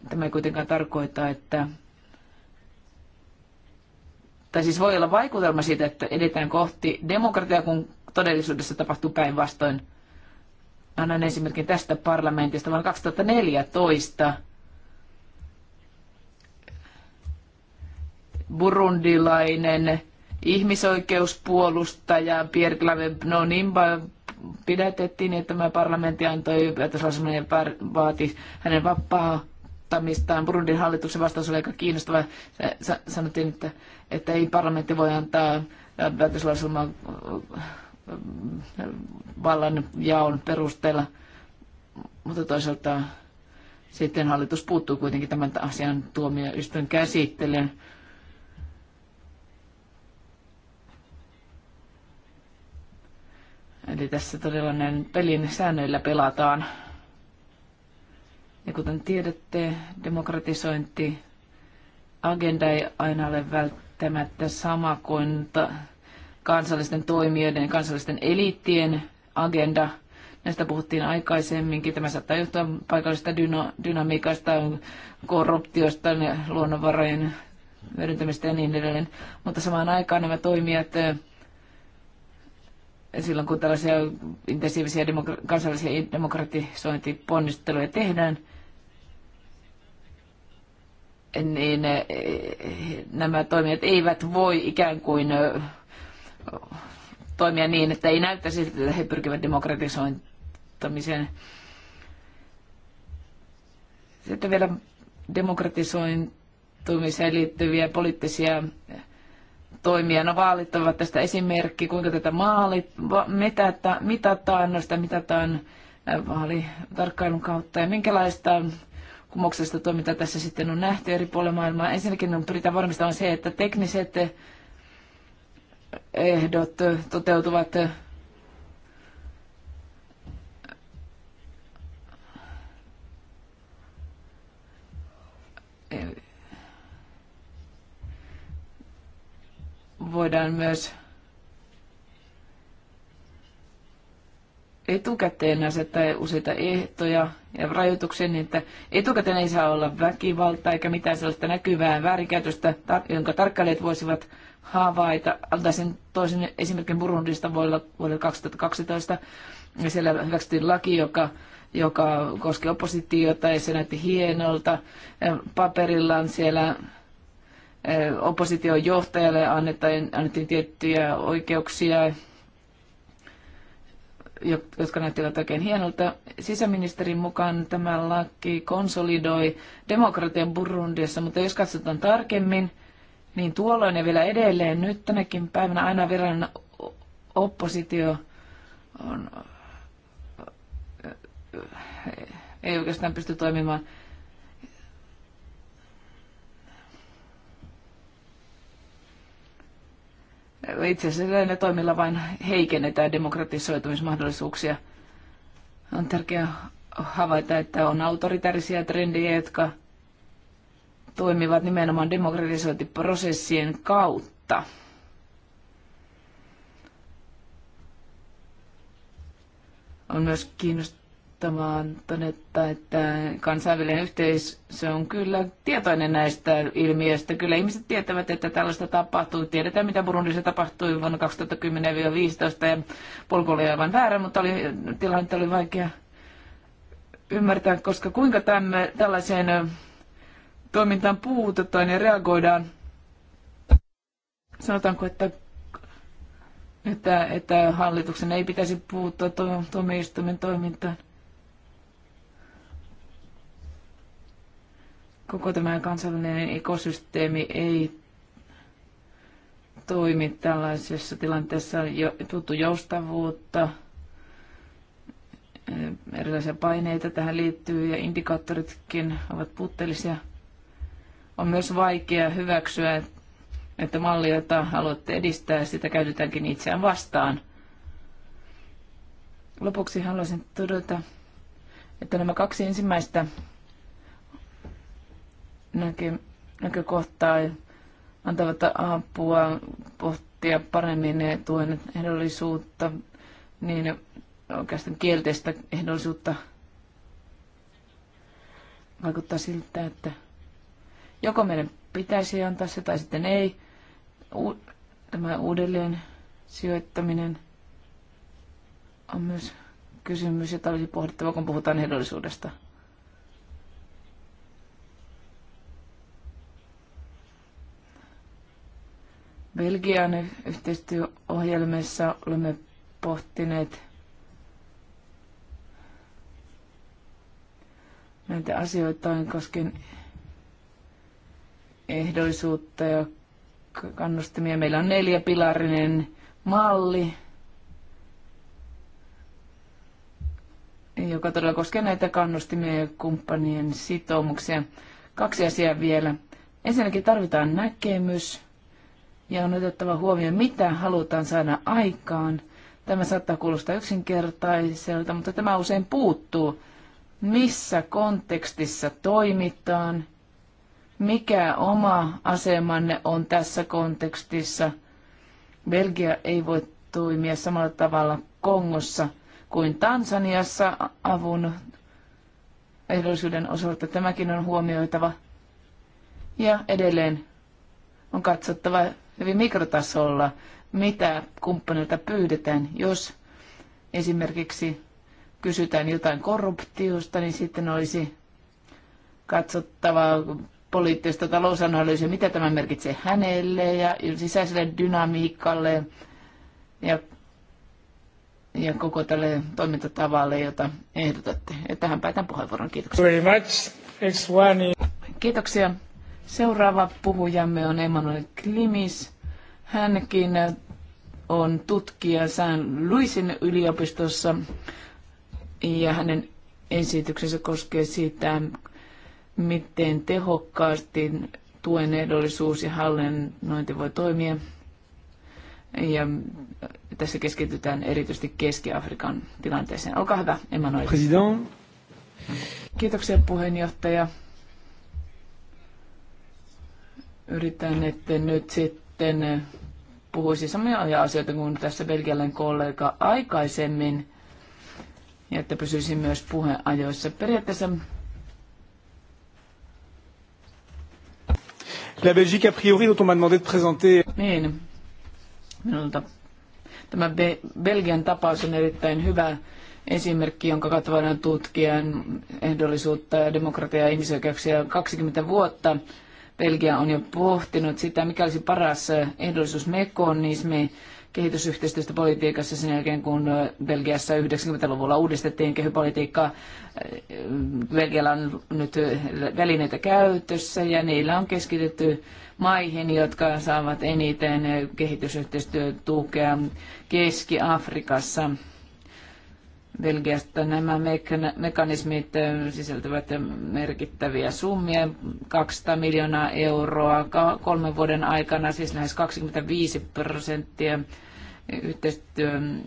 Tämä ei kuitenkaan tarkoita, että tai siis voi olla vaikutelma siitä, että edetään kohti demokratiaa, kun todellisuudessa tapahtuu päinvastoin. Annan esimerkin tästä parlamentista vuonna 2014. Burundilainen ihmisoikeuspuolustaja Pierre Clave Nonimba pidätettiin, että tämä parlamentti antoi päätöslauselman ja vaati hänen vapauttamistaan. Burundin hallituksen vastaus oli aika kiinnostava. Sanottiin, että, että ei parlamentti voi antaa päätöslauselmaa vallan jaon perusteella, mutta toisaalta sitten hallitus puuttuu kuitenkin tämän asian tuomioistuin käsittelyyn. Eli tässä todella näin pelin säännöillä pelataan. Ja kuten tiedätte, demokratisointi agenda ei aina ole välttämättä sama kuin kansallisten toimijoiden, kansallisten eliittien agenda. Näistä puhuttiin aikaisemminkin. Tämä saattaa johtua paikallisesta dyno, dynamiikasta, korruptiosta, luonnonvarojen hyödyntämistä ja niin edelleen. Mutta samaan aikaan nämä toimijat silloin kun tällaisia intensiivisiä demokra- kansallisia demokratisointiponnisteluja tehdään, niin eh, nämä toimijat eivät voi ikään kuin eh, toimia niin, että ei näytä että he pyrkivät demokratisointamiseen. Sitten vielä demokratisointumiseen liittyviä poliittisia toimia. No vaalit ovat tästä esimerkki, kuinka tätä maalit, metata, mitataan, no sitä mitataan äh, vaalitarkkailun kautta ja minkälaista kumouksesta toimintaa tässä sitten on nähty eri puolilla maailmaa. Ensinnäkin on pyritään varmistamaan se, että tekniset ehdot toteutuvat voidaan myös etukäteen asettaa useita ehtoja ja rajoituksia, niin että etukäteen ei saa olla väkivaltaa eikä mitään sellaista näkyvää väärinkäytöstä, jonka tarkkailijat voisivat havaita. Antaisin toisen esimerkin Burundista vuodelle 2012. Ja siellä hyväksyttiin laki, joka, joka koski oppositiota ja se näytti hienolta. Ja paperillaan siellä opposition johtajalle annettiin tiettyjä oikeuksia, jotka näyttivät oikein hienolta. Sisäministerin mukaan tämä laki konsolidoi demokratian Burundissa, mutta jos katsotaan tarkemmin, niin tuolloin ja vielä edelleen nyt tänäkin päivänä aina verran oppositio on, ei oikeastaan pysty toimimaan itse asiassa näillä toimilla vain heikennetään demokratisoitumismahdollisuuksia. On tärkeää havaita, että on autoritarisia trendejä, jotka toimivat nimenomaan demokratisointiprosessien kautta. On myös kiinnost- vaikuttamaan todetta, että kansainvälinen yhteisö on kyllä tietoinen näistä ilmiöistä. Kyllä ihmiset tietävät, että tällaista tapahtuu. Tiedetään, mitä Burundissa tapahtui vuonna 2010-2015 ja polku oli aivan väärä, mutta oli, tilanne oli vaikea ymmärtää, koska kuinka tämme, tällaiseen toimintaan puututaan ja reagoidaan. Sanotaanko, että että, että hallituksen ei pitäisi puuttua tuomioistuimen toimintaan. koko tämä kansallinen ekosysteemi ei toimi tällaisessa tilanteessa. On jo, tuttu joustavuutta, e, erilaisia paineita tähän liittyy ja indikaattoritkin ovat puutteellisia. On myös vaikea hyväksyä, että malli, jota haluatte edistää, sitä käytetäänkin itseään vastaan. Lopuksi haluaisin todeta, että nämä kaksi ensimmäistä näkö, näkökohtaa antavat apua pohtia paremmin tuen ehdollisuutta, niin oikeastaan kielteistä ehdollisuutta vaikuttaa siltä, että joko meidän pitäisi antaa se tai sitten ei. U- tämä uudelleen sijoittaminen on myös kysymys, jota olisi pohdittava, kun puhutaan ehdollisuudesta. Belgian yhteistyöohjelmissa olemme pohtineet näitä asioita koskien ehdollisuutta ja kannustimia. Meillä on neljäpilarinen malli, joka todella koskee näitä kannustimia ja kumppanien sitoumuksia. Kaksi asiaa vielä. Ensinnäkin tarvitaan näkemys ja on otettava huomioon, mitä halutaan saada aikaan. Tämä saattaa kuulostaa yksinkertaiselta, mutta tämä usein puuttuu. Missä kontekstissa toimitaan? Mikä oma asemanne on tässä kontekstissa? Belgia ei voi toimia samalla tavalla Kongossa kuin Tansaniassa avun ehdollisuuden osalta. Tämäkin on huomioitava. Ja edelleen on katsottava hyvin mikrotasolla, mitä kumppanilta pyydetään. Jos esimerkiksi kysytään jotain korruptiosta, niin sitten olisi katsottava poliittista talousanalyysiä, mitä tämä merkitsee hänelle ja sisäiselle dynamiikalle ja, ja koko tälle toimintatavalle, jota ehdotatte. Ja tähän päätän puheenvuoron. Kiitoksia. Very much. Kiitoksia. Seuraava puhujamme on Emmanuel Klimis. Hänkin on tutkija San Luisin yliopistossa ja hänen esityksensä koskee sitä, miten tehokkaasti tuen ehdollisuus ja hallinnointi voi toimia. Ja tässä keskitytään erityisesti Keski-Afrikan tilanteeseen. Olkaa hyvä, Emmanuel. President. Kiitoksia puheenjohtaja. Yritän, että nyt sitten puhuisi samoja asioita kuin tässä belgialainen kollega aikaisemmin ja että pysyisin myös puheajoissa. Periaatteessa La Belgique, a priori, dont on m'a demandé de présenter... Niin. Minulta. Tämä Be- Belgian tapaus on erittäin hyvä esimerkki, jonka kautta voidaan tutkia ehdollisuutta ja demokratiaa ja ihmisoikeuksia 20 vuotta Belgia on jo pohtinut sitä, mikä olisi paras eh, ehdollisuusmekanismi kehitysyhteistyöstä politiikassa sen jälkeen, kun eh, Belgiassa 90-luvulla uudistettiin kehypolitiikkaa. Eh, Belgialla on nyt välineitä käytössä ja niillä on keskitytty maihin, jotka saavat eniten kehitysyhteistyötukea Keski-Afrikassa. Belgiasta nämä mekanismit sisältävät merkittäviä summia, 200 miljoonaa euroa kolmen vuoden aikana, siis lähes 25 prosenttia yhteistyön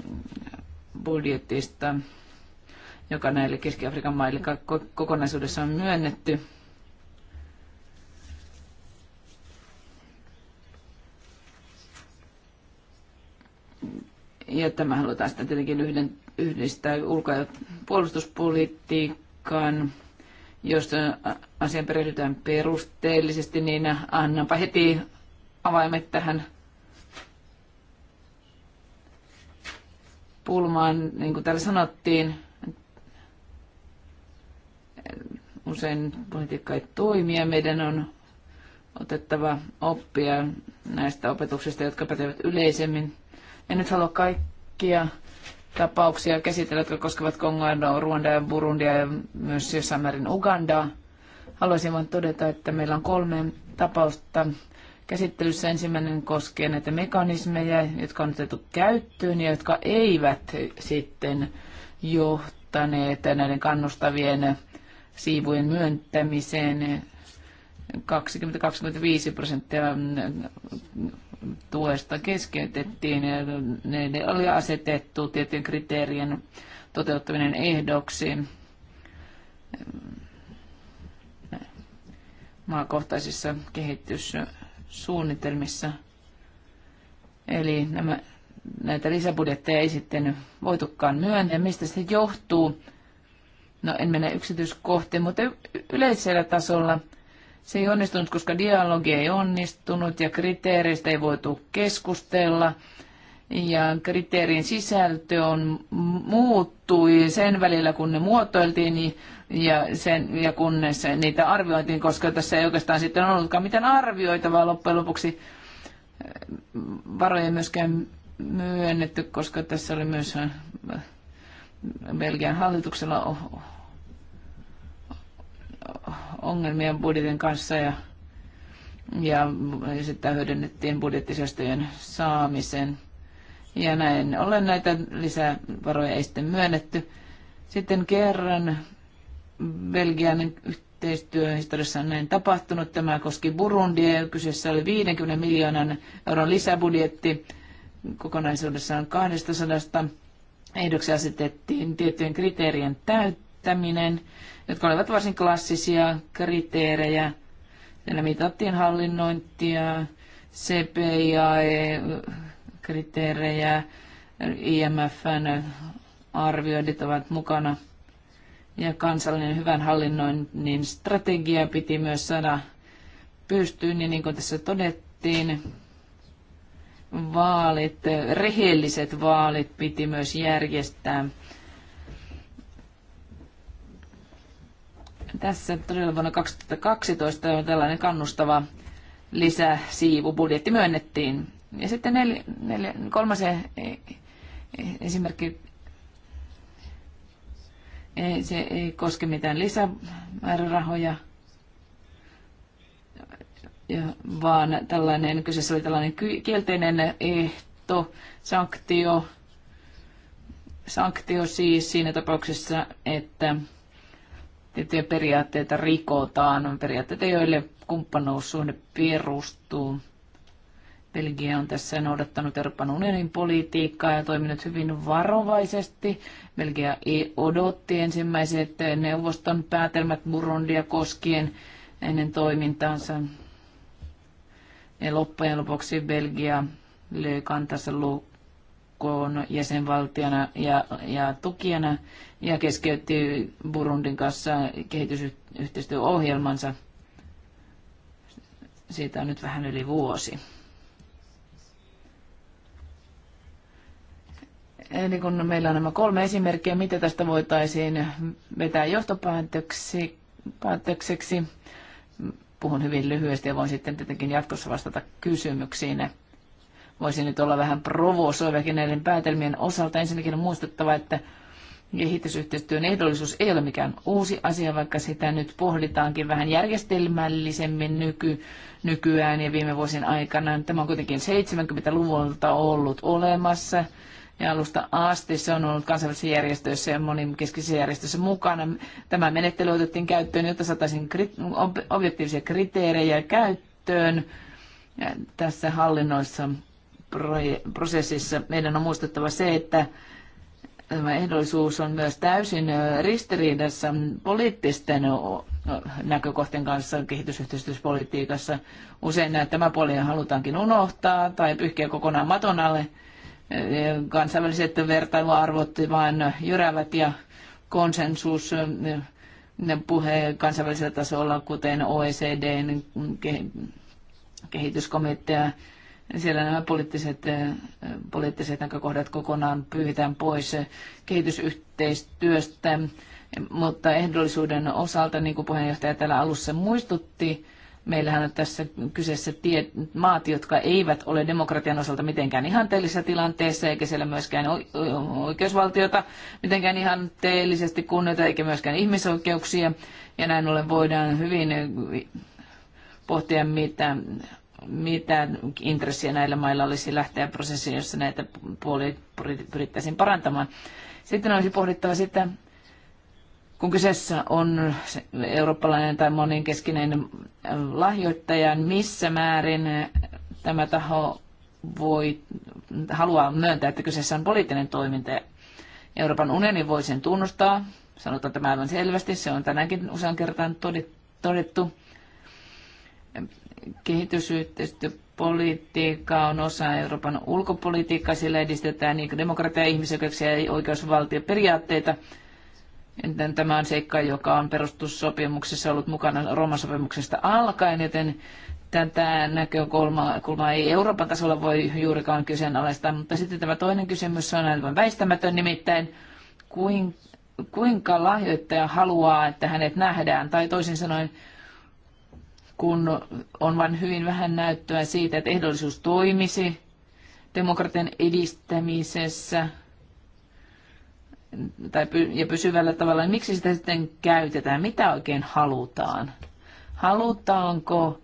budjetista, joka näille Keski-Afrikan maille kokonaisuudessa on myönnetty. Ja tämä halutaan sitten tietenkin yhden yhdistää ulko- ja puolustuspolitiikkaan. Jos asian perehdytään perusteellisesti, niin annanpa heti avaimet tähän pulmaan, niin kuin täällä sanottiin, usein politiikka ei toimi ja meidän on otettava oppia näistä opetuksista, jotka pätevät yleisemmin. En nyt halua kaikkia tapauksia käsitellä, jotka koskevat Kongoa, ja Burundia ja myös jossain määrin Ugandaa. Haluaisin vain todeta, että meillä on kolme tapausta käsittelyssä. Ensimmäinen koskee näitä mekanismeja, jotka on otettu käyttöön ja jotka eivät sitten johtaneet näiden kannustavien siivujen myöntämiseen 20-25 prosenttia tuesta keskeytettiin ja ne oli asetettu tietyn kriteerien toteuttaminen ehdoksi maakohtaisissa kehityssuunnitelmissa. Eli nämä, näitä lisäbudjetteja ei sitten voitukaan myöntää. Mistä se johtuu? No en mene yksityiskohtiin, mutta yleisellä tasolla – se ei onnistunut, koska dialogi ei onnistunut ja kriteereistä ei voitu keskustella. Ja kriteerin sisältö on muuttui sen välillä, kun ne muotoiltiin niin- ja, sen, ja kun niitä arvioitiin, koska tässä ei oikeastaan sitten ollutkaan mitään arvioitavaa loppujen lopuksi eh, varoja myöskään myönnetty, koska tässä oli myös eh, Belgian hallituksella ongelmia budjetin kanssa ja, ja sitten hyödynnettiin budjettisäästöjen saamisen. Ja näin ollen näitä lisävaroja ei sitten myönnetty. Sitten kerran Belgian yhteistyöhistoriassa on näin tapahtunut. Tämä koski Burundia. Kyseessä oli 50 miljoonan euron lisäbudjetti. Kokonaisuudessaan 200 ehdoksi asetettiin tiettyjen kriteerien täyttöön kehittäminen, jotka olivat varsin klassisia kriteerejä. Siellä mitattiin hallinnointia, cpi e kriteerejä IMFn arvioidit ovat mukana. Ja kansallinen hyvän hallinnoinnin strategia piti myös saada pystyyn, ja niin kuin tässä todettiin, vaalit, rehelliset vaalit piti myös järjestää Tässä todella vuonna 2012 tällainen kannustava lisäsiivu. Budjetti myönnettiin. Ja sitten neljä neljä, kolmas e- e- esimerkki. Ei, se ei koske mitään lisämäärärahoja, vaan tällainen, kyseessä oli tällainen kielteinen ehto, sanktio, sanktio siis siinä tapauksessa, että tiettyjä periaatteita rikotaan, on periaatteita, joille kumppanuussuhde perustuu. Belgia on tässä noudattanut Euroopan unionin politiikkaa ja toiminut hyvin varovaisesti. Belgia ei odotti ensimmäiset neuvoston päätelmät Burundia koskien ennen toimintaansa. Ja loppujen lopuksi Belgia löi kantansa joukkoon jäsenvaltiona ja, ja tukijana ja keskeytti Burundin kanssa kehitysyhteistyöohjelmansa. Siitä on nyt vähän yli vuosi. Eli kun meillä on nämä kolme esimerkkiä, mitä tästä voitaisiin vetää johtopäätökseksi, puhun hyvin lyhyesti ja voin sitten tietenkin jatkossa vastata kysymyksiin voisi nyt olla vähän provosoivakin näiden päätelmien osalta. Ensinnäkin on muistettava, että kehitysyhteistyön ehdollisuus ei ole mikään uusi asia, vaikka sitä nyt pohditaankin vähän järjestelmällisemmin nyky, nykyään ja viime vuosien aikana. Tämä on kuitenkin 70-luvulta ollut olemassa ja alusta asti. Se on ollut kansainvälisissä järjestöissä ja monikeskisissä järjestöissä mukana. Tämä menettely otettiin käyttöön, jotta saataisiin objektiivisia kriteerejä käyttöön tässä hallinnoissa prosessissa meidän on muistettava se, että tämä ehdollisuus on myös täysin ristiriidassa poliittisten näkökohtien kanssa kehitysyhteistyöpolitiikassa. Usein tämä puoli halutaankin unohtaa tai pyyhkiä kokonaan maton alle. Kansainväliset vertailuarvot vain jyräävät ja konsensus puhe kansainvälisellä tasolla, kuten OECDn kehityskomitea siellä nämä poliittiset, poliittiset näkökohdat kokonaan pyyhitään pois kehitysyhteistyöstä, mutta ehdollisuuden osalta, niin kuin puheenjohtaja täällä alussa muistutti, meillähän on tässä kyseessä tie, maat, jotka eivät ole demokratian osalta mitenkään ihanteellisessa tilanteessa, eikä siellä myöskään oikeusvaltiota mitenkään ihanteellisesti kunnioita, eikä myöskään ihmisoikeuksia. Ja näin ollen voidaan hyvin pohtia, mitä mitään intressiä näillä mailla olisi lähteä prosessiin, jossa näitä puolia pyrittäisiin parantamaan. Sitten olisi pohdittava sitä, kun kyseessä on eurooppalainen tai moninkeskinen äh, lahjoittaja, missä määrin tämä taho voi, haluaa myöntää, että kyseessä on poliittinen toiminta. Euroopan unioni voi sen tunnustaa, sanotaan tämä aivan selvästi, se on tänäänkin usean kertaan todettu kehitysyhteistyöpolitiikka on osa Euroopan ulkopolitiikkaa, sillä edistetään niin demokratia, ihmisoikeuksia ja oikeusvaltioperiaatteita. Tämä on seikka, joka on perustussopimuksessa ollut mukana Rooman sopimuksesta alkaen, joten tätä näkökulmaa ei Euroopan tasolla voi juurikaan kyseenalaistaa. Mutta sitten tämä toinen kysymys on aivan väistämätön, nimittäin kuinka lahjoittaja haluaa, että hänet nähdään, tai toisin sanoen, kun on vain hyvin vähän näyttöä siitä, että ehdollisuus toimisi demokratian edistämisessä tai ja pysyvällä tavalla, niin miksi sitä sitten käytetään? Mitä oikein halutaan? Halutaanko,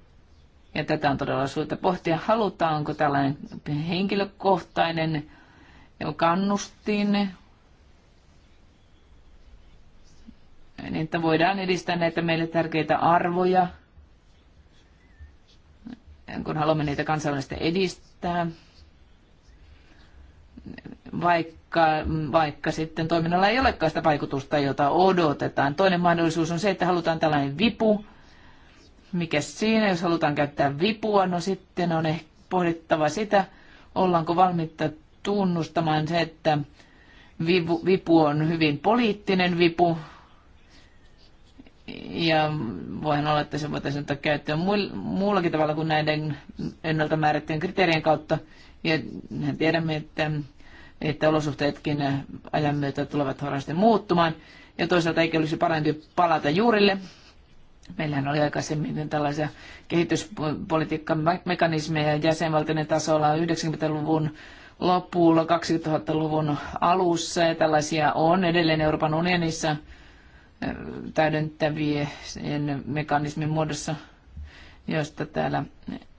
ja tätä on todella suurta pohtia, halutaanko tällainen henkilökohtainen kannustin, niin että voidaan edistää näitä meille tärkeitä arvoja – kun haluamme niitä kansainvälistä edistää, vaikka, vaikka sitten toiminnalla ei olekaan sitä vaikutusta, jota odotetaan. Toinen mahdollisuus on se, että halutaan tällainen vipu. Mikä siinä, jos halutaan käyttää vipua, no sitten on ehkä pohdittava sitä, ollaanko valmiita tunnustamaan se, että vipu, vipu on hyvin poliittinen vipu, ja voihan olla, että se voitaisiin ottaa käyttöön muullakin tavalla kuin näiden ennalta määrättyjen kriteerien kautta. Ja tiedämme, että, että olosuhteetkin ajan myötä tulevat varmasti muuttumaan. Ja toisaalta eikä olisi parempi palata juurille. Meillähän oli aikaisemmin tällaisia kehityspolitiikan mekanismeja jäsenvaltioiden tasolla 90-luvun lopulla, 2000-luvun alussa ja tällaisia on edelleen Euroopan unionissa – täydentävien mekanismin muodossa, josta täällä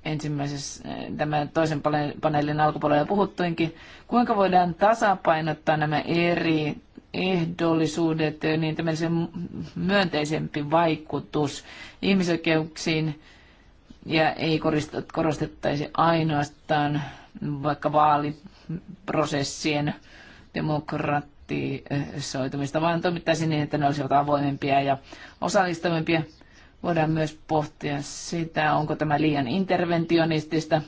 ensimmäisessä, tämän toisen paneelin alkupuolella puhuttuinkin. Kuinka voidaan tasapainottaa nämä eri ehdollisuudet, niin tämmöisen myönteisempi vaikutus ihmisoikeuksiin ja ei korostettaisi ainoastaan vaikka vaaliprosessien demokratiaa soitumista vaan toimittaisi niin, että ne olisivat avoimempia ja osallistuvimpia. Voidaan myös pohtia sitä, onko tämä liian interventionistista.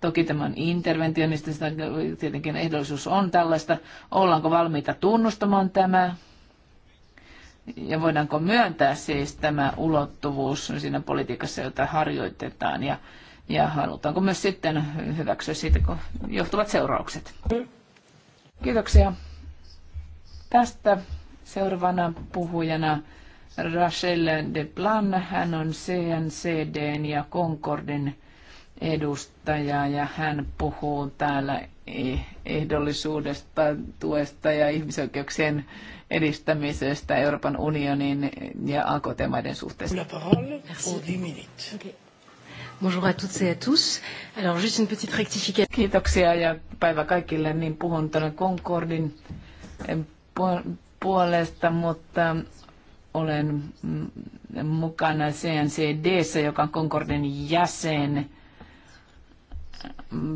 Toki tämä on interventionistista, tietenkin ehdollisuus on tällaista. Ollaanko valmiita tunnustamaan tämä? Ja voidaanko myöntää siis tämä ulottuvuus siinä politiikassa, jota harjoitetaan? Ja, ja halutaanko myös sitten hyväksyä siitä johtuvat seuraukset? Mm. Kiitoksia. Tästä seuraavana puhujana Rachel de Plan. Hän on CNCDn ja Concordin edustaja ja hän puhuu täällä e- ehdollisuudesta, tuesta ja ihmisoikeuksien edistämisestä Euroopan unionin ja AKT-maiden suhteessa. La parole pour 10 minutes. Bonjour à toutes et à tous. Alors juste une petite rectification. Kiitoksia ja päivä kaikille. Niin puhun tuonne Concordin puolesta, mutta olen mm, mukana CNCD, joka on Concordin jäsen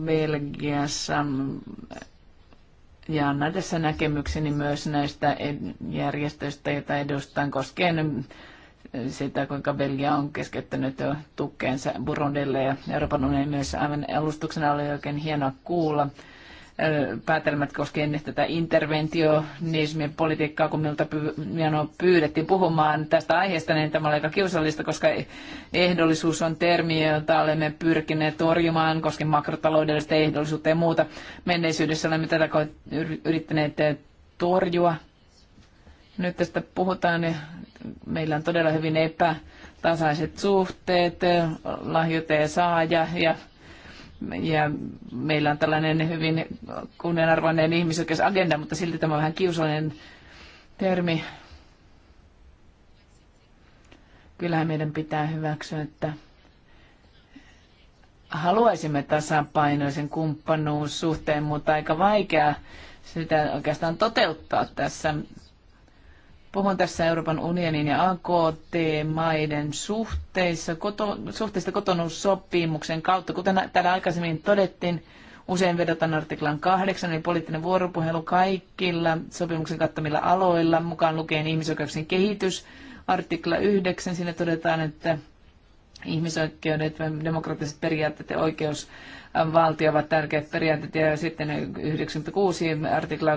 Belgiassa. Ja annan tässä näkemykseni myös näistä järjestöistä, joita edustan koskien sitä, kuinka Belgia on keskittynyt jo tukeensa Burundille ja Euroopan unionin myös aivan alustuksena oli oikein hienoa kuulla päätelmät koskien tätä interventionismin politiikkaa, kun minulta pyydettiin puhumaan tästä aiheesta, niin tämä oli aika kiusallista, koska ehdollisuus on termi, jota olemme pyrkineet torjumaan koskien makrotaloudellista ehdollisuutta ja muuta. Menneisyydessä olemme tätä yrittäneet torjua. Nyt tästä puhutaan, niin meillä on todella hyvin epätasaiset suhteet, lahjoittaja ja saaja ja ja meillä on tällainen hyvin kunnianarvoinen ihmisoikeusagenda, mutta silti tämä on vähän kiusallinen termi. Kyllähän meidän pitää hyväksyä, että haluaisimme tasapainoisen kumppanuussuhteen, mutta aika vaikea sitä oikeastaan toteuttaa tässä Puhun tässä Euroopan unionin ja AKT-maiden suhteissa, koto, suhteista kotonuussopimuksen kautta. Kuten täällä aikaisemmin todettiin, usein vedotaan artiklan 8, eli poliittinen vuoropuhelu kaikilla sopimuksen kattamilla aloilla, mukaan lukien ihmisoikeuksien kehitys. Artikla 9, siinä todetaan, että ihmisoikeudet, demokraattiset periaatteet ja oikeusvaltio ovat tärkeät periaatteet. Ja sitten 96 artikla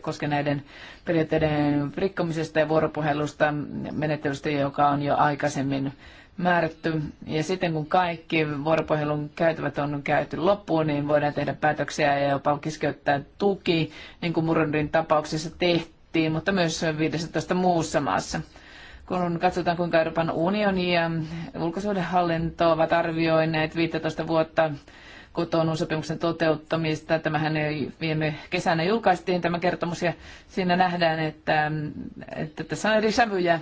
koskee näiden periaatteiden rikkomisesta ja vuoropuhelusta menettelystä, joka on jo aikaisemmin määrätty. Ja sitten kun kaikki vuoropuhelun käytävät on käyty loppuun, niin voidaan tehdä päätöksiä ja jopa keskeyttää tuki, niin kuin Murundin tapauksessa tehtiin, mutta myös 15 muussa maassa kun katsotaan kuinka Euroopan unioni ja ulkosuhdehallinto ovat arvioineet 15 vuotta kotonun sopimuksen toteuttamista. Tämähän ei viime kesänä julkaistiin tämä kertomus ja siinä nähdään, että, että tässä on eri sävyjä.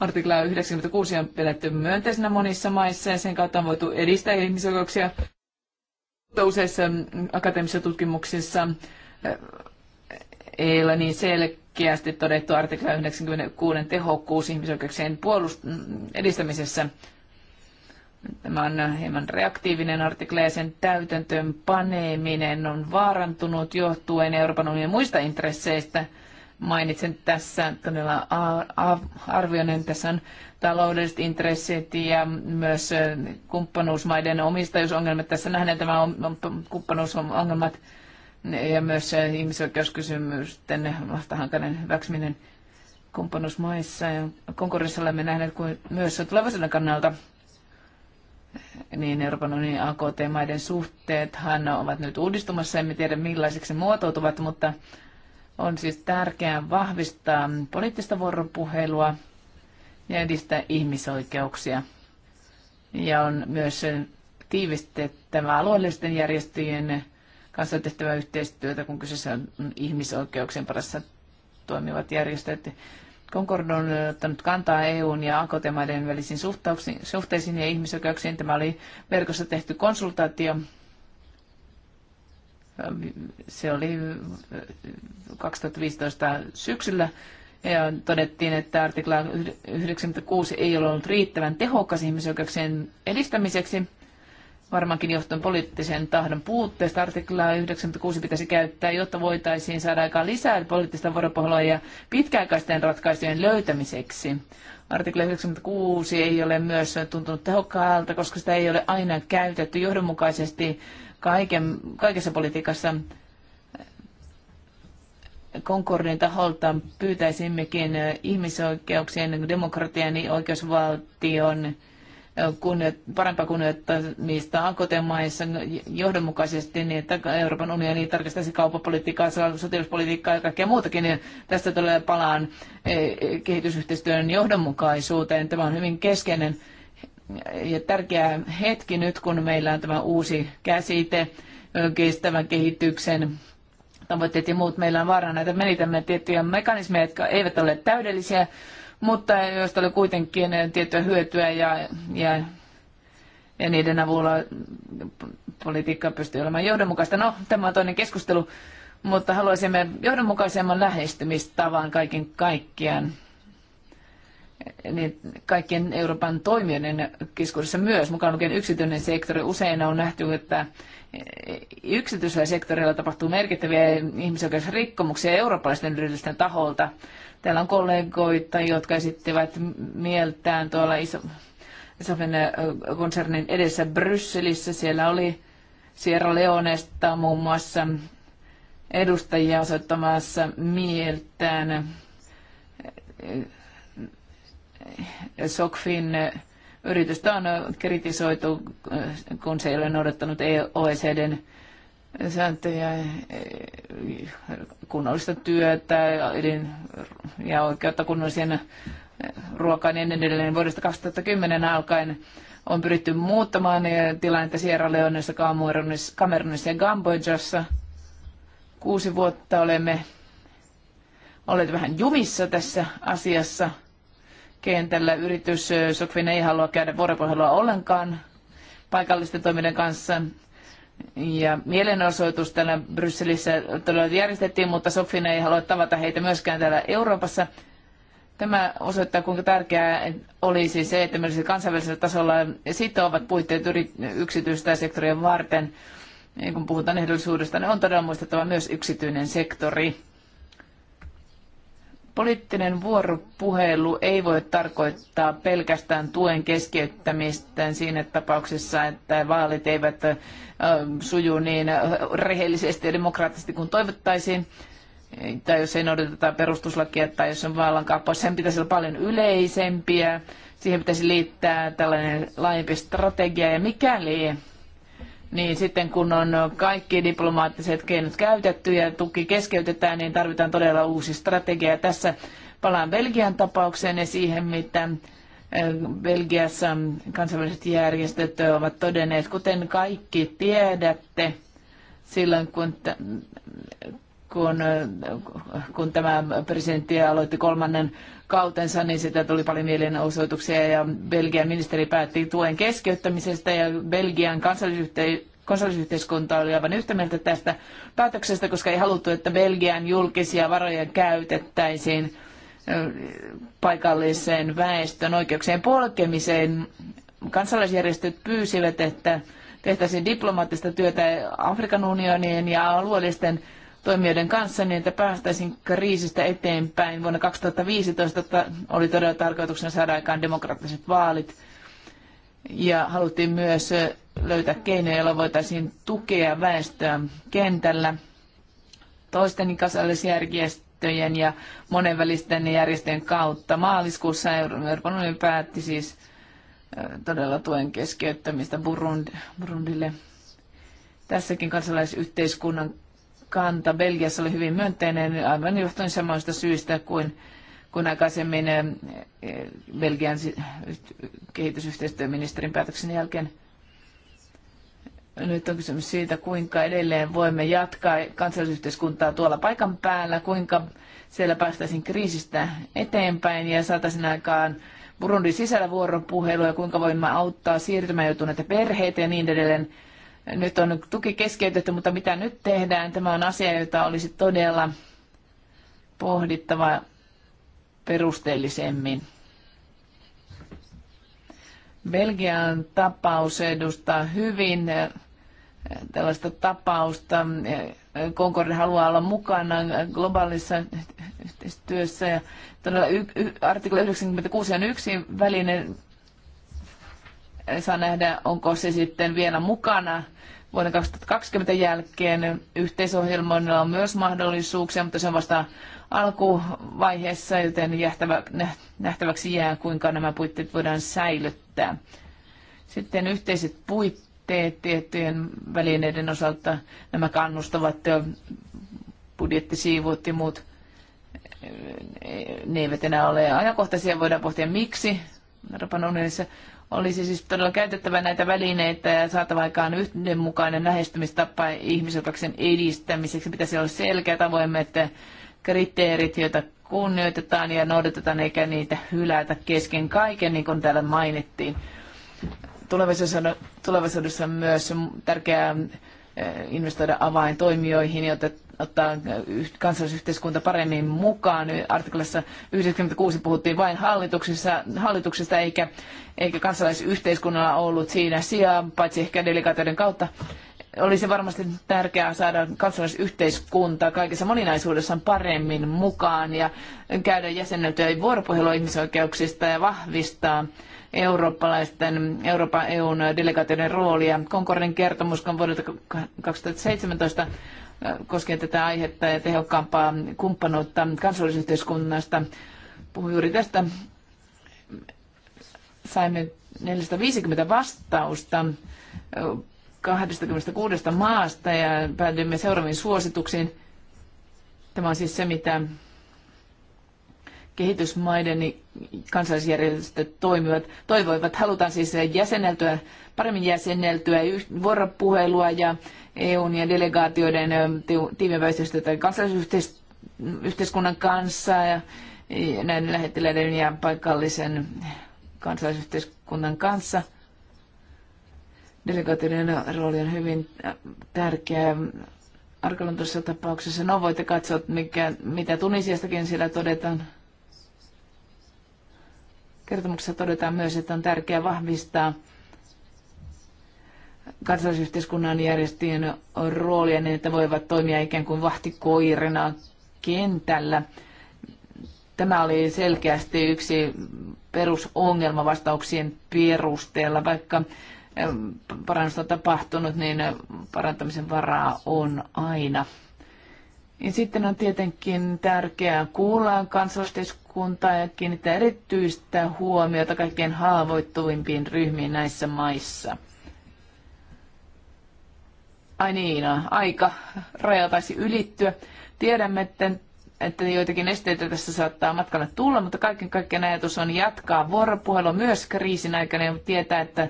Artikla 96 on pidetty myönteisenä monissa maissa ja sen kautta on voitu edistää ihmisoikeuksia. Mutta useissa akateemisissa tutkimuksissa eh, ei ole niin selkeä selkeästi todettu artikla 96 tehokkuus ihmisoikeuksien puolust- edistämisessä. Tämä on hieman reaktiivinen artikla ja sen täytäntöön paneeminen on vaarantunut johtuen Euroopan unionin muista intresseistä. Mainitsen tässä todella arvioinnin. Tässä on taloudelliset intressit ja myös eh, kumppanuusmaiden omistajuusongelmat. Tässä nähdään tämä kumppanuusongelmat ja myös ihmisoikeuskysymysten vastahankainen hyväksyminen kumppanuusmaissa. Ja konkurssissa olemme nähneet kuin myös tulevaisuuden kannalta niin Euroopan unionin AKT-maiden suhteethan ovat nyt uudistumassa, emme tiedä millaiseksi muotoutuvat, mutta on siis tärkeää vahvistaa poliittista vuoropuhelua ja edistää ihmisoikeuksia. Ja on myös tiivistettävä alueellisten järjestöjen kanssa tehtävää yhteistyötä, kun kyseessä on ihmisoikeuksien parassa toimivat järjestöt. Concord on ottanut kantaa EUn ja AKT-maiden välisiin suhteisiin ja ihmisoikeuksiin. Tämä oli verkossa tehty konsultaatio. Se oli 2015 syksyllä ja todettiin, että artikla 96 ei ole ollut riittävän tehokas ihmisoikeuksien edistämiseksi varmaankin johtuen poliittisen tahdon puutteesta. Artiklaa 96 pitäisi käyttää, jotta voitaisiin saada aikaan lisää poliittista vuoropuhelua ja pitkäaikaisten ratkaisujen löytämiseksi. Artikla 96 ei ole myös tuntunut tehokkaalta, koska sitä ei ole aina käytetty johdonmukaisesti kaiken, kaikessa politiikassa. Concordin taholta pyytäisimmekin ihmisoikeuksien, demokratian ja oikeusvaltion parempaa kunnioittamista AKT-maissa johdonmukaisesti, niin että Euroopan unioni tarkistaisi kauppapolitiikkaa, sotilaspolitiikkaa ja kaikkea muutakin, niin tästä tulee palaan e, kehitysyhteistyön johdonmukaisuuteen. Tämä on hyvin keskeinen ja tärkeä hetki nyt, kun meillä on tämä uusi käsite kestävän kehityksen tavoitteet ja muut. Meillä on vaarana, että menetämme tiettyjä mekanismeja, jotka eivät ole täydellisiä, mutta joista oli kuitenkin tiettyä hyötyä ja, ja, ja niiden avulla politiikka pystyy olemaan johdonmukaista. No, tämä on toinen keskustelu, mutta haluaisimme johdonmukaisemman lähestymistavan kaiken kaikkiaan niin kaikkien Euroopan toimijoiden keskuudessa myös, mukaan lukien yksityinen sektori. Usein on nähty, että yksityisellä sektorilla tapahtuu merkittäviä ihmisoikeusrikkomuksia eurooppalaisten yritysten taholta. Täällä on kollegoita, jotka esittivät mieltään tuolla iso konsernin edessä Brysselissä. Siellä oli Sierra Leonesta muun muassa edustajia osoittamassa mieltään. Sokfin yritystä on kritisoitu, kun se ei ole noudattanut e OECDn sääntöjä, eh, kunnollista työtä ja oikeutta kunnollisen eh, ruokaan ja niin edelleen. Vuodesta 2010 alkaen on pyritty muuttamaan eh, tilannetta Sierra Leoneissa, Kamerunissa ja Gambojassa. Kuusi vuotta olemme olleet vähän jumissa tässä asiassa. Kentällä yritys Sokvin ei halua käydä vuoropuhelua ollenkaan paikallisten toimijoiden kanssa ja mielenosoitus täällä Brysselissä todella järjestettiin, mutta Sofina ei halua tavata heitä myöskään täällä Euroopassa. Tämä osoittaa, kuinka tärkeää olisi se, että myös kansainvälisellä tasolla sitovat puitteet yksityistä sektoria varten. Kun puhutaan ehdollisuudesta, niin on todella muistettava myös yksityinen sektori. Poliittinen vuoropuhelu ei voi tarkoittaa pelkästään tuen keskeyttämistä siinä tapauksessa, että vaalit eivät suju niin rehellisesti ja demokraattisesti kuin toivottaisiin, tai jos ei noudateta perustuslakia tai jos on vallankaappaus, sen pitäisi olla paljon yleisempiä. Siihen pitäisi liittää tällainen laajempi strategia ja mikäli niin sitten kun on kaikki diplomaattiset keinot käytetty ja tuki keskeytetään, niin tarvitaan todella uusi strategia. tässä palaan Belgian tapaukseen ja siihen, mitä eh, Belgiassa kansainväliset järjestöt ovat todenneet, kuten kaikki tiedätte, silloin kun kun, kun tämä presidentti aloitti kolmannen kautensa, niin sitä tuli paljon mielenosoituksia ja Belgian ministeri päätti tuen keskeyttämisestä ja Belgian kansallisyhteiskunta oli aivan yhtä mieltä tästä päätöksestä, koska ei haluttu, että Belgian julkisia varoja käytettäisiin paikalliseen väestön oikeuksien polkemiseen. Kansalaisjärjestöt pyysivät, että tehtäisiin diplomaattista työtä Afrikan unionien ja alueellisten toimijoiden kanssa niin, että päästäisiin kriisistä eteenpäin. Vuonna 2015 oli todella tarkoituksena saada aikaan demokraattiset vaalit ja haluttiin myös löytää keinoja, joilla voitaisiin tukea väestöä kentällä toisten kansallisjärjestöjen ja monenvälisten järjestöjen kautta. Maaliskuussa Euroopan unioni päätti siis todella tuen keskeyttämistä Burundille. Tässäkin kansalaisyhteiskunnan kanta Belgiassa oli hyvin myönteinen aivan johtuen samoista syistä kuin kun aikaisemmin eh, eh, Belgian kehitysyhteistyöministerin päätöksen jälkeen. Nyt on kysymys siitä, kuinka edelleen voimme jatkaa kansallisyhteiskuntaa tuolla paikan päällä, kuinka siellä päästäisiin kriisistä eteenpäin ja saataisiin aikaan Burundin sisällä vuoropuhelua ja kuinka voimme auttaa siirtymään joutuneita perheitä ja niin edelleen. Nyt on tuki keskeytetty, mutta mitä nyt tehdään? Tämä on asia, jota olisi todella pohdittava perusteellisemmin. Belgian tapaus edustaa hyvin eh, tällaista tapausta. Eh, Concorde haluaa olla mukana globaalissa yhteistyössä ja todella y- y- artikla 96 on yksi väline saa nähdä, onko se sitten vielä mukana vuoden 2020 jälkeen. Yhteisohjelmoinnilla on myös mahdollisuuksia, mutta se on vasta alkuvaiheessa, joten jähtävä, nähtäväksi jää, kuinka nämä puitteet voidaan säilyttää. Sitten yhteiset puitteet tiettyjen välineiden osalta, nämä kannustavat budjettisiivut ja muut, ne eivät enää ole ajankohtaisia, voidaan pohtia miksi Euroopan unionissa olisi siis todella käytettävä näitä välineitä ja saatava aikaan yhdenmukainen lähestymistapa ihmisoikeuksien edistämiseksi. Pitäisi olla selkeät avoimet kriteerit, joita kunnioitetaan ja noudatetaan eikä niitä hylätä kesken kaiken, niin kuin täällä mainittiin. Tulevaisuudessa on myös tärkeää eh, investoida avaintoimijoihin, jotta ottaa äh, kansallisyhteiskunta paremmin mukaan. Artiklassa 96 puhuttiin vain hallituksista, hallituksista eikä, eikä kansalaisyhteiskunnalla ollut siinä sijaa, paitsi ehkä delegaatioiden kautta. Olisi varmasti tärkeää saada kansalaisyhteiskunta kaikessa moninaisuudessaan paremmin mukaan ja käydä jäsenneltyä vuoropuhelua ihmisoikeuksista ja vahvistaa eurooppalaisten, Euroopan EUn delegaatioiden roolia. Concordin kertomus vuodelta 2017 koskien tätä aihetta ja tehokkaampaa kumppanuutta kansallisyhteiskunnasta. Puhuin juuri tästä. Saimme 450 vastausta 26 maasta ja päädyimme seuraaviin suosituksiin. Tämä on siis se, mitä kehitysmaiden kansallisjärjestöt toimivat, toivoivat. Halutaan siis jäseneltyä paremmin jäsenneltyä vuoropuhelua ja EUn ja delegaatioiden tiimiväisestä tai kansalaisyhteiskunnan kanssa ja näiden lähettiläiden ja paikallisen kansalaisyhteiskunnan kanssa. Delegaatioiden rooli on hyvin äh, tärkeä arkaluontoisissa tapauksessa. No voitte katsoa, mikä, mitä Tunisiastakin siellä todetaan. Kertomuksessa todetaan myös, että on tärkeää vahvistaa kansalaisyhteiskunnan järjestöjen roolia niin, että voivat toimia ikään kuin vahtikoirina kentällä. Tämä oli selkeästi yksi perusongelma vastauksien perusteella, vaikka parannusta tapahtunut, niin parantamisen varaa on aina. Ja sitten on tietenkin tärkeää kuulla kansalaisyhteiskuntaa ja kiinnittää erityistä huomiota kaikkein haavoittuvimpiin ryhmiin näissä maissa. Ai niin, no, aika raja taisi ylittyä. Tiedämme, että, että joitakin esteitä tässä saattaa matkalle tulla, mutta kaiken kaikkiaan ajatus on jatkaa vuoropuhelua myös kriisin aikana ja tietää, että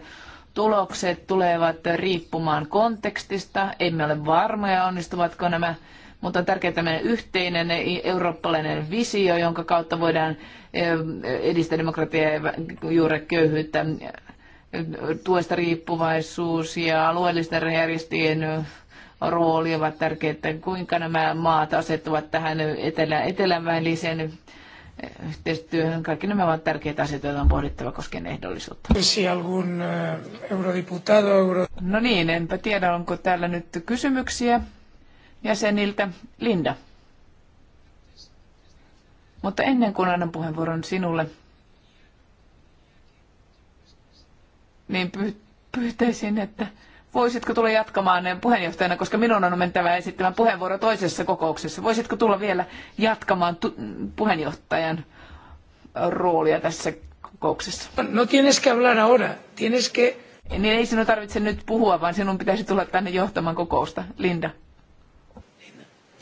tulokset tulevat riippumaan kontekstista. Emme ole varmoja, onnistuvatko nämä mutta on tärkeää tämmöinen yhteinen eurooppalainen visio, jonka kautta voidaan eh, edistää demokratiaa ja juuri köyhyyttä tuesta riippuvaisuus ja alueellisten rehäristien rooli ovat tärkeitä. Kuinka nämä maat asettuvat tähän etelä, eteläväliseen yhteistyöhön? Kaikki nämä ovat tärkeitä asioita, joita on pohdittava koskien ehdollisuutta. No, eh, no niin, enpä tiedä, onko täällä nyt kysymyksiä jäseniltä. Linda. Mutta ennen kuin annan puheenvuoron sinulle, niin pyytäisin, että voisitko tulla jatkamaan puheenjohtajana, koska minun on mentävä esittämään puheenvuoro toisessa kokouksessa. Voisitko tulla vielä jatkamaan puheenjohtajan roolia tässä kokouksessa? No tienes que hablar ahora, tienes que... Niin ei sinun tarvitse nyt puhua, vaan sinun pitäisi tulla tänne johtamaan kokousta. Linda.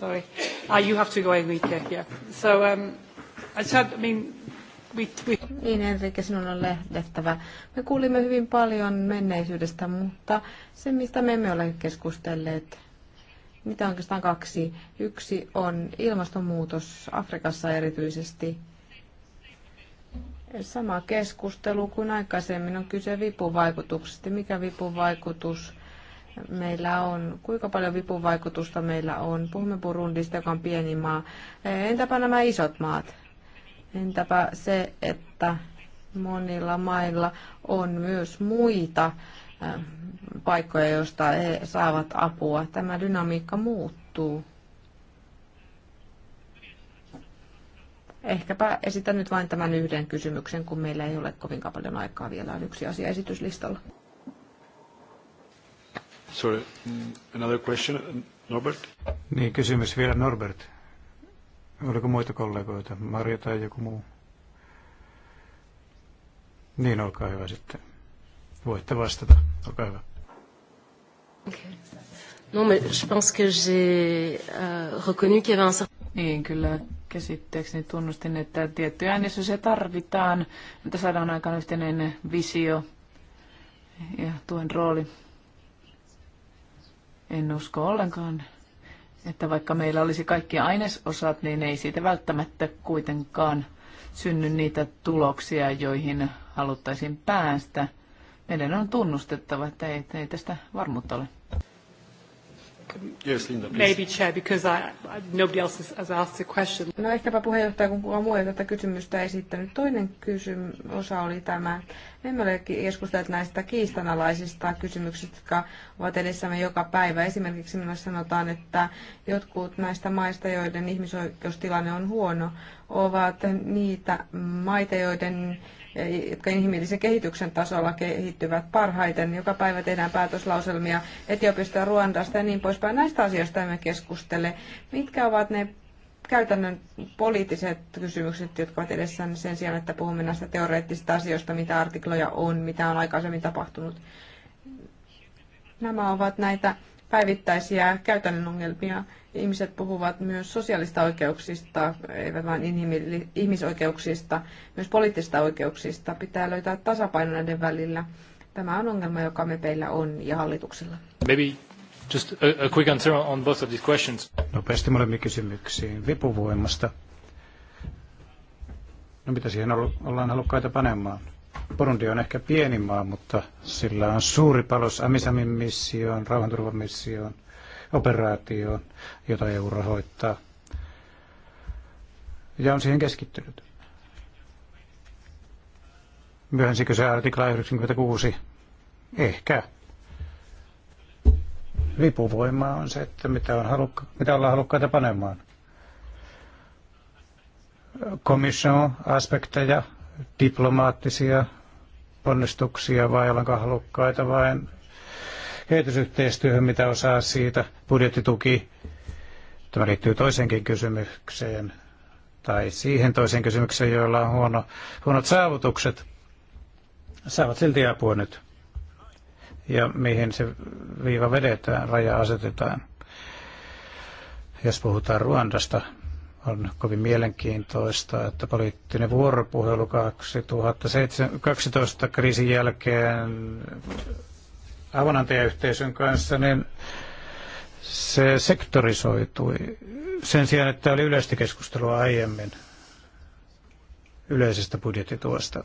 Sorry. Oh, you have to go away, yeah. So, um, I said, I mean, niin Enrique, sinun on lähdettävä. Me kuulimme hyvin paljon menneisyydestä, mutta se mistä me emme ole keskustelleet, mitä on oikeastaan kaksi. Yksi on ilmastonmuutos Afrikassa erityisesti. Sama keskustelu kuin aikaisemmin on kyse vipuvaikutuksesta. Mikä vipuvaikutus meillä on, kuinka paljon vipuvaikutusta meillä on. Puhumme Burundista, joka on pieni maa. Entäpä nämä isot maat? Entäpä se, että monilla mailla on myös muita äh, paikkoja, joista he saavat apua. Tämä dynamiikka muuttuu. Ehkäpä esitän nyt vain tämän yhden kysymyksen, kun meillä ei ole kovin paljon aikaa vielä. On yksi asia esityslistalla. Sorry, another question, Norbert? Niin, kysymys vielä Norbert. Oliko muita kollegoita? Marja tai joku muu? Niin, olkaa hyvä sitten. Voitte vastata. Olkaa hyvä. Euh, niin, kyllä käsitteeksi tunnustin, että tiettyjä äänestyksiä tarvitaan, että saadaan aikaan yhteinen visio ja tuen rooli. En usko ollenkaan, että vaikka meillä olisi kaikki ainesosat, niin ei siitä välttämättä kuitenkaan synny niitä tuloksia, joihin haluttaisiin päästä. Meidän on tunnustettava, että ei, ei tästä varmuutta ole. Yes, Linda, please. Maybe chair, because I, nobody else has asked the question. No ehkäpä puheenjohtaja, kun kukaan muu ei tätä kysymystä esittänyt. Toinen kysymys osa oli tämä. Me emme ole keskustelleet näistä kiistanalaisista kysymyksistä, jotka ovat edessämme joka päivä. Esimerkiksi minulle sanotaan, että jotkut näistä maista, joiden ihmisoikeustilanne on huono, ovat niitä maita, joiden jotka inhimillisen kehityksen tasolla kehittyvät parhaiten. Joka päivä tehdään päätöslauselmia Etiopista, Ruandasta ja niin poispäin. Näistä asioista emme keskustele. Mitkä ovat ne käytännön poliittiset kysymykset, jotka ovat edessä sen sijaan, että puhumme näistä teoreettisista asioista, mitä artikloja on, mitä on aikaisemmin tapahtunut. Nämä ovat näitä päivittäisiä käytännön ongelmia, Ihmiset puhuvat myös sosiaalista oikeuksista, eivät vain ihmisoikeuksista, myös poliittisista oikeuksista. Pitää löytää tasapaino näiden välillä. Tämä on ongelma, joka me peillä on ja hallituksilla. Maybe just a, a quick answer on both of these questions. Nopeasti molemmin kysymyksiin vipuvoimasta. No mitä siihen ollaan halukkaita panemaan? Burundi on ehkä pieni maa, mutta sillä on suuri palos Amisamin missioon, rauhanturvamissioon, operaatioon, jota EU rahoittaa. Ja on siihen keskittynyt. Myöhensikö se artikla 96? Ehkä. Lipuvoimaa on se, että mitä, on halukka- mitä ollaan halukkaita panemaan. Komission aspekteja, diplomaattisia ponnistuksia vai ollaanko halukkaita vain kehitysyhteistyöhön, mitä osaa siitä budjettituki. Tämä liittyy toisenkin kysymykseen tai siihen toiseen kysymykseen, joilla on huono, huonot saavutukset, saavat silti apua nyt. Ja mihin se viiva vedetään, raja asetetaan. Jos puhutaan Ruandasta, on kovin mielenkiintoista, että poliittinen vuoropuhelu 2012 kriisin jälkeen avunantajayhteisön kanssa, niin se sektorisoitui sen sijaan, että oli yleistä keskustelua aiemmin yleisestä budjettituosta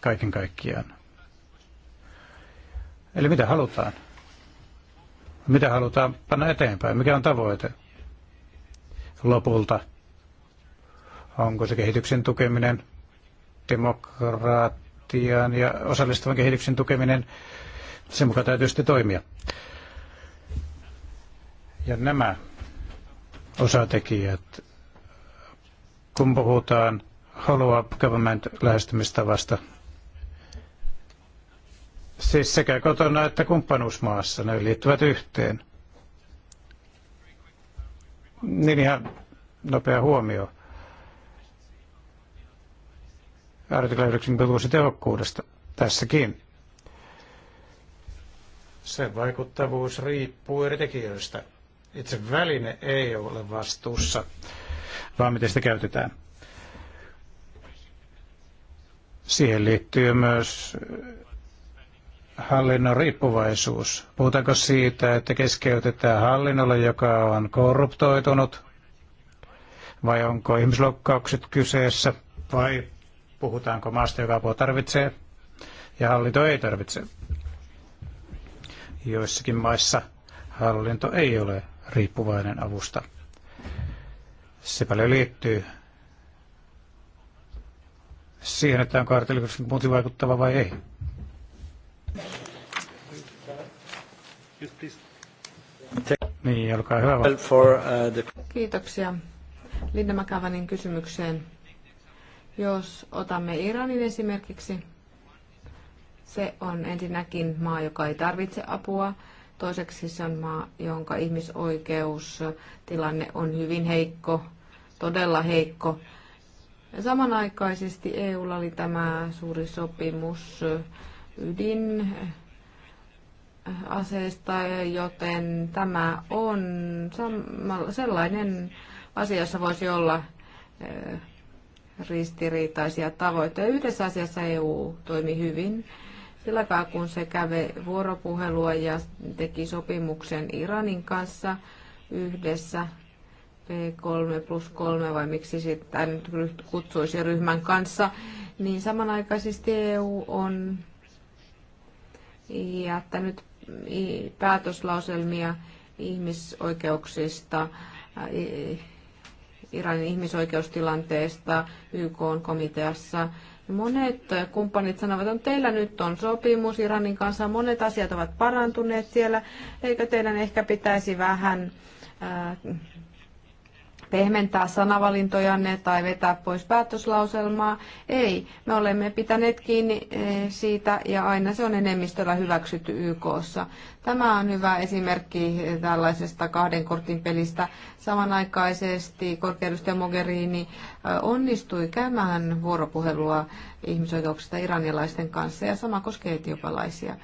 kaiken kaikkiaan. Eli mitä halutaan? Mitä halutaan panna eteenpäin? Mikä on tavoite lopulta? Onko se kehityksen tukeminen, demokraattian ja osallistuvan kehityksen tukeminen, sen mukaan täytyy sitten toimia. Ja nämä osatekijät, kun puhutaan follow-up government-lähestymistavasta, siis sekä kotona että kumppanuusmaassa, ne liittyvät yhteen. Niin ihan nopea huomio. Artikla 96 tehokkuudesta tässäkin. Sen vaikuttavuus riippuu eri tekijöistä. Itse väline ei ole vastuussa, vaan miten sitä käytetään. Siihen liittyy myös hallinnon riippuvaisuus. Puhutaanko siitä, että keskeytetään hallinnolle, joka on korruptoitunut, vai onko ihmisloukkaukset kyseessä, vai puhutaanko maasta, joka apua tarvitsee ja hallinto ei tarvitse. Joissakin maissa hallinto ei ole riippuvainen avusta. Se paljon liittyy siihen, että on kartelikoksi vaikuttava vai ei. Niin, olkaa hyvä. Kiitoksia. Linda Makavanin kysymykseen. Jos otamme Iranin esimerkiksi, se on ensinnäkin maa, joka ei tarvitse apua. Toiseksi se on maa, jonka ihmisoikeustilanne on hyvin heikko, todella heikko. Ja samanaikaisesti EUlla oli tämä suuri sopimus ydin äh, aseesta, joten tämä on sellainen asia, jossa voisi olla äh, ristiriitaisia tavoitteita. Yhdessä asiassa EU toimi hyvin. Silläkään kun se kävi vuoropuhelua ja teki sopimuksen Iranin kanssa yhdessä P3 plus 3 vai miksi sitä nyt kutsuisi ryhmän kanssa, niin samanaikaisesti EU on jättänyt päätöslauselmia ihmisoikeuksista, Iranin ihmisoikeustilanteesta YK-komiteassa Monet kumppanit sanovat, että teillä nyt on sopimus Iranin kanssa, monet asiat ovat parantuneet siellä, eikö teidän ehkä pitäisi vähän äh, pehmentää sanavalintojanne tai vetää pois päätöslauselmaa. Ei, me olemme pitäneet kiinni eh, siitä ja aina se on enemmistöllä hyväksytty YKssa. Tämä on hyvä esimerkki eh, tällaisesta kahden kortin pelistä. Samanaikaisesti korkeudustaja Mogherini eh, onnistui käymään vuoropuhelua ihmisoikeuksista iranilaisten kanssa ja sama koskee etiopalaisia.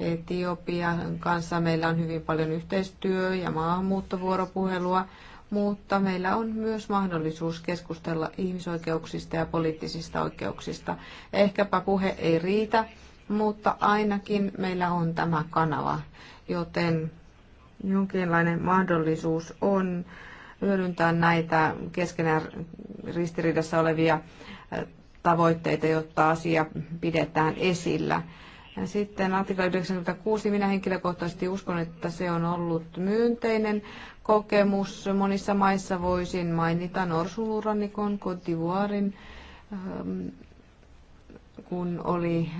Etiopian kanssa meillä on hyvin paljon yhteistyö- ja maahanmuuttovuoropuhelua mutta meillä on myös mahdollisuus keskustella ihmisoikeuksista ja poliittisista oikeuksista. Ehkäpä puhe ei riitä, mutta ainakin meillä on tämä kanava, joten jonkinlainen mahdollisuus on hyödyntää näitä keskenään ristiriidassa olevia tavoitteita, jotta asia pidetään esillä. Ja sitten artikla 96, minä henkilökohtaisesti uskon, että se on ollut myönteinen kokemus monissa maissa. Voisin mainita Norsulurannikon, Kotivuorin, ähm, kun oli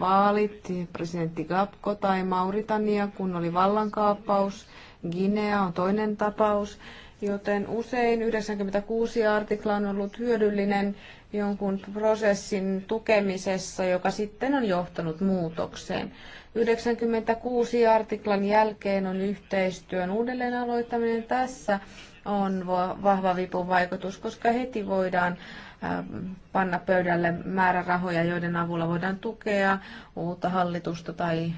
vaalit, presidentti Gapko tai Mauritania, kun oli vallankaappaus. Guinea on toinen tapaus, joten usein 96 artikla on ollut hyödyllinen jonkun prosessin tukemisessa, joka sitten on johtanut muutokseen. 96 artiklan jälkeen on yhteistyön uudelleen aloittaminen. Tässä on vahva vipuvaikutus, koska heti voidaan ähm, panna pöydälle määrärahoja, joiden avulla voidaan tukea uutta hallitusta tai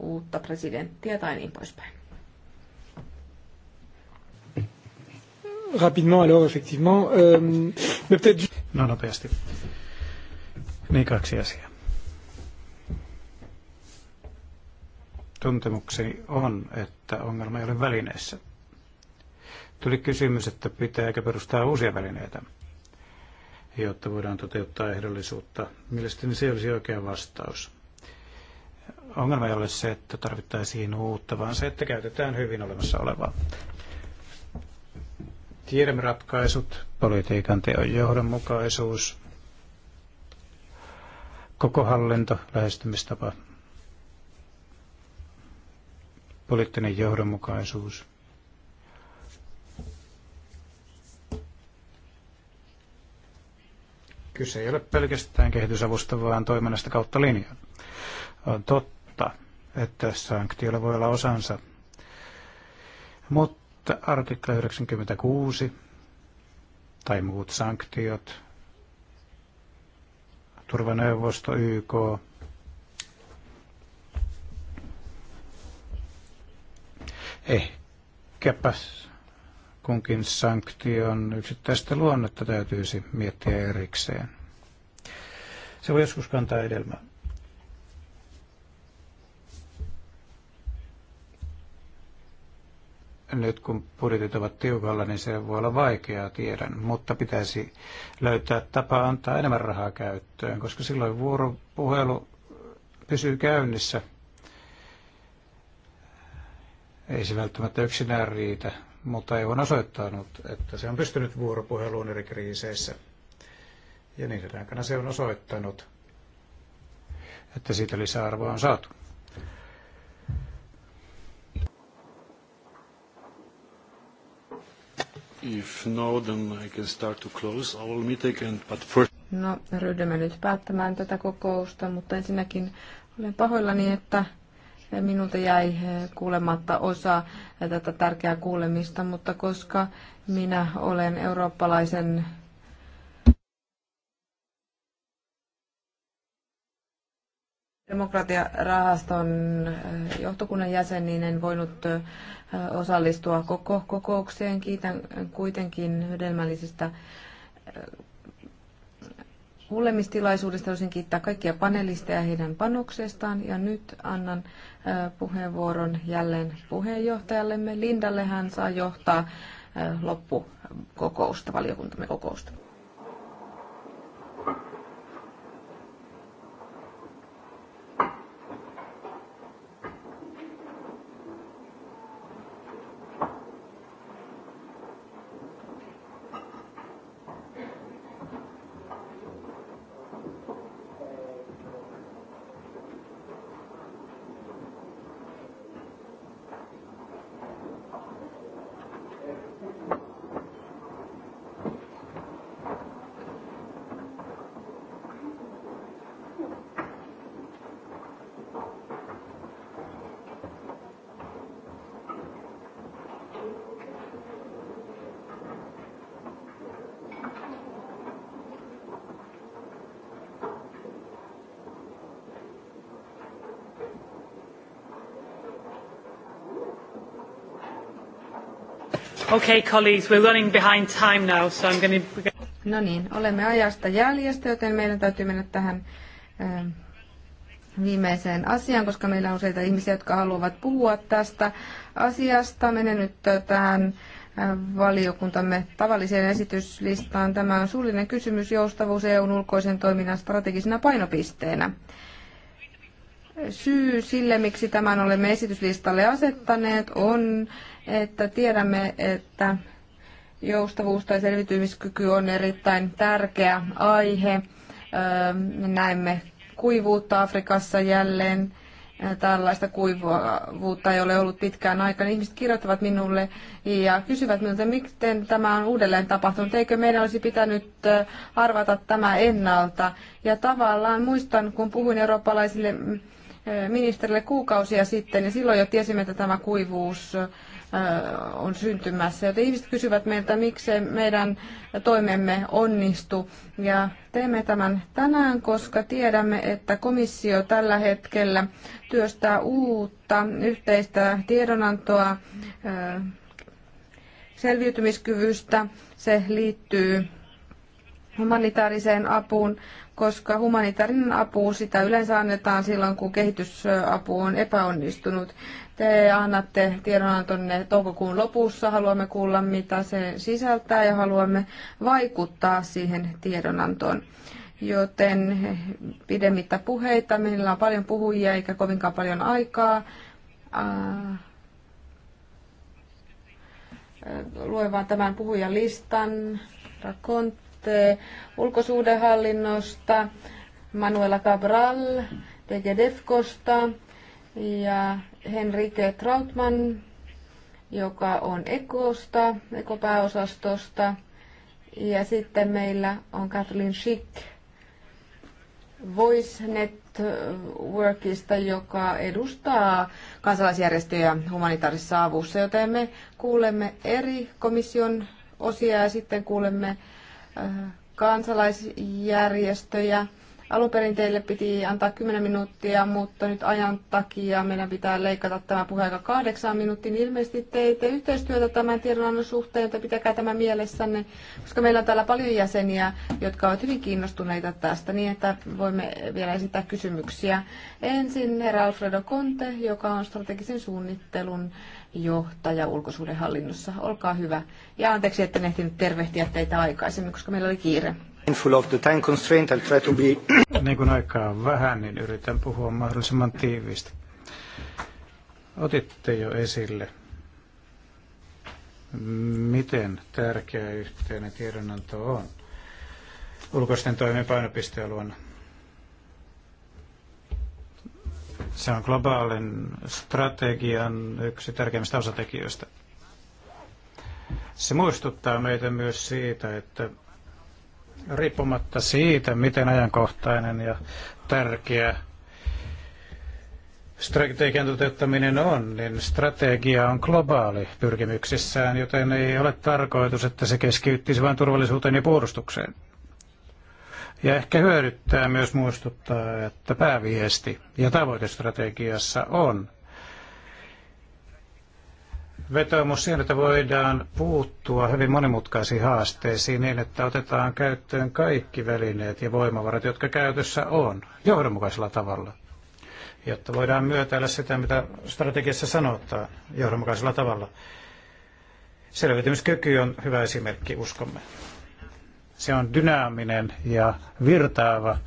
uutta presidenttiä tai niin poispäin. Rapidement alors, effectivement. Euh, mais peut-être... No nopeasti. Niin kaksi asiaa. tuntemukseni on, että ongelma ei ole välineissä. Tuli kysymys, että pitääkö perustaa uusia välineitä, jotta voidaan toteuttaa ehdollisuutta. Mielestäni se olisi oikea vastaus. Ongelma ei ole se, että tarvittaisiin uutta, vaan se, että käytetään hyvin olemassa olevaa. Tiedämme ratkaisut, politiikan teon johdonmukaisuus, koko hallinto, lähestymistapa, poliittinen johdonmukaisuus. Kyse ei ole pelkästään kehitysavusta, vaan toiminnasta kautta linjan. On totta, että sanktioilla voi olla osansa. Mutta artikla 96 tai muut sanktiot, turvaneuvosto, YK, Ehkäpäs kunkin sanktion yksittäistä luonnetta täytyisi miettiä erikseen. Se voi joskus kantaa edelmää. Nyt kun budjetit ovat tiukalla, niin se voi olla vaikeaa, tiedän, mutta pitäisi löytää tapa antaa enemmän rahaa käyttöön, koska silloin vuoropuhelu pysyy käynnissä – ei se välttämättä yksinään riitä, mutta EU on osoittanut, että se on pystynyt vuoropuheluun eri kriiseissä. Ja niiden aikana se on osoittanut, että siitä lisäarvoa on saatu. If no, then I can start to close our meeting, and, but first... No, ryhdymme nyt päättämään tätä kokousta, mutta ensinnäkin olen pahoillani, että Minulta jäi eh, kuulematta osa tätä tärkeää kuulemista, mutta koska minä olen eurooppalaisen demokratiarahaston eh, johtokunnan jäsen, niin en voinut eh, osallistua koko kokoukseen. Kiitän kuitenkin hedelmällisistä kuulemistilaisuudesta. Haluaisin kiittää kaikkia panelisteja heidän panoksestaan ja nyt annan puheenvuoron jälleen puheenjohtajallemme Lindalle. Hän saa johtaa loppukokousta, valiokuntamme kokousta. Okay, colleagues, we're running behind time now, so I'm going to... No niin, olemme ajasta jäljestä, joten meidän täytyy mennä tähän ähm, viimeiseen asiaan, koska meillä on useita ihmisiä, jotka haluavat puhua tästä asiasta. Menen nyt tähän äh, valiokuntamme tavalliseen esityslistaan. Tämä on suullinen kysymys joustavuus EUn ulkoisen toiminnan strategisena painopisteenä syy sille, miksi tämän olemme esityslistalle asettaneet, on, että tiedämme, että joustavuus tai selviytymiskyky on erittäin tärkeä aihe. Me näemme kuivuutta Afrikassa jälleen. Tällaista kuivuutta ei ole ollut pitkään aikaan. Ihmiset kirjoittavat minulle ja kysyvät minulta, miten tämä on uudelleen tapahtunut. Eikö meidän olisi pitänyt arvata tämä ennalta? Ja tavallaan muistan, kun puhuin eurooppalaisille mm, ministerille kuukausia sitten ja silloin jo tiesimme, että tämä kuivuus on syntymässä. Joten ihmiset kysyvät meiltä, miksi meidän toimemme onnistu. Ja teemme tämän tänään, koska tiedämme, että komissio tällä hetkellä työstää uutta yhteistä tiedonantoa selviytymiskyvystä. Se liittyy humanitaariseen apuun, koska humanitaarinen apu sitä yleensä annetaan silloin, kun kehitysapu on epäonnistunut. Te annatte tiedonantonne toukokuun lopussa, haluamme kuulla mitä se sisältää ja haluamme vaikuttaa siihen tiedonantoon. Joten pidemmittä puheita, meillä on paljon puhujia eikä kovinkaan paljon aikaa. Luen vaan tämän puhujan listan. Rakont Eh, ulkosuudehallinnosta, Manuela Cabral Degedefkosta ja Henrike Trautmann, joka on Ekosta, Ekopääosastosta. Ja sitten meillä on Kathleen Schick Voice Networkista, joka edustaa kansalaisjärjestöjä humanitaarisessa avussa, joten me kuulemme eri komission osia ja sitten kuulemme kansalaisjärjestöjä. Alun perin teille piti antaa 10 minuuttia, mutta nyt ajan takia meidän pitää leikata tämä puheaika kahdeksaan minuuttiin. Ilmeisesti teitte yhteistyötä tämän tiedonannon suhteen, että pitäkää tämä mielessänne, koska meillä on täällä paljon jäseniä, jotka ovat hyvin kiinnostuneita tästä, niin että voimme vielä esittää kysymyksiä. Ensin herra Alfredo Conte, joka on strategisen suunnittelun johtaja ulkosuhdehallinnossa. Olkaa hyvä. Ja anteeksi, että ehtinyt tervehtiä teitä aikaisemmin, koska meillä oli kiire. Niin kuin aikaa on vähän, niin yritän puhua mahdollisimman tiiviisti. Otitte jo esille, miten tärkeä yhteinen tiedonanto on ulkoisten toimien painopistealueena Se on globaalin strategian yksi tärkeimmistä osatekijöistä. Se muistuttaa meitä myös siitä, että riippumatta siitä, miten ajankohtainen ja tärkeä strategian toteuttaminen on, niin strategia on globaali pyrkimyksissään, joten ei ole tarkoitus, että se keskittyisi vain turvallisuuteen ja puolustukseen. Ja ehkä hyödyttää myös muistuttaa, että pääviesti ja tavoitestrategiassa on vetoomus siihen, että voidaan puuttua hyvin monimutkaisiin haasteisiin niin, että otetaan käyttöön kaikki välineet ja voimavarat, jotka käytössä on, johdonmukaisella tavalla, jotta voidaan myötäillä sitä, mitä strategiassa sanotaan johdonmukaisella tavalla. Selviytymiskyky on hyvä esimerkki, uskomme. Se on dynaaminen ja virtaava,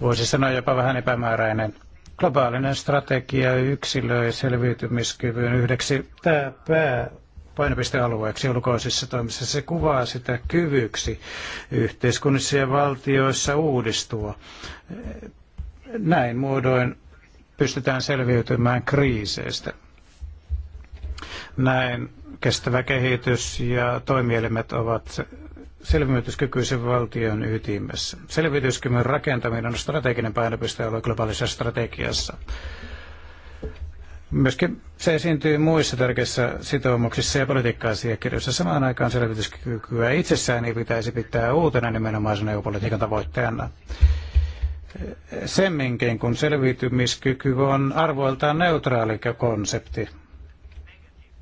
voisi sanoa jopa vähän epämääräinen. Globaalinen strategia yksilöi selviytymiskyvyn yhdeksi tämä pää painopistealueeksi ulkoisissa toimissa. Se kuvaa sitä kyvyksi yhteiskunnissa ja valtioissa uudistua. Näin muodoin pystytään selviytymään kriiseistä. Näin kestävä kehitys ja toimielimet ovat selviytyskykyisen valtion ytimessä. Selviytyskyvyn rakentaminen on strateginen painopistealue globaalissa strategiassa. Myöskin se esiintyy muissa tärkeissä sitoumuksissa ja politiikka-asiakirjoissa. Samaan aikaan selvityskykyä itsessään ei pitäisi pitää uutena nimenomaisena EU-politiikan tavoitteena. Semminkin, kun selviytymiskyky on arvoiltaan neutraali konsepti,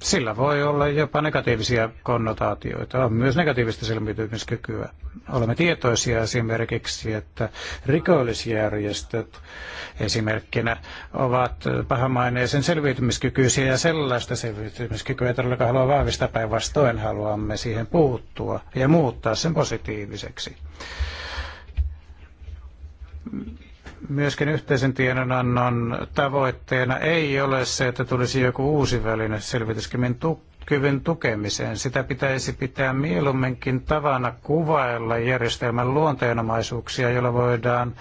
sillä voi olla jopa negatiivisia konnotaatioita. On myös negatiivista selviytymiskykyä. Olemme tietoisia esimerkiksi, että rikollisjärjestöt esimerkkinä ovat pahamaineisen selviytymiskykyisiä ja sellaista selviytymiskykyä ei todellakaan halua vahvistaa päinvastoin. Haluamme siihen puuttua ja muuttaa sen positiiviseksi Myöskin yhteisen tiedonannon tavoitteena ei ole se, että tulisi joku uusi väline selvityskimin tukkaan kyvyn tukemiseen. Sitä pitäisi pitää mieluumminkin tavana kuvailla järjestelmän luonteenomaisuuksia, joilla voidaan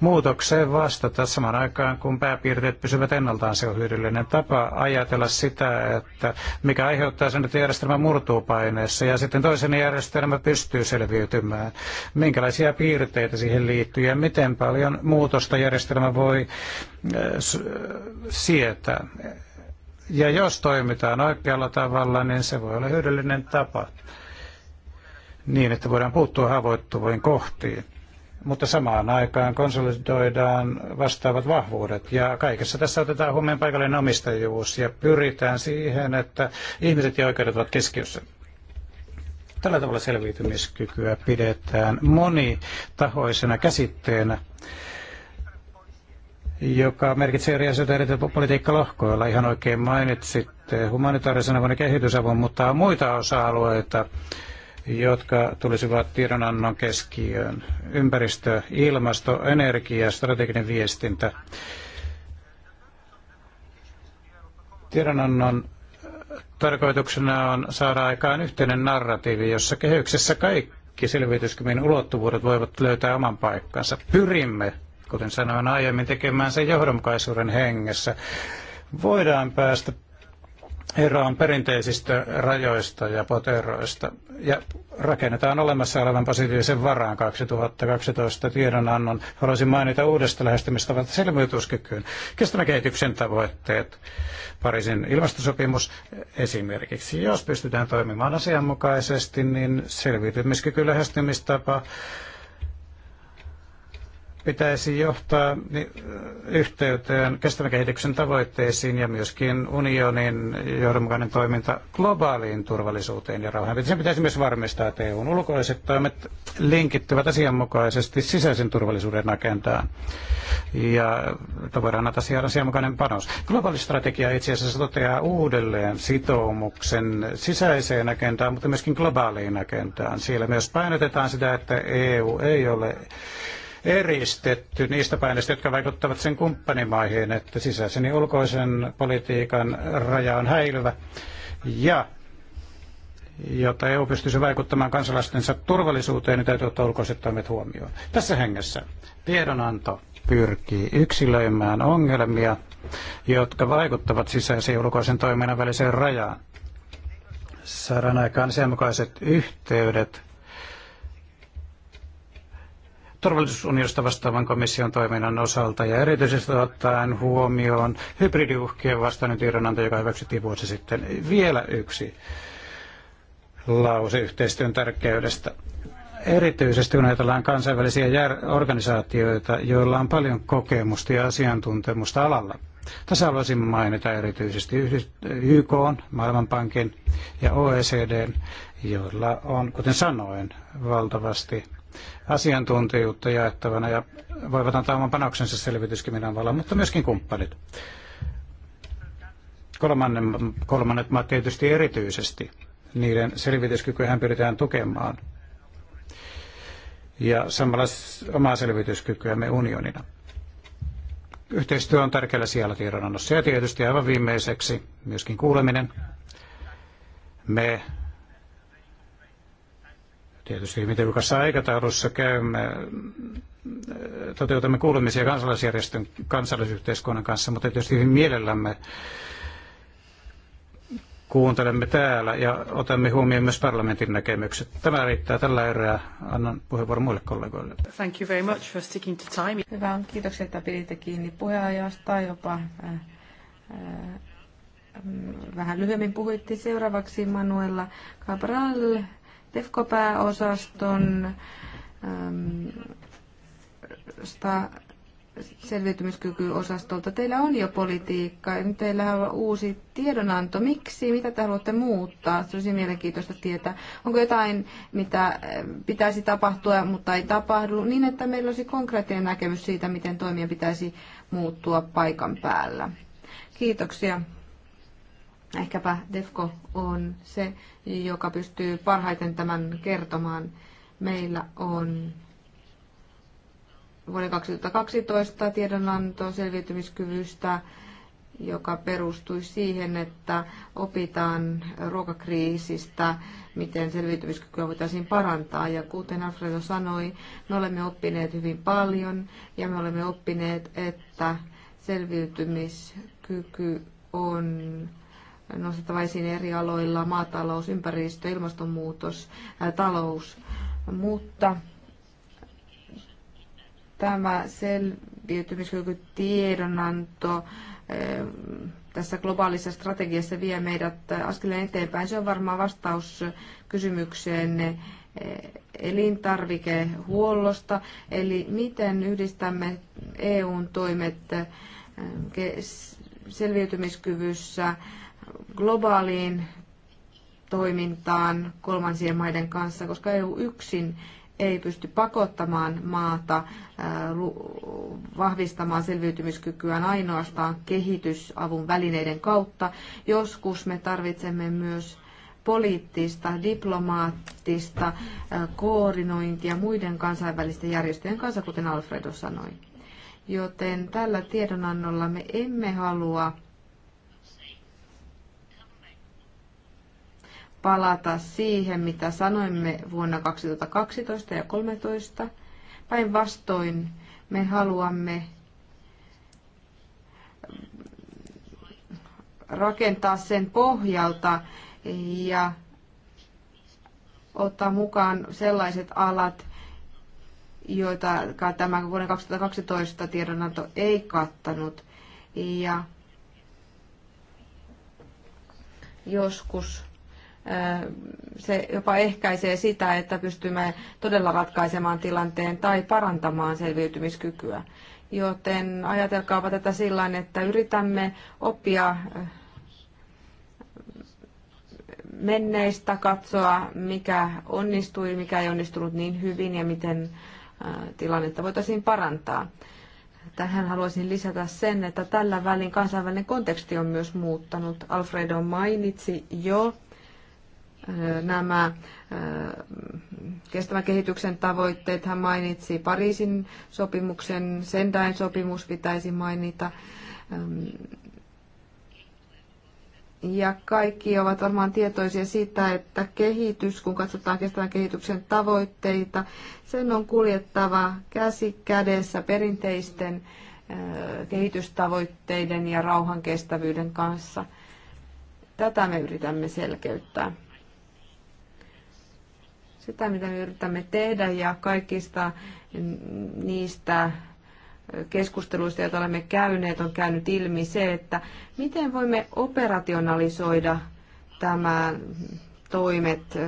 muutokseen vastata saman aikaan, kun pääpiirteet pysyvät ennaltaan. Se on hyödyllinen tapa ajatella sitä, että mikä aiheuttaa sen, että järjestelmä murtuu paineessa ja sitten toisen järjestelmä pystyy selviytymään. Minkälaisia piirteitä siihen liittyy ja miten paljon muutosta järjestelmä voi äh, sietää ja jos toimitaan oikealla tavalla, niin se voi olla hyödyllinen tapa niin, että voidaan puuttua haavoittuvoin kohtiin. Mutta samaan aikaan konsolidoidaan vastaavat vahvuudet ja kaikessa tässä otetaan huomioon paikallinen omistajuus ja pyritään siihen, että ihmiset ja oikeudet ovat keskiössä. Tällä tavalla selviytymiskykyä pidetään monitahoisena käsitteenä, joka merkitsee eri asioita eri politiikkalohkoilla. Ihan oikein mainitsit humanitaarisen avun ja kehitysavun, mutta on muita osa-alueita, jotka tulisivat tiedonannon keskiöön. Ympäristö, ilmasto, energia, strateginen viestintä. Tiedonannon tarkoituksena on saada aikaan yhteinen narratiivi, jossa kehyksessä kaikki selvityskymin ulottuvuudet voivat löytää oman paikkansa. Pyrimme kuten sanoin aiemmin, tekemään sen johdonmukaisuuden hengessä. Voidaan päästä eroon perinteisistä rajoista ja poteroista ja rakennetaan olemassa olevan positiivisen varaan 2012 tiedonannon. Haluaisin mainita uudesta lähestymistavasta selviytyskykyyn. Kestävän kehityksen tavoitteet, Pariisin ilmastosopimus esimerkiksi. Jos pystytään toimimaan asianmukaisesti, niin selviytymiskyky lähestymistapa pitäisi johtaa niin, yhteyteen kestävän kehityksen tavoitteisiin ja myöskin unionin johdonmukainen toiminta globaaliin turvallisuuteen ja rauhaan. Sen pitäisi myös varmistaa, että EUn ulkoiset toimet linkittyvät asianmukaisesti sisäisen turvallisuuden agendaan. Ja voidaan antaa siihen asianmukainen panos. Globaali strategia itse asiassa toteaa uudelleen sitoumuksen sisäiseen agendaan, mutta myöskin globaaliin agendaan. Siellä myös painotetaan sitä, että EU ei ole eristetty niistä paineista, jotka vaikuttavat sen kumppanimaihin, että sisäisen ja ulkoisen politiikan raja on häilyvä. Ja jotta EU pystyisi vaikuttamaan kansalaistensa turvallisuuteen, niin täytyy ottaa ulkoiset toimet huomioon. Tässä hengessä tiedonanto pyrkii yksilöimään ongelmia, jotka vaikuttavat sisäisen ja ulkoisen toiminnan väliseen rajaan. Saadaan aikaan asianmukaiset yhteydet turvallisuusunionista vastaavan komission toiminnan osalta ja erityisesti ottaen huomioon hybridiuhkien vastainen tiedonanto, joka hyväksyttiin vuosi sitten. Vielä yksi lause yhteistyön tärkeydestä. Erityisesti kun ajatellaan kansainvälisiä organisaatioita, joilla on paljon kokemusta ja asiantuntemusta alalla. Tässä haluaisin mainita erityisesti YK, Maailmanpankin ja OECD, joilla on, kuten sanoin, valtavasti asiantuntijuutta jaettavana ja voivat antaa oman panoksensa selvityskiminan vallan, mutta myöskin kumppanit. Kolmannen, kolmannet maat tietysti erityisesti. Niiden selvityskykyhän pyritään tukemaan ja samalla omaa selvityskykyämme unionina. Yhteistyö on tärkeällä siellä tiedonannossa ja tietysti aivan viimeiseksi myöskin kuuleminen. Me Tietysti hyvin tiukassa aikataulussa käymme, toteutamme kuulemisia kansalaisjärjestön kansallisyhteiskunnan kanssa, mutta tietysti hyvin mielellämme kuuntelemme täällä ja otamme huomioon myös parlamentin näkemykset. Tämä riittää tällä erää. Annan puheenvuoron muille kollegoille. Thank you very much for sticking to time. Hyvä on. Kiitoksia, että piditte kiinni puheajasta jopa äh, äh, vähän lyhyemmin puhuitte. Seuraavaksi Manuela Cabral TEFCO-pääosaston ähm, selviytymiskykyosastolta. Teillä on jo politiikka, nyt teillä on uusi tiedonanto. Miksi? Mitä te haluatte muuttaa? Se olisi mielenkiintoista tietää. Onko jotain, mitä ähm, pitäisi tapahtua, mutta ei tapahdu, niin että meillä olisi konkreettinen näkemys siitä, miten toimia pitäisi muuttua paikan päällä. Kiitoksia Ehkäpä Defko on se, joka pystyy parhaiten tämän kertomaan. Meillä on vuoden 2012 tiedonanto selviytymiskyvystä, joka perustui siihen, että opitaan ruokakriisistä, miten selviytymiskykyä voitaisiin parantaa. Ja kuten Alfredo sanoi, me olemme oppineet hyvin paljon ja me olemme oppineet, että selviytymiskyky on nostettava esiin eri aloilla, maatalous, ympäristö, ilmastonmuutos, talous. Mutta tämä selviytymiskyky tiedonanto tässä globaalissa strategiassa vie meidät askeleen eteenpäin. Se on varmaan vastaus kysymykseen elintarvikehuollosta, eli miten yhdistämme EUn toimet selviytymiskyvyssä globaaliin toimintaan kolmansien maiden kanssa, koska EU yksin ei pysty pakottamaan maata vahvistamaan selviytymiskykyään ainoastaan kehitysavun välineiden kautta. Joskus me tarvitsemme myös poliittista, diplomaattista koordinointia muiden kansainvälisten järjestöjen kanssa, kuten Alfredo sanoi. Joten tällä tiedonannolla me emme halua palata siihen, mitä sanoimme vuonna 2012 ja 2013. Päinvastoin me haluamme rakentaa sen pohjalta ja ottaa mukaan sellaiset alat, joita tämä vuoden 2012 tiedonanto ei kattanut. Ja joskus se jopa ehkäisee sitä, että pystymme todella ratkaisemaan tilanteen tai parantamaan selviytymiskykyä. Joten ajatelkaapa tätä sillä että yritämme oppia menneistä, katsoa mikä onnistui, mikä ei onnistunut niin hyvin ja miten tilannetta voitaisiin parantaa. Tähän haluaisin lisätä sen, että tällä välin kansainvälinen konteksti on myös muuttanut. Alfredo mainitsi jo nämä kestävän kehityksen tavoitteet. Hän mainitsi Pariisin sopimuksen, Sendain sopimus pitäisi mainita. Ja kaikki ovat varmaan tietoisia siitä, että kehitys, kun katsotaan kestävän kehityksen tavoitteita, sen on kuljettava käsi kädessä perinteisten kehitystavoitteiden ja rauhan kestävyyden kanssa. Tätä me yritämme selkeyttää sitä, mitä me yritämme tehdä ja kaikista niistä keskusteluista, joita olemme käyneet, on käynyt ilmi se, että miten voimme operationalisoida tämä toimet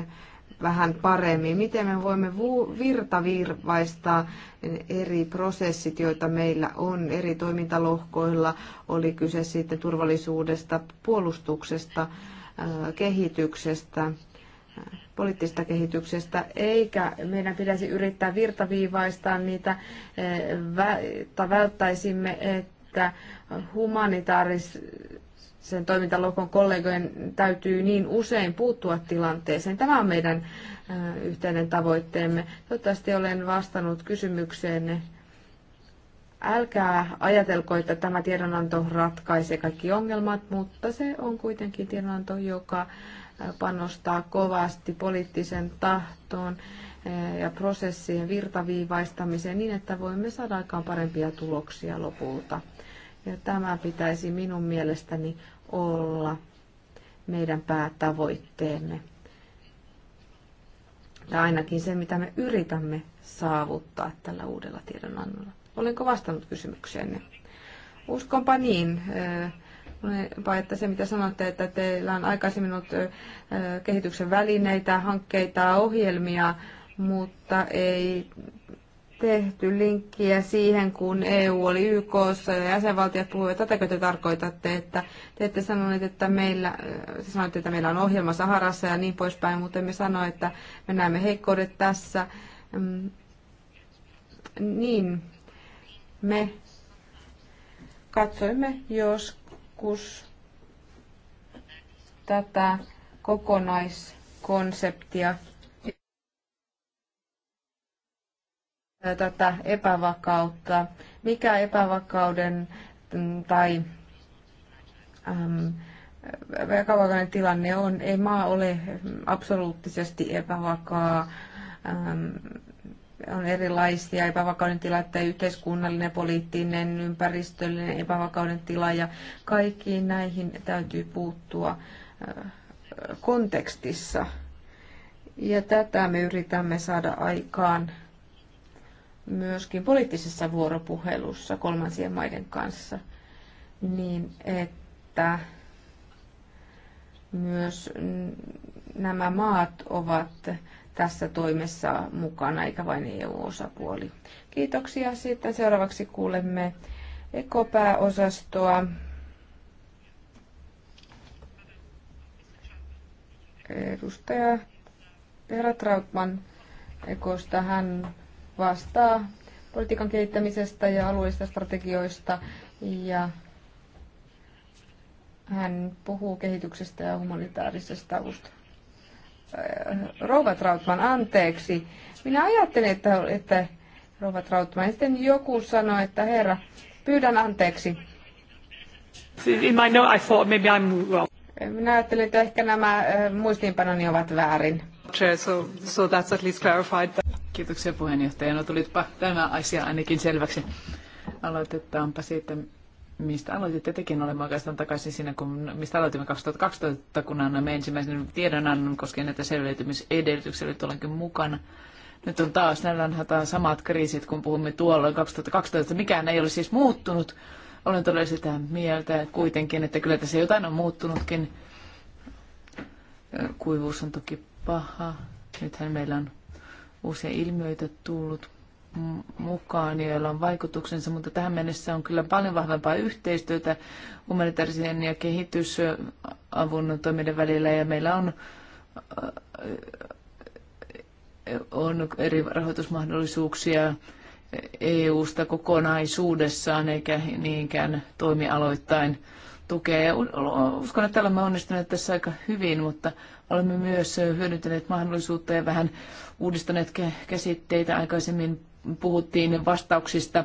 vähän paremmin, miten me voimme virtavirvaistaa eri prosessit, joita meillä on eri toimintalohkoilla, oli kyse sitten turvallisuudesta, puolustuksesta, kehityksestä, poliittisesta kehityksestä, eikä meidän pitäisi yrittää virtaviivaistaa niitä, että eh, välttäisimme, että humanitaarisen toimintalokon kollegojen täytyy niin usein puuttua tilanteeseen. Tämä on meidän eh, yhteinen tavoitteemme. Toivottavasti olen vastannut kysymykseenne älkää ajatelko, että tämä tiedonanto ratkaisee kaikki ongelmat, mutta se on kuitenkin tiedonanto, joka panostaa kovasti poliittisen tahtoon eh, ja prosessien virtaviivaistamiseen niin, että voimme saada aikaan parempia tuloksia lopulta. Ja tämä pitäisi minun mielestäni olla meidän päätavoitteemme. Ja ainakin se, mitä me yritämme saavuttaa tällä uudella tiedonannolla. Olenko vastannut kysymykseenne? Uskonpa niin. Eh, että se mitä sanotte, että teillä on aikaisemmin ollut kehityksen välineitä, hankkeita, ohjelmia, mutta ei tehty linkkiä siihen, kun EU oli YK ja jäsenvaltiot puhuivat. Tätäkö te tarkoitatte, että te ette sanoneet, että meillä, sanoitte, että meillä on ohjelma Saharassa ja niin poispäin, mutta emme sano, että me näemme heikkoudet tässä. Mm. Niin, me katsoimme, jos joskus tätä kokonaiskonseptia, tätä epävakautta, mikä epävakauden tai äm, tilanne on. Ei maa ole absoluuttisesti epävakaa on erilaisia epävakauden tilanteita, yhteiskunnallinen, poliittinen, ympäristöllinen epävakauden tila ja kaikkiin näihin täytyy puuttua äh, kontekstissa. Ja tätä me yritämme saada aikaan myöskin poliittisessa vuoropuhelussa kolmansien maiden kanssa, niin että myös nämä maat ovat tässä toimessa mukana, eikä vain EU-osapuoli. Kiitoksia. Sitten seuraavaksi kuulemme ekopääosastoa. Edustaja Vera Trautman ekosta. Hän vastaa politiikan kehittämisestä ja alueellisista strategioista ja hän puhuu kehityksestä ja humanitaarisesta avusta. Äh, Rouva Trautman, anteeksi. Minä ajattelin, että, että Rouva Trautman. Ja sitten joku sanoi, että herra, pyydän anteeksi. In my note, I thought maybe I'm wrong. Minä ajattelin, että ehkä nämä äh, muistiinpanoni ovat väärin. So, so that's at least clarified. Kiitoksia puheenjohtaja. No tulitpa tämä asia ainakin selväksi. Aloitetaanpa sitten mistä aloititte tekin. olemaan oikeastaan takaisin siinä, kun, mistä aloitimme 2012, kun annamme ensimmäisen tiedonannon koskien näitä selviytymisedellytyksiä. Nyt olenkin mukana. Nyt on taas näillä nälänhätään samat kriisit, kun puhumme tuolloin 2012. Mikään ei ole siis muuttunut. Olen todella sitä mieltä että kuitenkin, että kyllä tässä jotain on muuttunutkin. Kuivuus on toki paha. Nythän meillä on uusia ilmiöitä tullut mukaan, joilla on vaikutuksensa, mutta tähän mennessä on kyllä paljon vahvempaa yhteistyötä humanitaarisen ja kehitysavun toimijoiden välillä ja meillä on, äh, on eri rahoitusmahdollisuuksia EU-sta kokonaisuudessaan eikä niinkään toimialoittain tukea. Ja uskon, että olemme onnistuneet tässä aika hyvin, mutta olemme myös hyödyntäneet mahdollisuutta ja vähän uudistaneet käsitteitä. Aikaisemmin puhuttiin vastauksista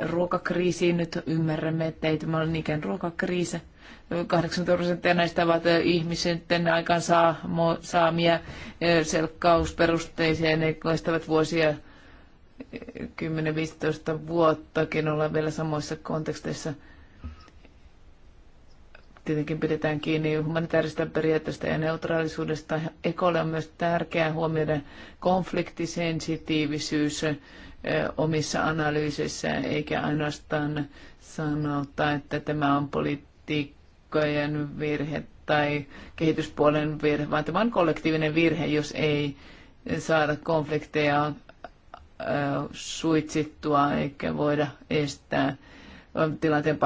ruokakriisiin. Nyt ymmärrämme, että ei tämä ole niinkään ruokakriisi. 80 prosenttia näistä ovat ihmisten aikaan saamia selkkausperusteisia. Ne koistavat vuosia 10-15 vuottakin olla vielä samoissa konteksteissa – tietenkin pidetään kiinni humanitaarista periaatteesta ja neutraalisuudesta. Ekolle on myös tärkeää huomioida konfliktisensitiivisyys omissa analyysissä, eikä ainoastaan sanota, että tämä on politiikkojen virhe tai kehityspuolen virhe, vaan tämä on kollektiivinen virhe, jos ei saada konflikteja suitsittua eikä voida estää tilanteen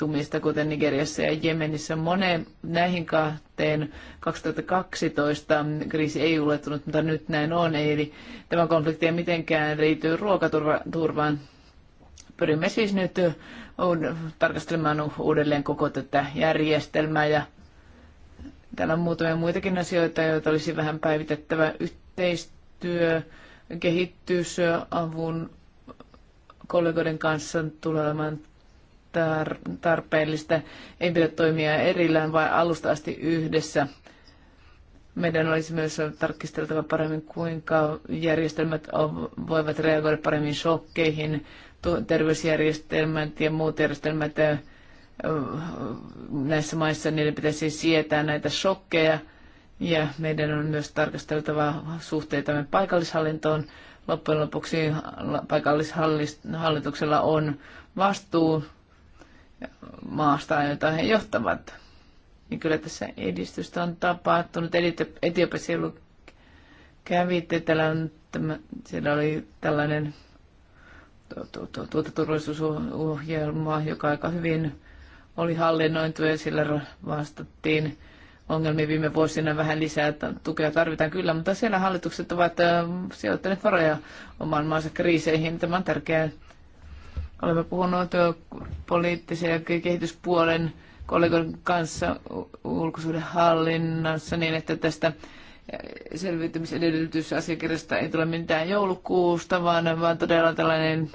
laajentumista, kuten Nigeriassa ja Jemenissä. Moneen näihin kahteen 2012 kriisi ei ulottunut, mutta nyt näin on. Eli tämä konflikti ei mitenkään liity ruokaturvaan. Pyrimme siis nyt tarkastelemaan uudelleen koko tätä järjestelmää ja Täällä on muutamia muitakin asioita, joita olisi vähän päivitettävä. Yhteistyö, kehitys, avun kollegoiden kanssa tulee olemaan tar- tarpeellista. Ei pidä toimia erillään, vaan alusta asti yhdessä. Meidän olisi myös tarkisteltava paremmin, kuinka järjestelmät voivat reagoida paremmin shokkeihin, terveysjärjestelmät ja muut järjestelmät näissä maissa, niiden pitäisi sietää näitä shokkeja. Ja meidän on myös tarkasteltava suhteitamme paikallishallintoon. Loppujen lopuksi paikallishallituksella on vastuu maasta, jota he johtavat. Niin kyllä tässä edistystä on tapahtunut. Eli Etiopiassa ollut kävitte, täällä on tämä, siellä oli tällainen tuoteturvallisuusohjelma, joka aika hyvin oli hallinnointu, ja sillä vastattiin ongelmiin viime vuosina vähän lisää että tukea tarvitaan kyllä, mutta siellä hallitukset ovat sijoittaneet varoja oman maansa kriiseihin. Tämä on tärkeää Olemme puhuneet poliittisen ja kehityspuolen kollegon kanssa ulkosuhdehallinnassa niin, että tästä selviytymisedellytysasiakirjasta ei tule mitään joulukuusta, vaan, vaan todella tällainen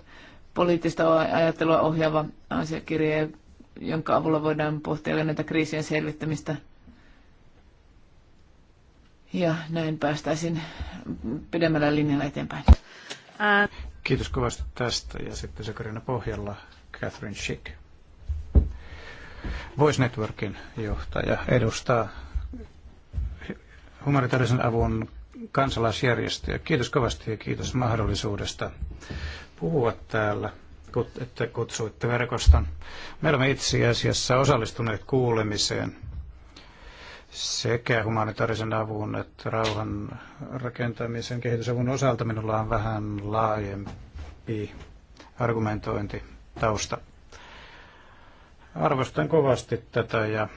poliittista ajattelua ohjaava asiakirja, jonka avulla voidaan pohtia näitä kriisien selvittämistä. Ja näin päästäisiin pidemmällä linjalla eteenpäin. Kiitos kovasti tästä. Ja sitten Karina pohjalla Catherine Schick. Voice Networkin johtaja edustaa humanitaarisen avun kansalaisjärjestöjä. Kiitos kovasti ja kiitos mahdollisuudesta puhua täällä, että kutsuitte verkoston. Me olemme itse asiassa osallistuneet kuulemiseen – sekä humanitaarisen avun että rauhan rakentamisen kehitysavun osalta minulla on vähän laajempi argumentointi tausta. Arvostan kovasti tätä ja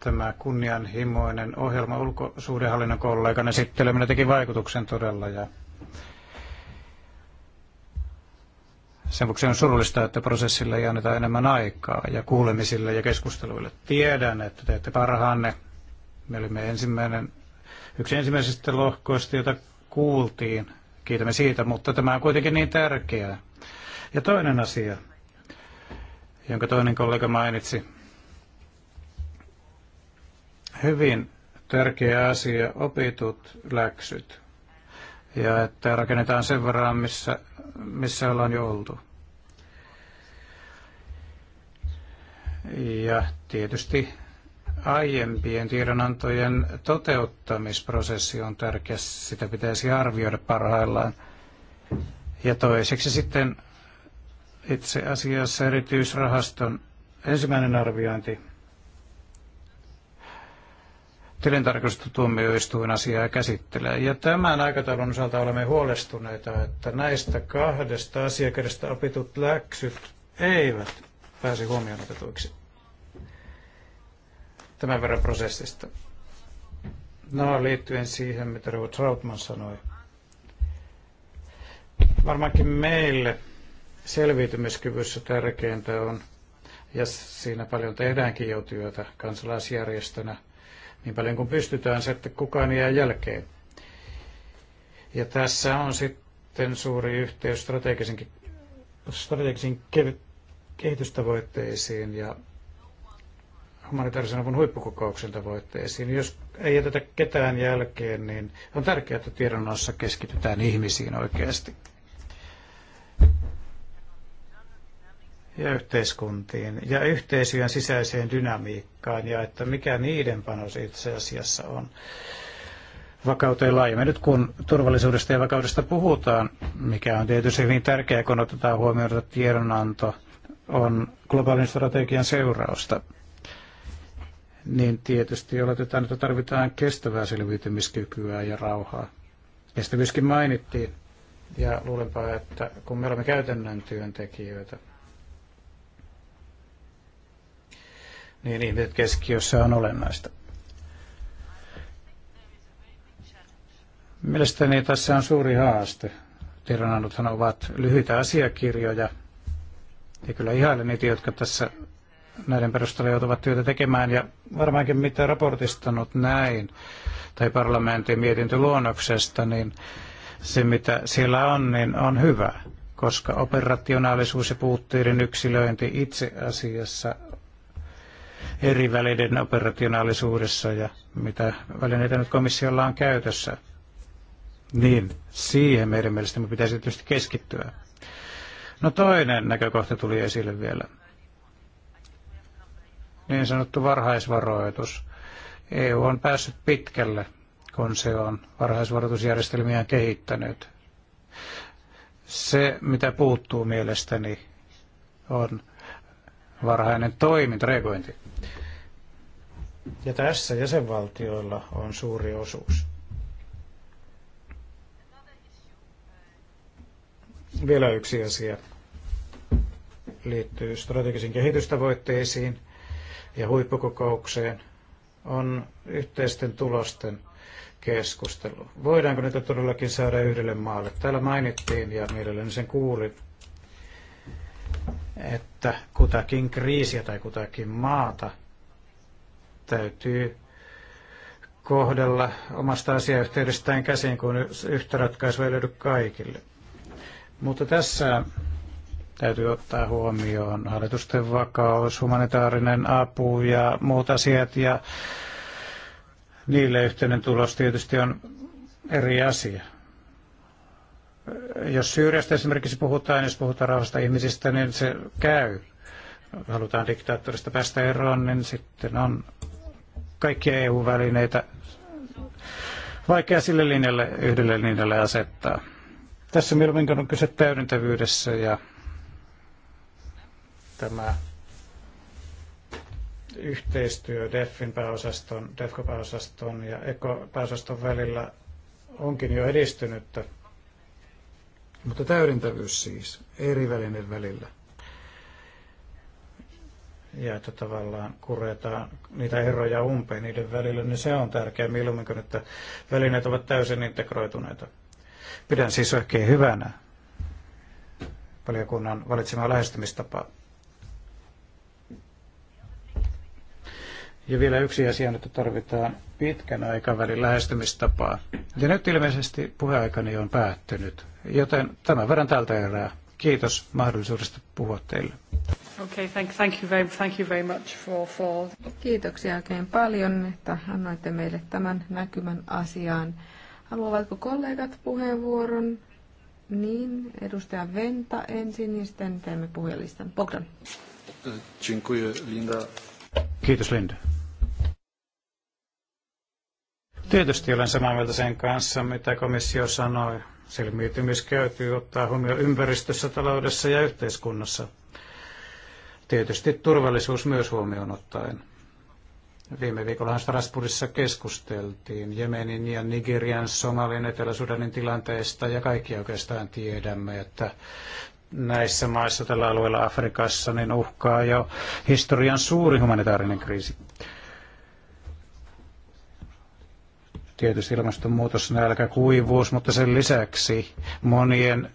tämä kunnianhimoinen ohjelma ulkosuhdehallinnon kollegan esitteleminen teki vaikutuksen todella ja Sen vuoksi on surullista, että prosessille ei anneta enemmän aikaa ja kuulemisille ja keskusteluille. Tiedän, että teette parhaanne. Me olimme ensimmäinen, yksi ensimmäisistä lohkoista, jota kuultiin. Kiitämme siitä, mutta tämä on kuitenkin niin tärkeää. Ja toinen asia, jonka toinen kollega mainitsi. Hyvin tärkeä asia, opitut läksyt. Ja että rakennetaan sen varaan, missä missä ollaan jo oltu. Ja tietysti aiempien tiedonantojen toteuttamisprosessi on tärkeä, sitä pitäisi arvioida parhaillaan. Ja toiseksi sitten itse asiassa erityisrahaston ensimmäinen arviointi tilintarkastustuomioistuin asiaa käsittelee. Ja tämän aikataulun osalta olemme huolestuneita, että näistä kahdesta asiakirjasta opitut läksyt eivät pääse huomioon otetuiksi tämän verran prosessista. No, liittyen siihen, mitä Ruud Trautman sanoi. Varmaankin meille selviytymiskyvyssä tärkeintä on, ja siinä paljon tehdäänkin jo työtä kansalaisjärjestönä – niin paljon kuin pystytään, se, että kukaan jää jälkeen. Ja tässä on sitten suuri yhteys strategisiin, strategisiin kehitystavoitteisiin ja humanitaarisen avun huippukokouksen tavoitteisiin. Jos ei jätetä ketään jälkeen, niin on tärkeää, että tiedonnossa keskitytään ihmisiin oikeasti ja yhteiskuntiin ja yhteisöjen sisäiseen dynamiikkaan ja että mikä niiden panos itse asiassa on vakauteen laajemmin. Nyt kun turvallisuudesta ja vakaudesta puhutaan, mikä on tietysti hyvin tärkeää, kun otetaan huomioon, että tiedonanto on globaalin strategian seurausta, niin tietysti oletetaan, että tarvitaan kestävää selviytymiskykyä ja rauhaa. Kestävyyskin mainittiin, ja luulenpa, että kun me olemme käytännön työntekijöitä, niin niin, että keskiössä on olennaista. Mielestäni tässä on suuri haaste. Tiedonannothan ovat lyhyitä asiakirjoja. Ja kyllä ihailen niitä, jotka tässä näiden perusteella joutuvat työtä tekemään. Ja varmaankin mitä raportistanut näin, tai parlamentin mietintöluonnoksesta, niin se mitä siellä on, niin on hyvä koska operationaalisuus ja puutteiden yksilöinti itse asiassa eri välineiden operationaalisuudessa ja mitä välineitä nyt komissiolla on käytössä. Niin, siihen meidän mielestämme pitäisi tietysti keskittyä. No toinen näkökohta tuli esille vielä. Niin sanottu varhaisvaroitus. EU on päässyt pitkälle, kun se on varhaisvaroitusjärjestelmiä kehittänyt. Se, mitä puuttuu mielestäni, on varhainen toiminta, reagointi. Ja tässä jäsenvaltioilla on suuri osuus. Vielä yksi asia liittyy strategisiin kehitystavoitteisiin ja huippukokoukseen on yhteisten tulosten keskustelu. Voidaanko niitä todellakin saada yhdelle maalle? Täällä mainittiin ja mielelläni sen kuulin, että kutakin kriisiä tai kutakin maata täytyy kohdella omasta asiayhteydestään käsin, kun yhtä ratkaisua ei löydy kaikille. Mutta tässä täytyy ottaa huomioon hallitusten vakaus, humanitaarinen apu ja muut asiat. Ja niille yhteinen tulos tietysti on eri asia. Jos Syyriasta esimerkiksi puhutaan, jos puhutaan rauhasta ihmisistä, niin se käy. Halutaan diktaattorista päästä eroon, niin sitten on kaikkia EU-välineitä vaikea sille linjalle, yhdelle linjalle asettaa. Tässä mieluummin on kyse täydentävyydessä ja tämä yhteistyö DEFin pääosaston, DEFCO-pääosaston ja ECO-pääosaston välillä onkin jo edistynyttä. Mutta täydentävyys siis eri välineiden välillä – ja että tavallaan kuretaan niitä eroja umpeen niiden välillä, niin se on tärkeää mieluummin kuin, että välineet ovat täysin integroituneita. Pidän siis oikein hyvänä valiokunnan valitsemaa lähestymistapaa. Ja vielä yksi asia, että tarvitaan pitkän aikavälin lähestymistapaa. Ja nyt ilmeisesti puheaikani on päättynyt, joten tämän verran tältä erää. Kiitos mahdollisuudesta puhua teille. Okay, thank, thank, you very, thank you very much for, for... Kiitoksia oikein paljon, että annoitte meille tämän näkymän asiaan. Haluavatko kollegat puheenvuoron? Niin, edustaja Venta ensin ja sitten teemme puhujalistan. Bogdan. Dziękuję, Linda. Kiitos, Linda. Tietysti olen samaa mieltä sen kanssa, mitä komissio sanoi. Selviytymiskäytyy ottaa huomioon ympäristössä, taloudessa ja yhteiskunnassa. Tietysti turvallisuus myös huomioon ottaen. Viime viikolla Strasbourgissa keskusteltiin Jemenin ja Nigerian, Somalin, Etelä-Sudanin tilanteesta ja kaikki oikeastaan tiedämme, että näissä maissa tällä alueella Afrikassa niin uhkaa jo historian suuri humanitaarinen kriisi. Tietysti ilmastonmuutos, nälkä, kuivuus, mutta sen lisäksi monien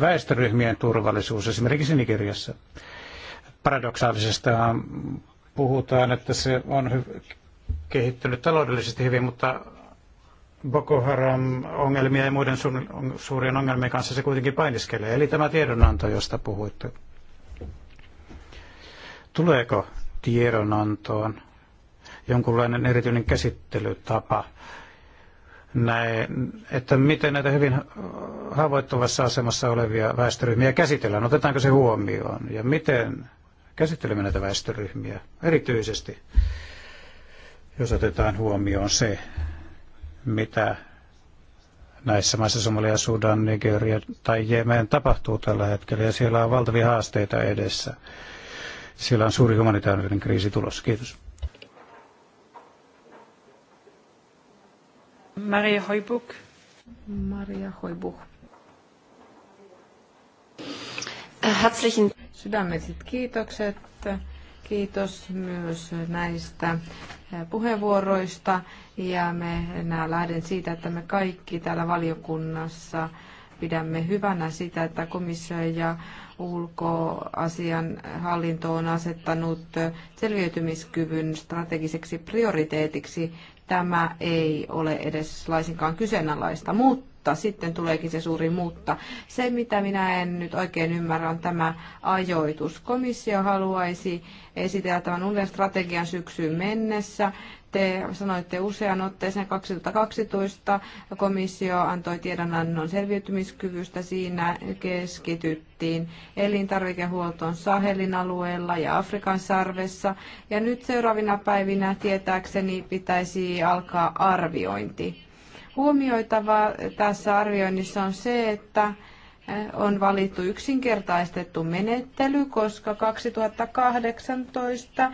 väestöryhmien turvallisuus, esimerkiksi Nigeriassa paradoksaalisesta puhutaan, että se on kehittynyt taloudellisesti hyvin, mutta Boko Haram-ongelmia ja muiden suurien ongelmien kanssa se kuitenkin painiskelee. Eli tämä tiedonanto, josta puhuitte. Tuleeko tiedonantoon jonkunlainen erityinen käsittelytapa, näin, että miten näitä hyvin haavoittuvassa asemassa olevia väestöryhmiä käsitellään, otetaanko se huomioon ja miten käsittelemme näitä väestöryhmiä. Erityisesti, jos otetaan huomioon se, mitä näissä maissa Somalia, Sudan, Nigeria tai Jemen tapahtuu tällä hetkellä ja siellä on valtavia haasteita edessä. Siellä on suuri humanitaarinen kriisi tulossa. Kiitos. Maria Hoibuk. Maria Hoibuk. Herzlichen Sydämelliset kiitokset. Kiitos myös näistä eh, puheenvuoroista ja me enää lähden siitä, että me kaikki täällä valiokunnassa pidämme hyvänä sitä, että komissio ja ulkoasian hallinto on asettanut eh, selviytymiskyvyn strategiseksi prioriteetiksi. Tämä ei ole edes laisinkaan kyseenalaista, mutta mutta sitten tuleekin se suuri mutta. Se, mitä minä en nyt oikein ymmärrä, on tämä ajoitus. Komissio haluaisi esitellä tämän uuden strategian syksyyn mennessä te sanoitte usean otteeseen 2012 komissio antoi tiedonannon selviytymiskyvystä. Siinä keskityttiin elintarvikehuoltoon Sahelin alueella ja Afrikan sarvessa. Ja nyt seuraavina päivinä tietääkseni pitäisi alkaa arviointi. Huomioitavaa tässä arvioinnissa on se, että eh, on valittu yksinkertaistettu menettely, koska 2018 eh,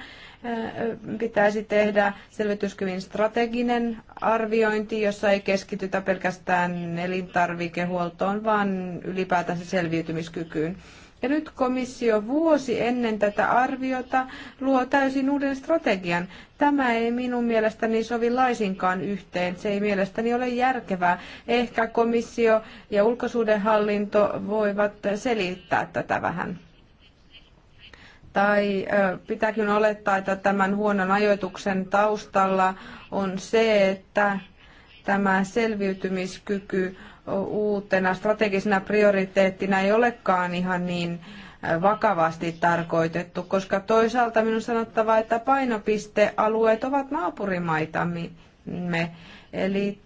pitäisi tehdä selvityskyvyn strateginen arviointi, jossa ei keskitytä pelkästään elintarvikehuoltoon, vaan ylipäätänsä selviytymiskykyyn. Ja nyt komissio vuosi ennen tätä arviota luo täysin uuden strategian. Tämä ei minun mielestäni sovi laisinkaan yhteen. Se ei mielestäni ole järkevää. Ehkä komissio ja ulkosuudenhallinto voivat selittää tätä vähän. Tai pitääkin olettaa, että tämän huonon ajoituksen taustalla on se, että tämä selviytymiskyky uutena strategisena prioriteettina ei olekaan ihan niin äh, vakavasti tarkoitettu, koska toisaalta minun sanottava, että painopistealueet ovat naapurimaitamme. Eli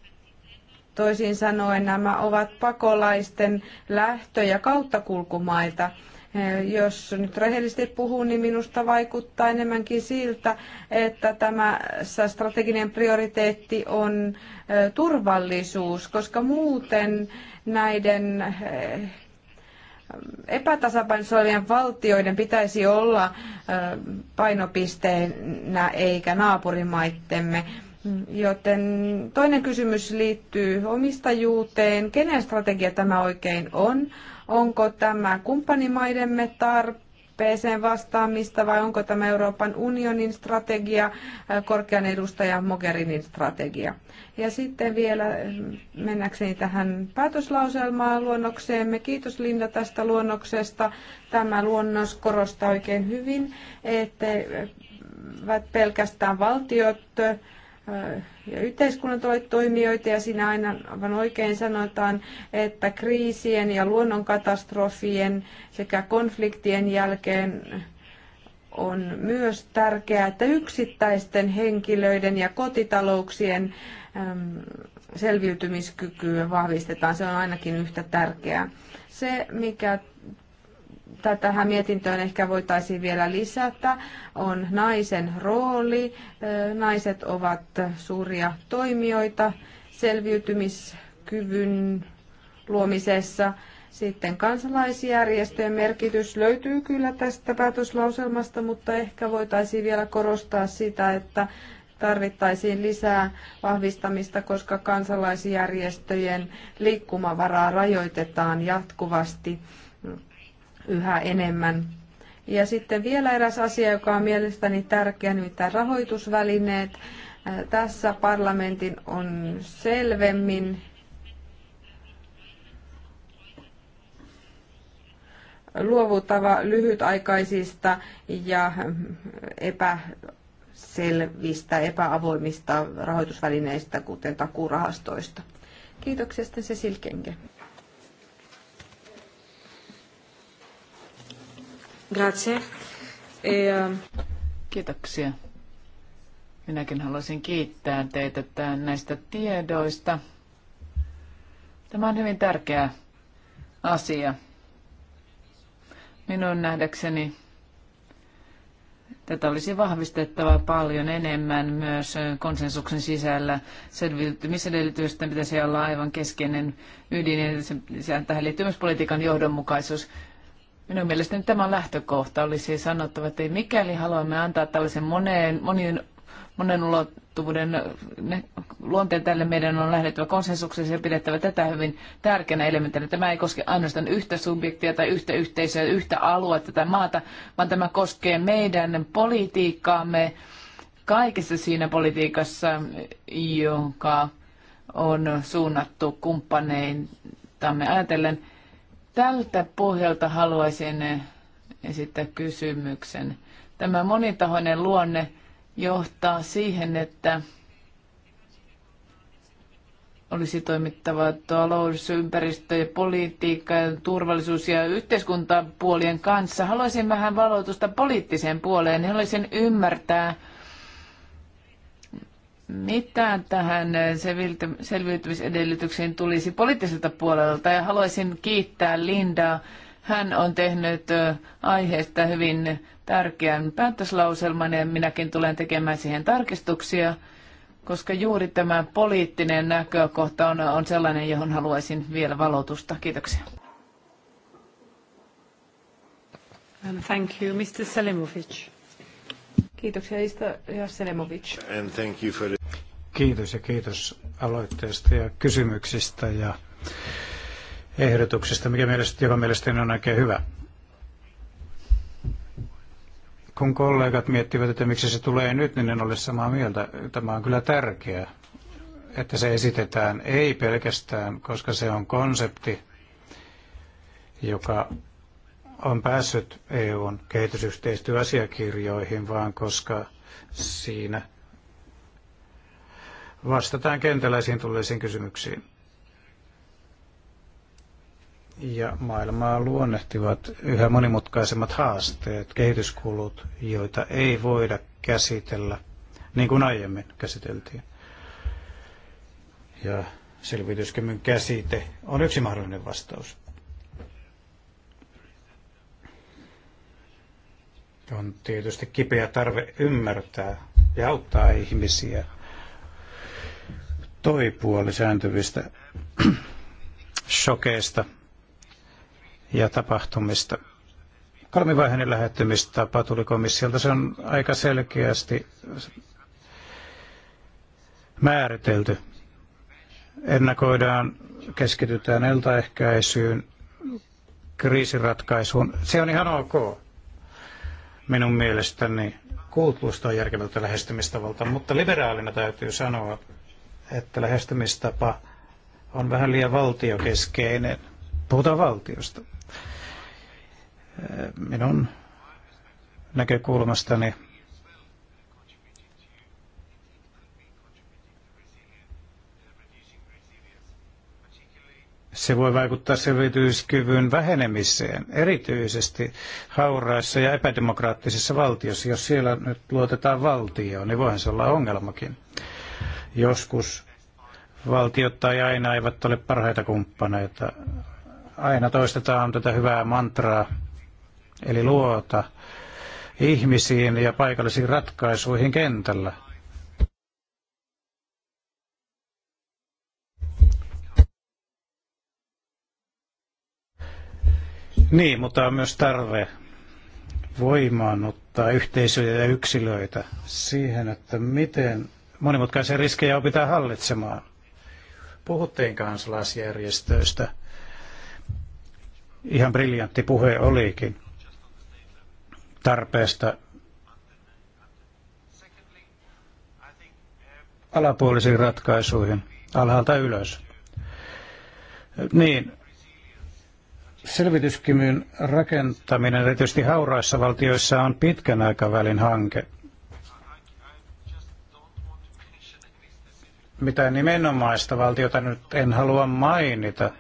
toisin sanoen nämä ovat pakolaisten lähtö- ja kauttakulkumaita. Eh, jos nyt rehellisesti puhuu, niin minusta vaikuttaa enemmänkin siltä, että tämä strateginen prioriteetti on eh, turvallisuus, koska muuten näiden eh, epätasapainossa olevien valtioiden pitäisi olla painopisteenä eikä naapurimaittemme. Joten toinen kysymys liittyy omistajuuteen. Kenen strategia tämä oikein on? Onko tämä kumppanimaidemme tarpeeseen vastaamista vai onko tämä Euroopan unionin strategia, äh, korkean edustajan Mogherinin strategia? Ja sitten vielä äh, mennäkseni tähän päätöslauselmaan luonnokseemme. Kiitos Linda tästä luonnoksesta. Tämä luonnos korostaa oikein hyvin, että äh, pelkästään valtiot ja yhteiskunnat ovat toimijoita ja siinä aina aivan oikein sanotaan, että kriisien ja luonnonkatastrofien sekä konfliktien jälkeen on myös tärkeää, että yksittäisten henkilöiden ja kotitalouksien selviytymiskykyä vahvistetaan. Se on ainakin yhtä tärkeää. Se, mikä että tähän mietintöön ehkä voitaisiin vielä lisätä, on naisen rooli. Naiset ovat suuria toimijoita selviytymiskyvyn luomisessa. Sitten kansalaisjärjestöjen merkitys löytyy kyllä tästä päätöslauselmasta, mutta ehkä voitaisiin vielä korostaa sitä, että tarvittaisiin lisää vahvistamista, koska kansalaisjärjestöjen liikkumavaraa rajoitetaan jatkuvasti yhä enemmän. Ja sitten vielä eräs asia, joka on mielestäni tärkeä, nimittäin rahoitusvälineet. Äh, tässä parlamentin on selvemmin luovuttava lyhytaikaisista ja epäselvistä, epäavoimista rahoitusvälineistä, kuten takuurahastoista. Kiitoksia sitten Cecil Kenge. Grazie. E, ehm, Kiitoksia. Minäkin haluaisin kiittää teitä näistä tiedoista. Tämä on hyvin tärkeä asia. Minun nähdäkseni tätä olisi vahvistettava paljon enemmän myös konsensuksen sisällä. Selviytymisedellytysten pitäisi olla aivan keskeinen ydin ja tähän liittyy myös politiikan johdonmukaisuus. Minun mielestäni tämä lähtökohta olisi sanottava, että mikäli haluamme antaa tällaisen moneen, monien, monen ulottuvuuden luonteen tälle, meidän on lähdettävä konsensuksessa ja pidettävä tätä hyvin tärkeänä elementtinä. Tämä ei koske ainoastaan yhtä subjektia tai yhtä yhteisöä, yhtä aluetta tai maata, vaan tämä koskee meidän politiikkaamme kaikessa siinä politiikassa, joka on suunnattu kumppaneitamme ajatellen – Tältä pohjalta haluaisin esittää kysymyksen. Tämä monitahoinen luonne johtaa siihen, että olisi toimittava talous, ympäristö ja politiikka, turvallisuus ja yhteiskuntapuolien kanssa. Haluaisin vähän valotusta poliittiseen puoleen, haluaisin ymmärtää, mitä tähän selviytymisedellytyksiin tulisi poliittiselta puolelta? Ja haluaisin kiittää Lindaa. Hän on tehnyt aiheesta hyvin tärkeän päätöslauselman ja minäkin tulen tekemään siihen tarkistuksia, koska juuri tämä poliittinen näkökohta on, on sellainen, johon haluaisin vielä valotusta. Kiitoksia. Thank you, Mr. Selimovic. Kiitoksia Ista Selemovic. And thank you for the... Kiitos ja kiitos aloitteesta ja kysymyksistä ja ehdotuksista, mikä mielestä, joka mielestäni on oikein hyvä. Kun kollegat miettivät, että miksi se tulee nyt, niin en ole samaa mieltä. Tämä on kyllä tärkeää, että se esitetään ei pelkästään, koska se on konsepti, joka on päässyt EUn kehitysyhteistyöasiakirjoihin, vaan koska siinä vastataan kentäläisiin tulleisiin kysymyksiin. Ja maailmaa luonnehtivat yhä monimutkaisemmat haasteet, kehityskulut, joita ei voida käsitellä niin kuin aiemmin käsiteltiin. Ja selvityskyvyn käsite on yksi mahdollinen vastaus. on tietysti kipeä tarve ymmärtää ja auttaa ihmisiä toipua lisääntyvistä shokeista ja tapahtumista. Kolmivaiheinen lähettymistapa tuli komissiolta. Se on aika selkeästi määritelty. Ennakoidaan, keskitytään eltaehkäisyyn, kriisiratkaisuun. Se on ihan ok minun mielestäni kuultuista on järkevältä lähestymistavalta, mutta liberaalina täytyy sanoa, että lähestymistapa on vähän liian valtiokeskeinen. Puhutaan valtiosta. Minun näkökulmastani Se voi vaikuttaa selviytymiskyvyn vähenemiseen, erityisesti hauraissa ja epädemokraattisissa valtioissa, Jos siellä nyt luotetaan valtioon, niin voihan se olla ongelmakin. Joskus valtiot tai aina eivät ole parhaita kumppaneita. Aina toistetaan tätä hyvää mantraa, eli luota ihmisiin ja paikallisiin ratkaisuihin kentällä – Niin, mutta on myös tarve voimaannuttaa yhteisöjä ja yksilöitä siihen, että miten monimutkaisia riskejä opitaan hallitsemaan. Puhuttiin kansalaisjärjestöistä. Ihan briljantti puhe olikin tarpeesta alapuolisiin ratkaisuihin alhaalta ylös. Niin, Selvityskymyn rakentaminen erityisesti hauraissa valtioissa on pitkän aikavälin hanke. Mitä nimenomaista valtiota nyt en halua mainita,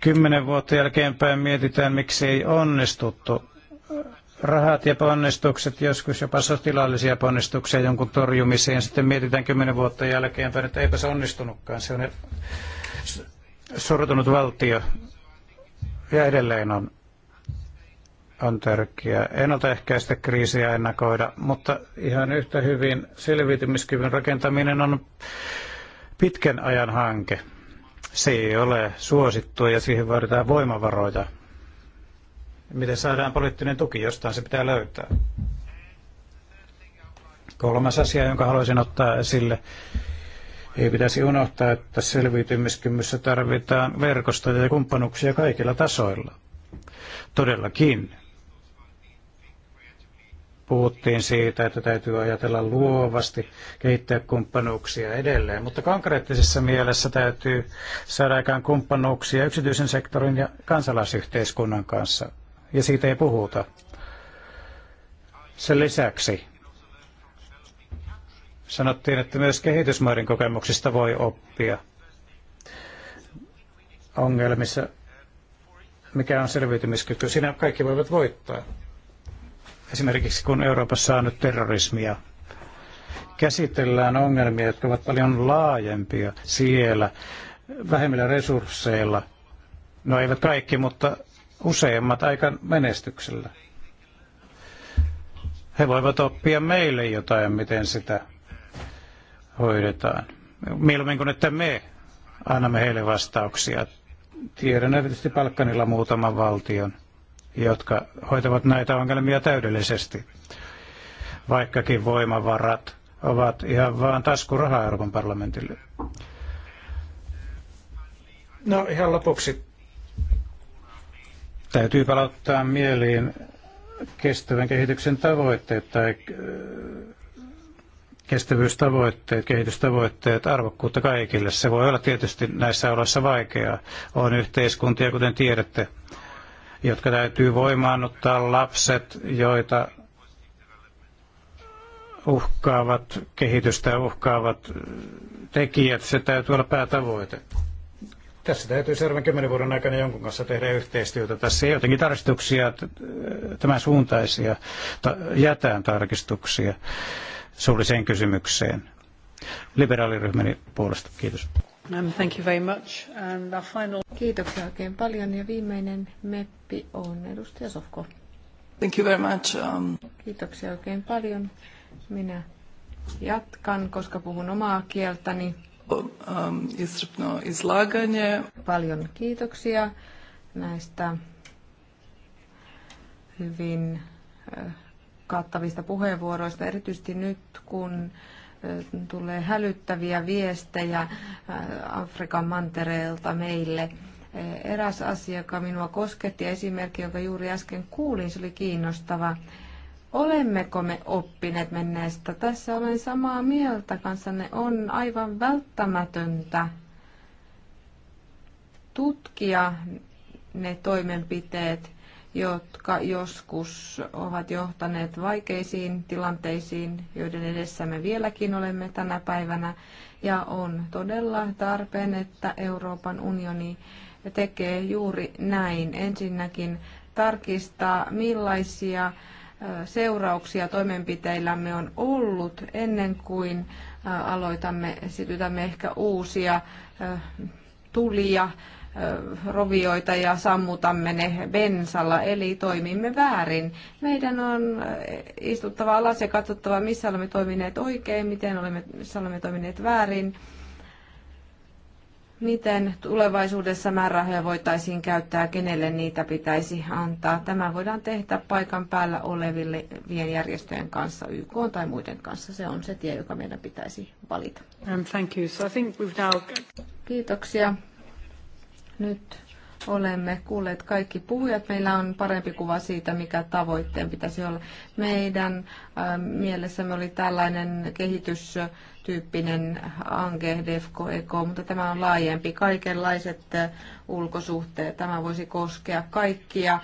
kymmenen vuotta jälkeenpäin mietitään, miksi ei onnistuttu rahat ja ponnistukset, joskus jopa sotilaallisia ponnistuksia jonkun torjumiseen. Sitten mietitään kymmenen vuotta jälkeen, että eipä se onnistunutkaan. Se on sortunut valtio ja edelleen on, on tärkeää ennaltaehkäistä kriisiä ennakoida, mutta ihan yhtä hyvin selviytymiskyvyn rakentaminen on pitkän ajan hanke. Se ei ole suosittua ja siihen vaaditaan voimavaroja miten saadaan poliittinen tuki, jostain se pitää löytää. Kolmas asia, jonka haluaisin ottaa esille, ei pitäisi unohtaa, että selviytymiskymmyssä tarvitaan verkostoja ja kumppanuuksia kaikilla tasoilla. Todellakin. Puhuttiin siitä, että täytyy ajatella luovasti, kehittää kumppanuuksia edelleen, mutta konkreettisessa mielessä täytyy saada aikaan kumppanuuksia yksityisen sektorin ja kansalaisyhteiskunnan kanssa ja siitä ei puhuta. Sen lisäksi sanottiin, että myös kehitysmaiden kokemuksista voi oppia ongelmissa, mikä on selviytymiskyky. Siinä kaikki voivat voittaa. Esimerkiksi kun Euroopassa on nyt terrorismia, käsitellään ongelmia, jotka ovat paljon laajempia siellä, vähemmillä resursseilla. No eivät kaikki, mutta useimmat aika menestyksellä. He voivat oppia meille jotain, miten sitä hoidetaan. Mieluummin kuin että me annamme heille vastauksia. Tiedän erityisesti Palkkanilla muutaman valtion, jotka hoitavat näitä ongelmia täydellisesti, vaikkakin voimavarat ovat ihan vaan taskurahaa Euroopan parlamentille. No ihan lopuksi Täytyy palauttaa mieliin kestävän kehityksen tavoitteet tai äh, kestävyystavoitteet, kehitystavoitteet, arvokkuutta kaikille. Se voi olla tietysti näissä oloissa vaikeaa. On yhteiskuntia, kuten tiedätte, jotka täytyy voimaannuttaa lapset, joita uhkaavat kehitystä, uhkaavat tekijät. Se täytyy olla päätavoite. Tässä täytyy seuraavan kymmenen vuoden aikana jonkun kanssa tehdä yhteistyötä. Tässä ei jotenkin tarkistuksia, tämän suuntaisia, jätään tarkistuksia suulliseen kysymykseen. Liberaaliryhmän puolesta. Kiitos. Um, thank you very much. And final... Kiitoksia oikein paljon. Ja viimeinen meppi on edustaja Sofko. Thank you very much. Um... Kiitoksia oikein paljon. Minä jatkan, koska puhun omaa kieltäni. Um, iscrpno izlaganje. Paljon kiitoksia näistä hyvin eh, kattavista puheenvuoroista, erityisesti nyt kun eh, tulee hälyttäviä viestejä eh, Afrikan mantereelta meille. Eräs asia, joka minua kosketti, esimerkki, jonka juuri äsken kuulin, se oli kiinnostava. Olemmeko me oppineet menneestä? Tässä olen samaa mieltä kanssanne. On aivan välttämätöntä tutkia ne toimenpiteet, jotka joskus ovat johtaneet vaikeisiin tilanteisiin, joiden edessä me vieläkin olemme tänä päivänä. Ja on todella tarpeen, että Euroopan unioni tekee juuri näin. Ensinnäkin tarkistaa, millaisia seurauksia toimenpiteillämme on ollut ennen kuin aloitamme, sytytämme ehkä uusia tulia, rovioita ja sammutamme ne bensalla, eli toimimme väärin. Meidän on istuttava alas ja katsottava, missä olemme toimineet oikein, miten olemme, missä olemme toimineet väärin miten tulevaisuudessa määrärahoja voitaisiin käyttää, kenelle niitä pitäisi antaa. Tämä voidaan tehdä paikan päällä oleville vien järjestöjen kanssa, YK tai muiden kanssa. Se on se tie, joka meidän pitäisi valita. Um, thank you. So I think we've now... Kiitoksia. Nyt olemme kuulleet kaikki puhujat. Meillä on parempi kuva siitä, mikä tavoitteen pitäisi olla. Meidän äh, mielessämme oli tällainen kehitys tyyppinen ange, defko, eko, mutta tämä on laajempi. Kaikenlaiset ulkosuhteet, tämä voisi koskea kaikkia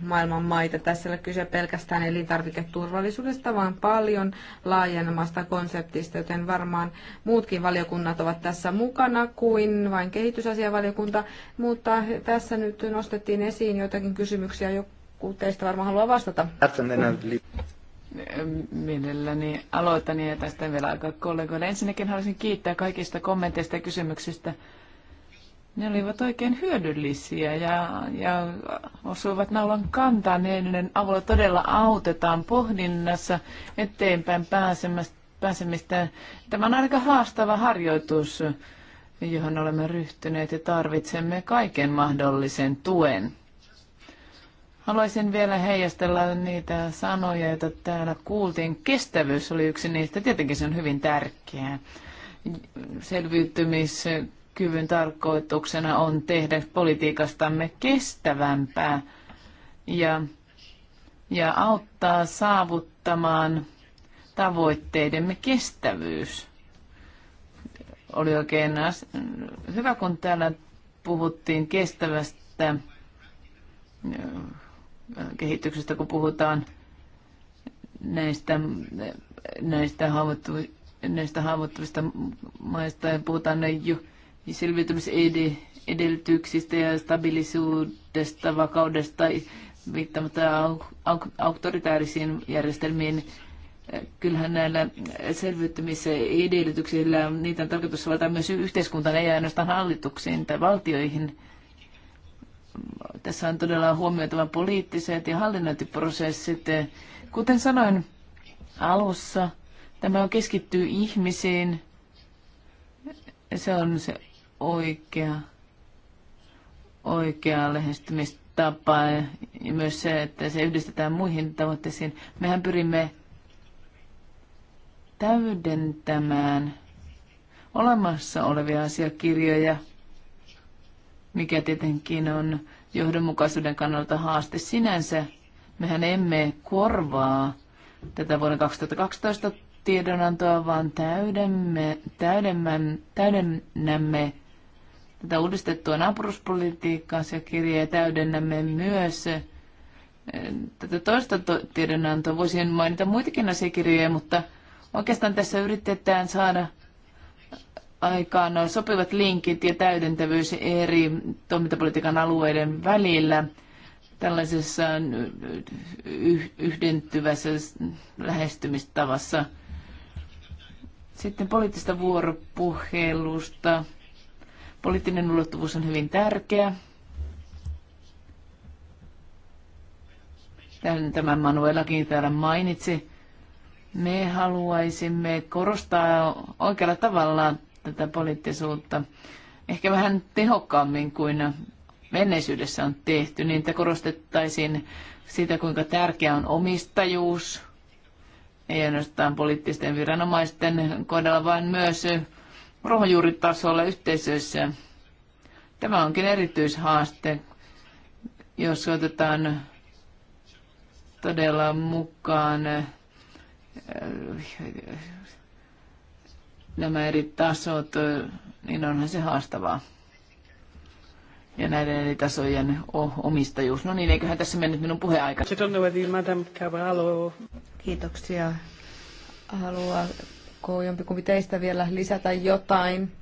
maailman maita. Tässä ei ole kyse pelkästään elintarviketurvallisuudesta, vaan paljon laajemmasta konseptista, joten varmaan muutkin valiokunnat ovat tässä mukana kuin vain kehitysasiavaliokunta, mutta tässä nyt nostettiin esiin joitakin kysymyksiä, joku teistä varmaan haluaa vastata mielelläni aloitan ja tästä vielä aika kollegoille. Ensinnäkin haluaisin kiittää kaikista kommenteista ja kysymyksistä. Ne olivat oikein hyödyllisiä ja, ja osuivat naulan kantaan. Ne avulla todella autetaan pohdinnassa eteenpäin pääsemistä. Tämä on aika haastava harjoitus, johon olemme ryhtyneet ja tarvitsemme kaiken mahdollisen tuen. Haluaisin vielä heijastella niitä sanoja, joita täällä kuultiin. Kestävyys oli yksi niistä. Tietenkin se on hyvin tärkeää. Selviytymiskyvyn tarkoituksena on tehdä politiikastamme kestävämpää ja, ja auttaa saavuttamaan tavoitteidemme kestävyys. Oli oikein hyvä, kun täällä puhuttiin kestävästä kehityksestä, kun puhutaan näistä, näistä, haavoittu, näistä haavoittuvista maista ja puhutaan selviytymisedellytyksistä ja stabilisuudesta, vakaudesta, viittamatta auktoritäärisiin järjestelmiin. Kyllähän näillä edellytyksillä niitä on tarkoitus valita myös yhteiskuntaan, ei ainoastaan hallituksiin tai valtioihin – tässä on todella huomioitava poliittiset ja hallinnointiprosessit. Kuten sanoin alussa, tämä keskittyy ihmisiin. Se on se oikea, oikea lähestymistapa ja myös se, että se yhdistetään muihin tavoitteisiin. Mehän pyrimme täydentämään olemassa olevia asiakirjoja – mikä tietenkin on johdonmukaisuuden kannalta haaste sinänsä. Mehän emme korvaa tätä vuoden 2012 tiedonantoa, vaan täydemme, täydemmän, täydennämme tätä uudistettua ja kirjaa ja täydennämme myös eh, tätä toista tiedonantoa. Voisin mainita muitakin asiakirjoja, mutta oikeastaan tässä yritetään saada – aikaan sopivat linkit ja täydentävyys eri toimintapolitiikan alueiden välillä tällaisessa yhdentyvässä lähestymistavassa. Sitten poliittista vuoropuhelusta. Poliittinen ulottuvuus on hyvin tärkeä. Tämän Manuelakin täällä mainitsi. Me haluaisimme korostaa oikealla tavalla tätä poliittisuutta ehkä vähän tehokkaammin kuin menneisyydessä on tehty, niin että korostettaisiin sitä, kuinka tärkeä on omistajuus, ei ainoastaan poliittisten viranomaisten kohdalla, vaan myös ruohonjuuritasolla yhteisöissä. Tämä onkin erityishaaste, jos otetaan todella mukaan nämä eri tasot, niin onhan se haastavaa. Ja näiden eri tasojen omistajuus. No niin, eiköhän tässä mennyt minun puheaika. Kiitoksia. Haluaako jompikumpi teistä vielä lisätä jotain?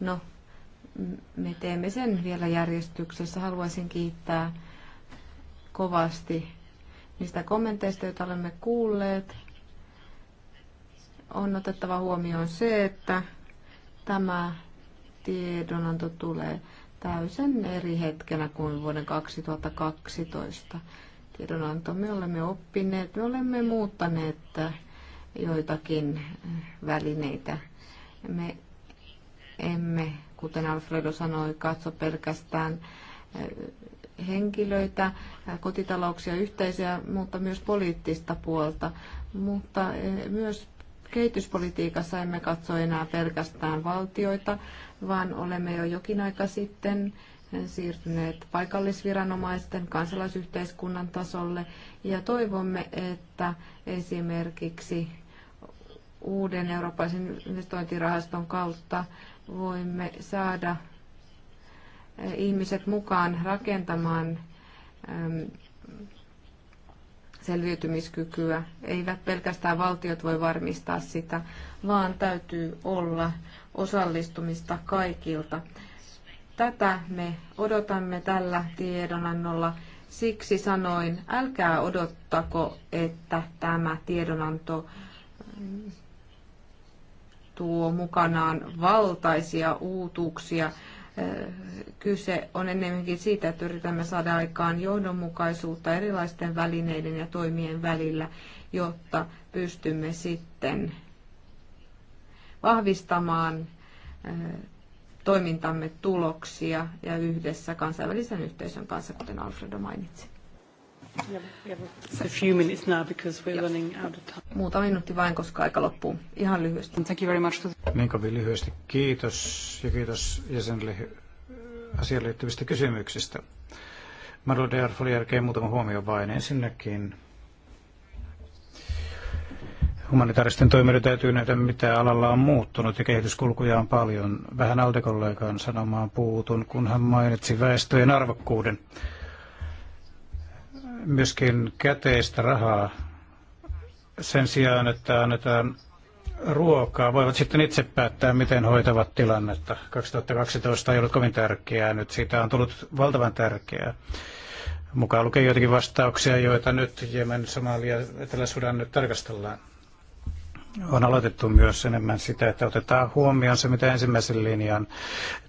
No, me teemme sen vielä järjestyksessä. Haluaisin kiittää kovasti niistä kommenteista, joita olemme kuulleet on otettava huomioon se, että tämä tiedonanto tulee täysin eri hetkenä kuin vuoden 2012 tiedonanto. Me olemme oppineet, me olemme muuttaneet joitakin välineitä. Me emme, kuten Alfredo sanoi, katso pelkästään eh, henkilöitä, eh, kotitalouksia, yhteisöjä, mutta myös poliittista puolta, mutta eh, myös kehityspolitiikassa emme katso enää pelkästään valtioita, vaan olemme jo jokin aika sitten siirtyneet paikallisviranomaisten kansalaisyhteiskunnan tasolle ja toivomme, että esimerkiksi uuden eurooppalaisen investointirahaston kautta voimme saada ihmiset mukaan rakentamaan selviytymiskykyä. Eivät pelkästään valtiot voi varmistaa sitä, vaan täytyy olla osallistumista kaikilta. Tätä me odotamme tällä tiedonannolla. Siksi sanoin, älkää odottako, että tämä tiedonanto mm, tuo mukanaan valtaisia uutuuksia Kyse on enemmänkin siitä, että yritämme saada aikaan johdonmukaisuutta erilaisten välineiden ja toimien välillä, jotta pystymme sitten vahvistamaan toimintamme tuloksia ja yhdessä kansainvälisen yhteisön kanssa, kuten Alfredo mainitsi. Muuta minuutti vain, koska aika loppuu. Ihan lyhyesti. Thank you very much. Niin kovin lyhyesti. Kiitos ja kiitos jäsenille asiaan liittyvistä kysymyksistä. Marlo de Arfolin jälkeen muutama huomio vain. Ensinnäkin humanitaaristen toimijoiden täytyy nähdä, mitä alalla on muuttunut ja kehityskulkuja on paljon. Vähän Aldekollegaan sanomaan puutun, kun hän mainitsi väestöjen arvokkuuden myöskin käteistä rahaa sen sijaan, että annetaan ruokaa, voivat sitten itse päättää, miten hoitavat tilannetta. 2012 ei ollut kovin tärkeää, nyt siitä on tullut valtavan tärkeää. Mukaan lukee joitakin vastauksia, joita nyt Jemen, Somalia, Etelä-Sudan nyt tarkastellaan on aloitettu myös enemmän sitä, että otetaan huomioon se, mitä ensimmäisen linjan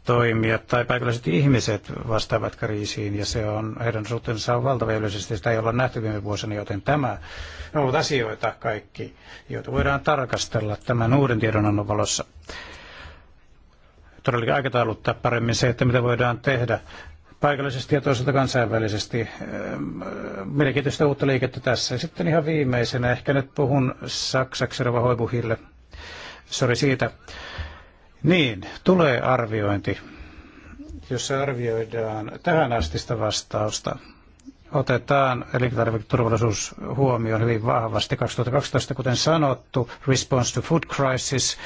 toimijat tai paikalliset ihmiset vastaavat kriisiin, ja se on, heidän suhteensa on valtava yleisesti, sitä ei olla nähty viime vuosina, joten tämä on ollut asioita kaikki, joita voidaan tarkastella tämän uuden tiedonannon valossa. Todellakin aikatauluttaa paremmin se, että mitä voidaan tehdä paikallisesti ja toisaalta kansainvälisesti. Eh, mielenkiintoista uutta liikettä tässä. Sitten ihan viimeisenä, ehkä nyt puhun saksaksi Rova Hoibuhille. Sori siitä. Niin, tulee arviointi, jossa arvioidaan tähän astista vastausta. Otetaan elintarviketurvallisuus huomioon hyvin vahvasti 2012, kuten sanottu, Response to Food Crisis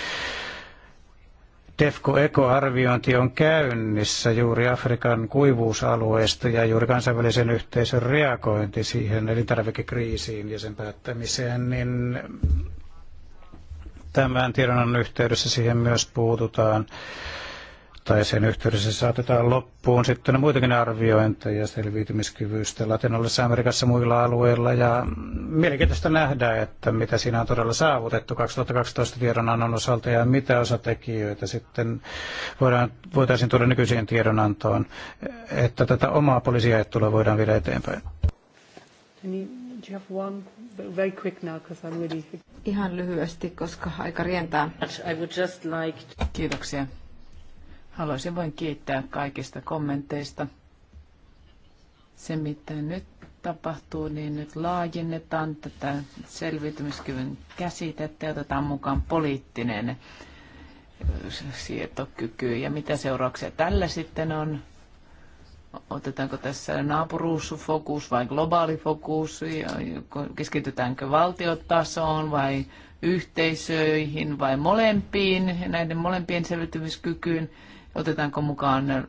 DEFCO Eco-arviointi on käynnissä juuri Afrikan kuivuusalueesta ja juuri kansainvälisen yhteisön reagointi siihen elintarvikekriisiin ja sen päättämiseen, niin tämän tiedonannon yhteydessä siihen myös puututaan tai sen yhteydessä saatetaan loppuun sitten muitakin arviointeja selviytymiskyvystä Latinalaisessa Amerikassa muilla alueilla. Ja mielenkiintoista nähdä, että mitä siinä on todella saavutettu 2012 tiedonannon osalta ja mitä osatekijöitä sitten voidaan, voitaisiin tuoda nykyiseen tiedonantoon, että tätä omaa poliisiajattelua voidaan viedä eteenpäin. Ihan lyhyesti, koska aika rientää. Kiitoksia. Haluaisin vain kiittää kaikista kommenteista. Se, mitä nyt tapahtuu, niin nyt laajennetaan tätä selviytymiskyvyn käsitettä ja otetaan mukaan poliittinen sietokyky. Ja mitä seurauksia tällä sitten on? Otetaanko tässä naapuruusfokus vai globaali fokus? Keskitytäänkö valtiotasoon vai yhteisöihin vai molempiin, näiden molempien selviytymiskykyyn? otetaanko mukaan äh,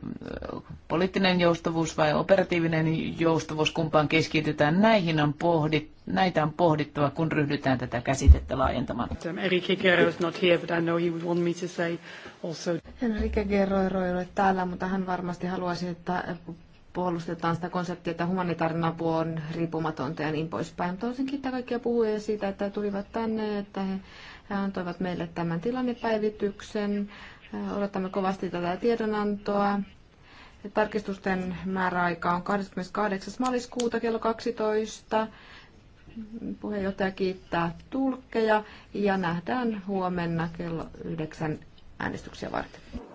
poliittinen joustavuus vai operatiivinen joustavuus, kumpaan keskitytään. Näihin on pohdit, näitä on pohdittava, kun ryhdytään tätä käsitettä laajentamaan. Um, Enrique Guerrero is not here, but I know he would want me to say also. Enrique Guerrero ei ole täällä, mutta hän varmasti haluaisi, että puolustetaan sitä konseptia, että humanitaarinen apu on riippumatonta ja niin poispäin. Mutta olisin kiittää kaikkia puhujia siitä, että tulivat tänne, että he, he antoivat meille tämän tilannepäivityksen Odotamme kovasti tätä tiedonantoa. Tarkistusten määräaika on 28. maaliskuuta kello 12. Puheenjohtaja kiittää tulkkeja ja nähdään huomenna kello 9 äänestyksiä varten.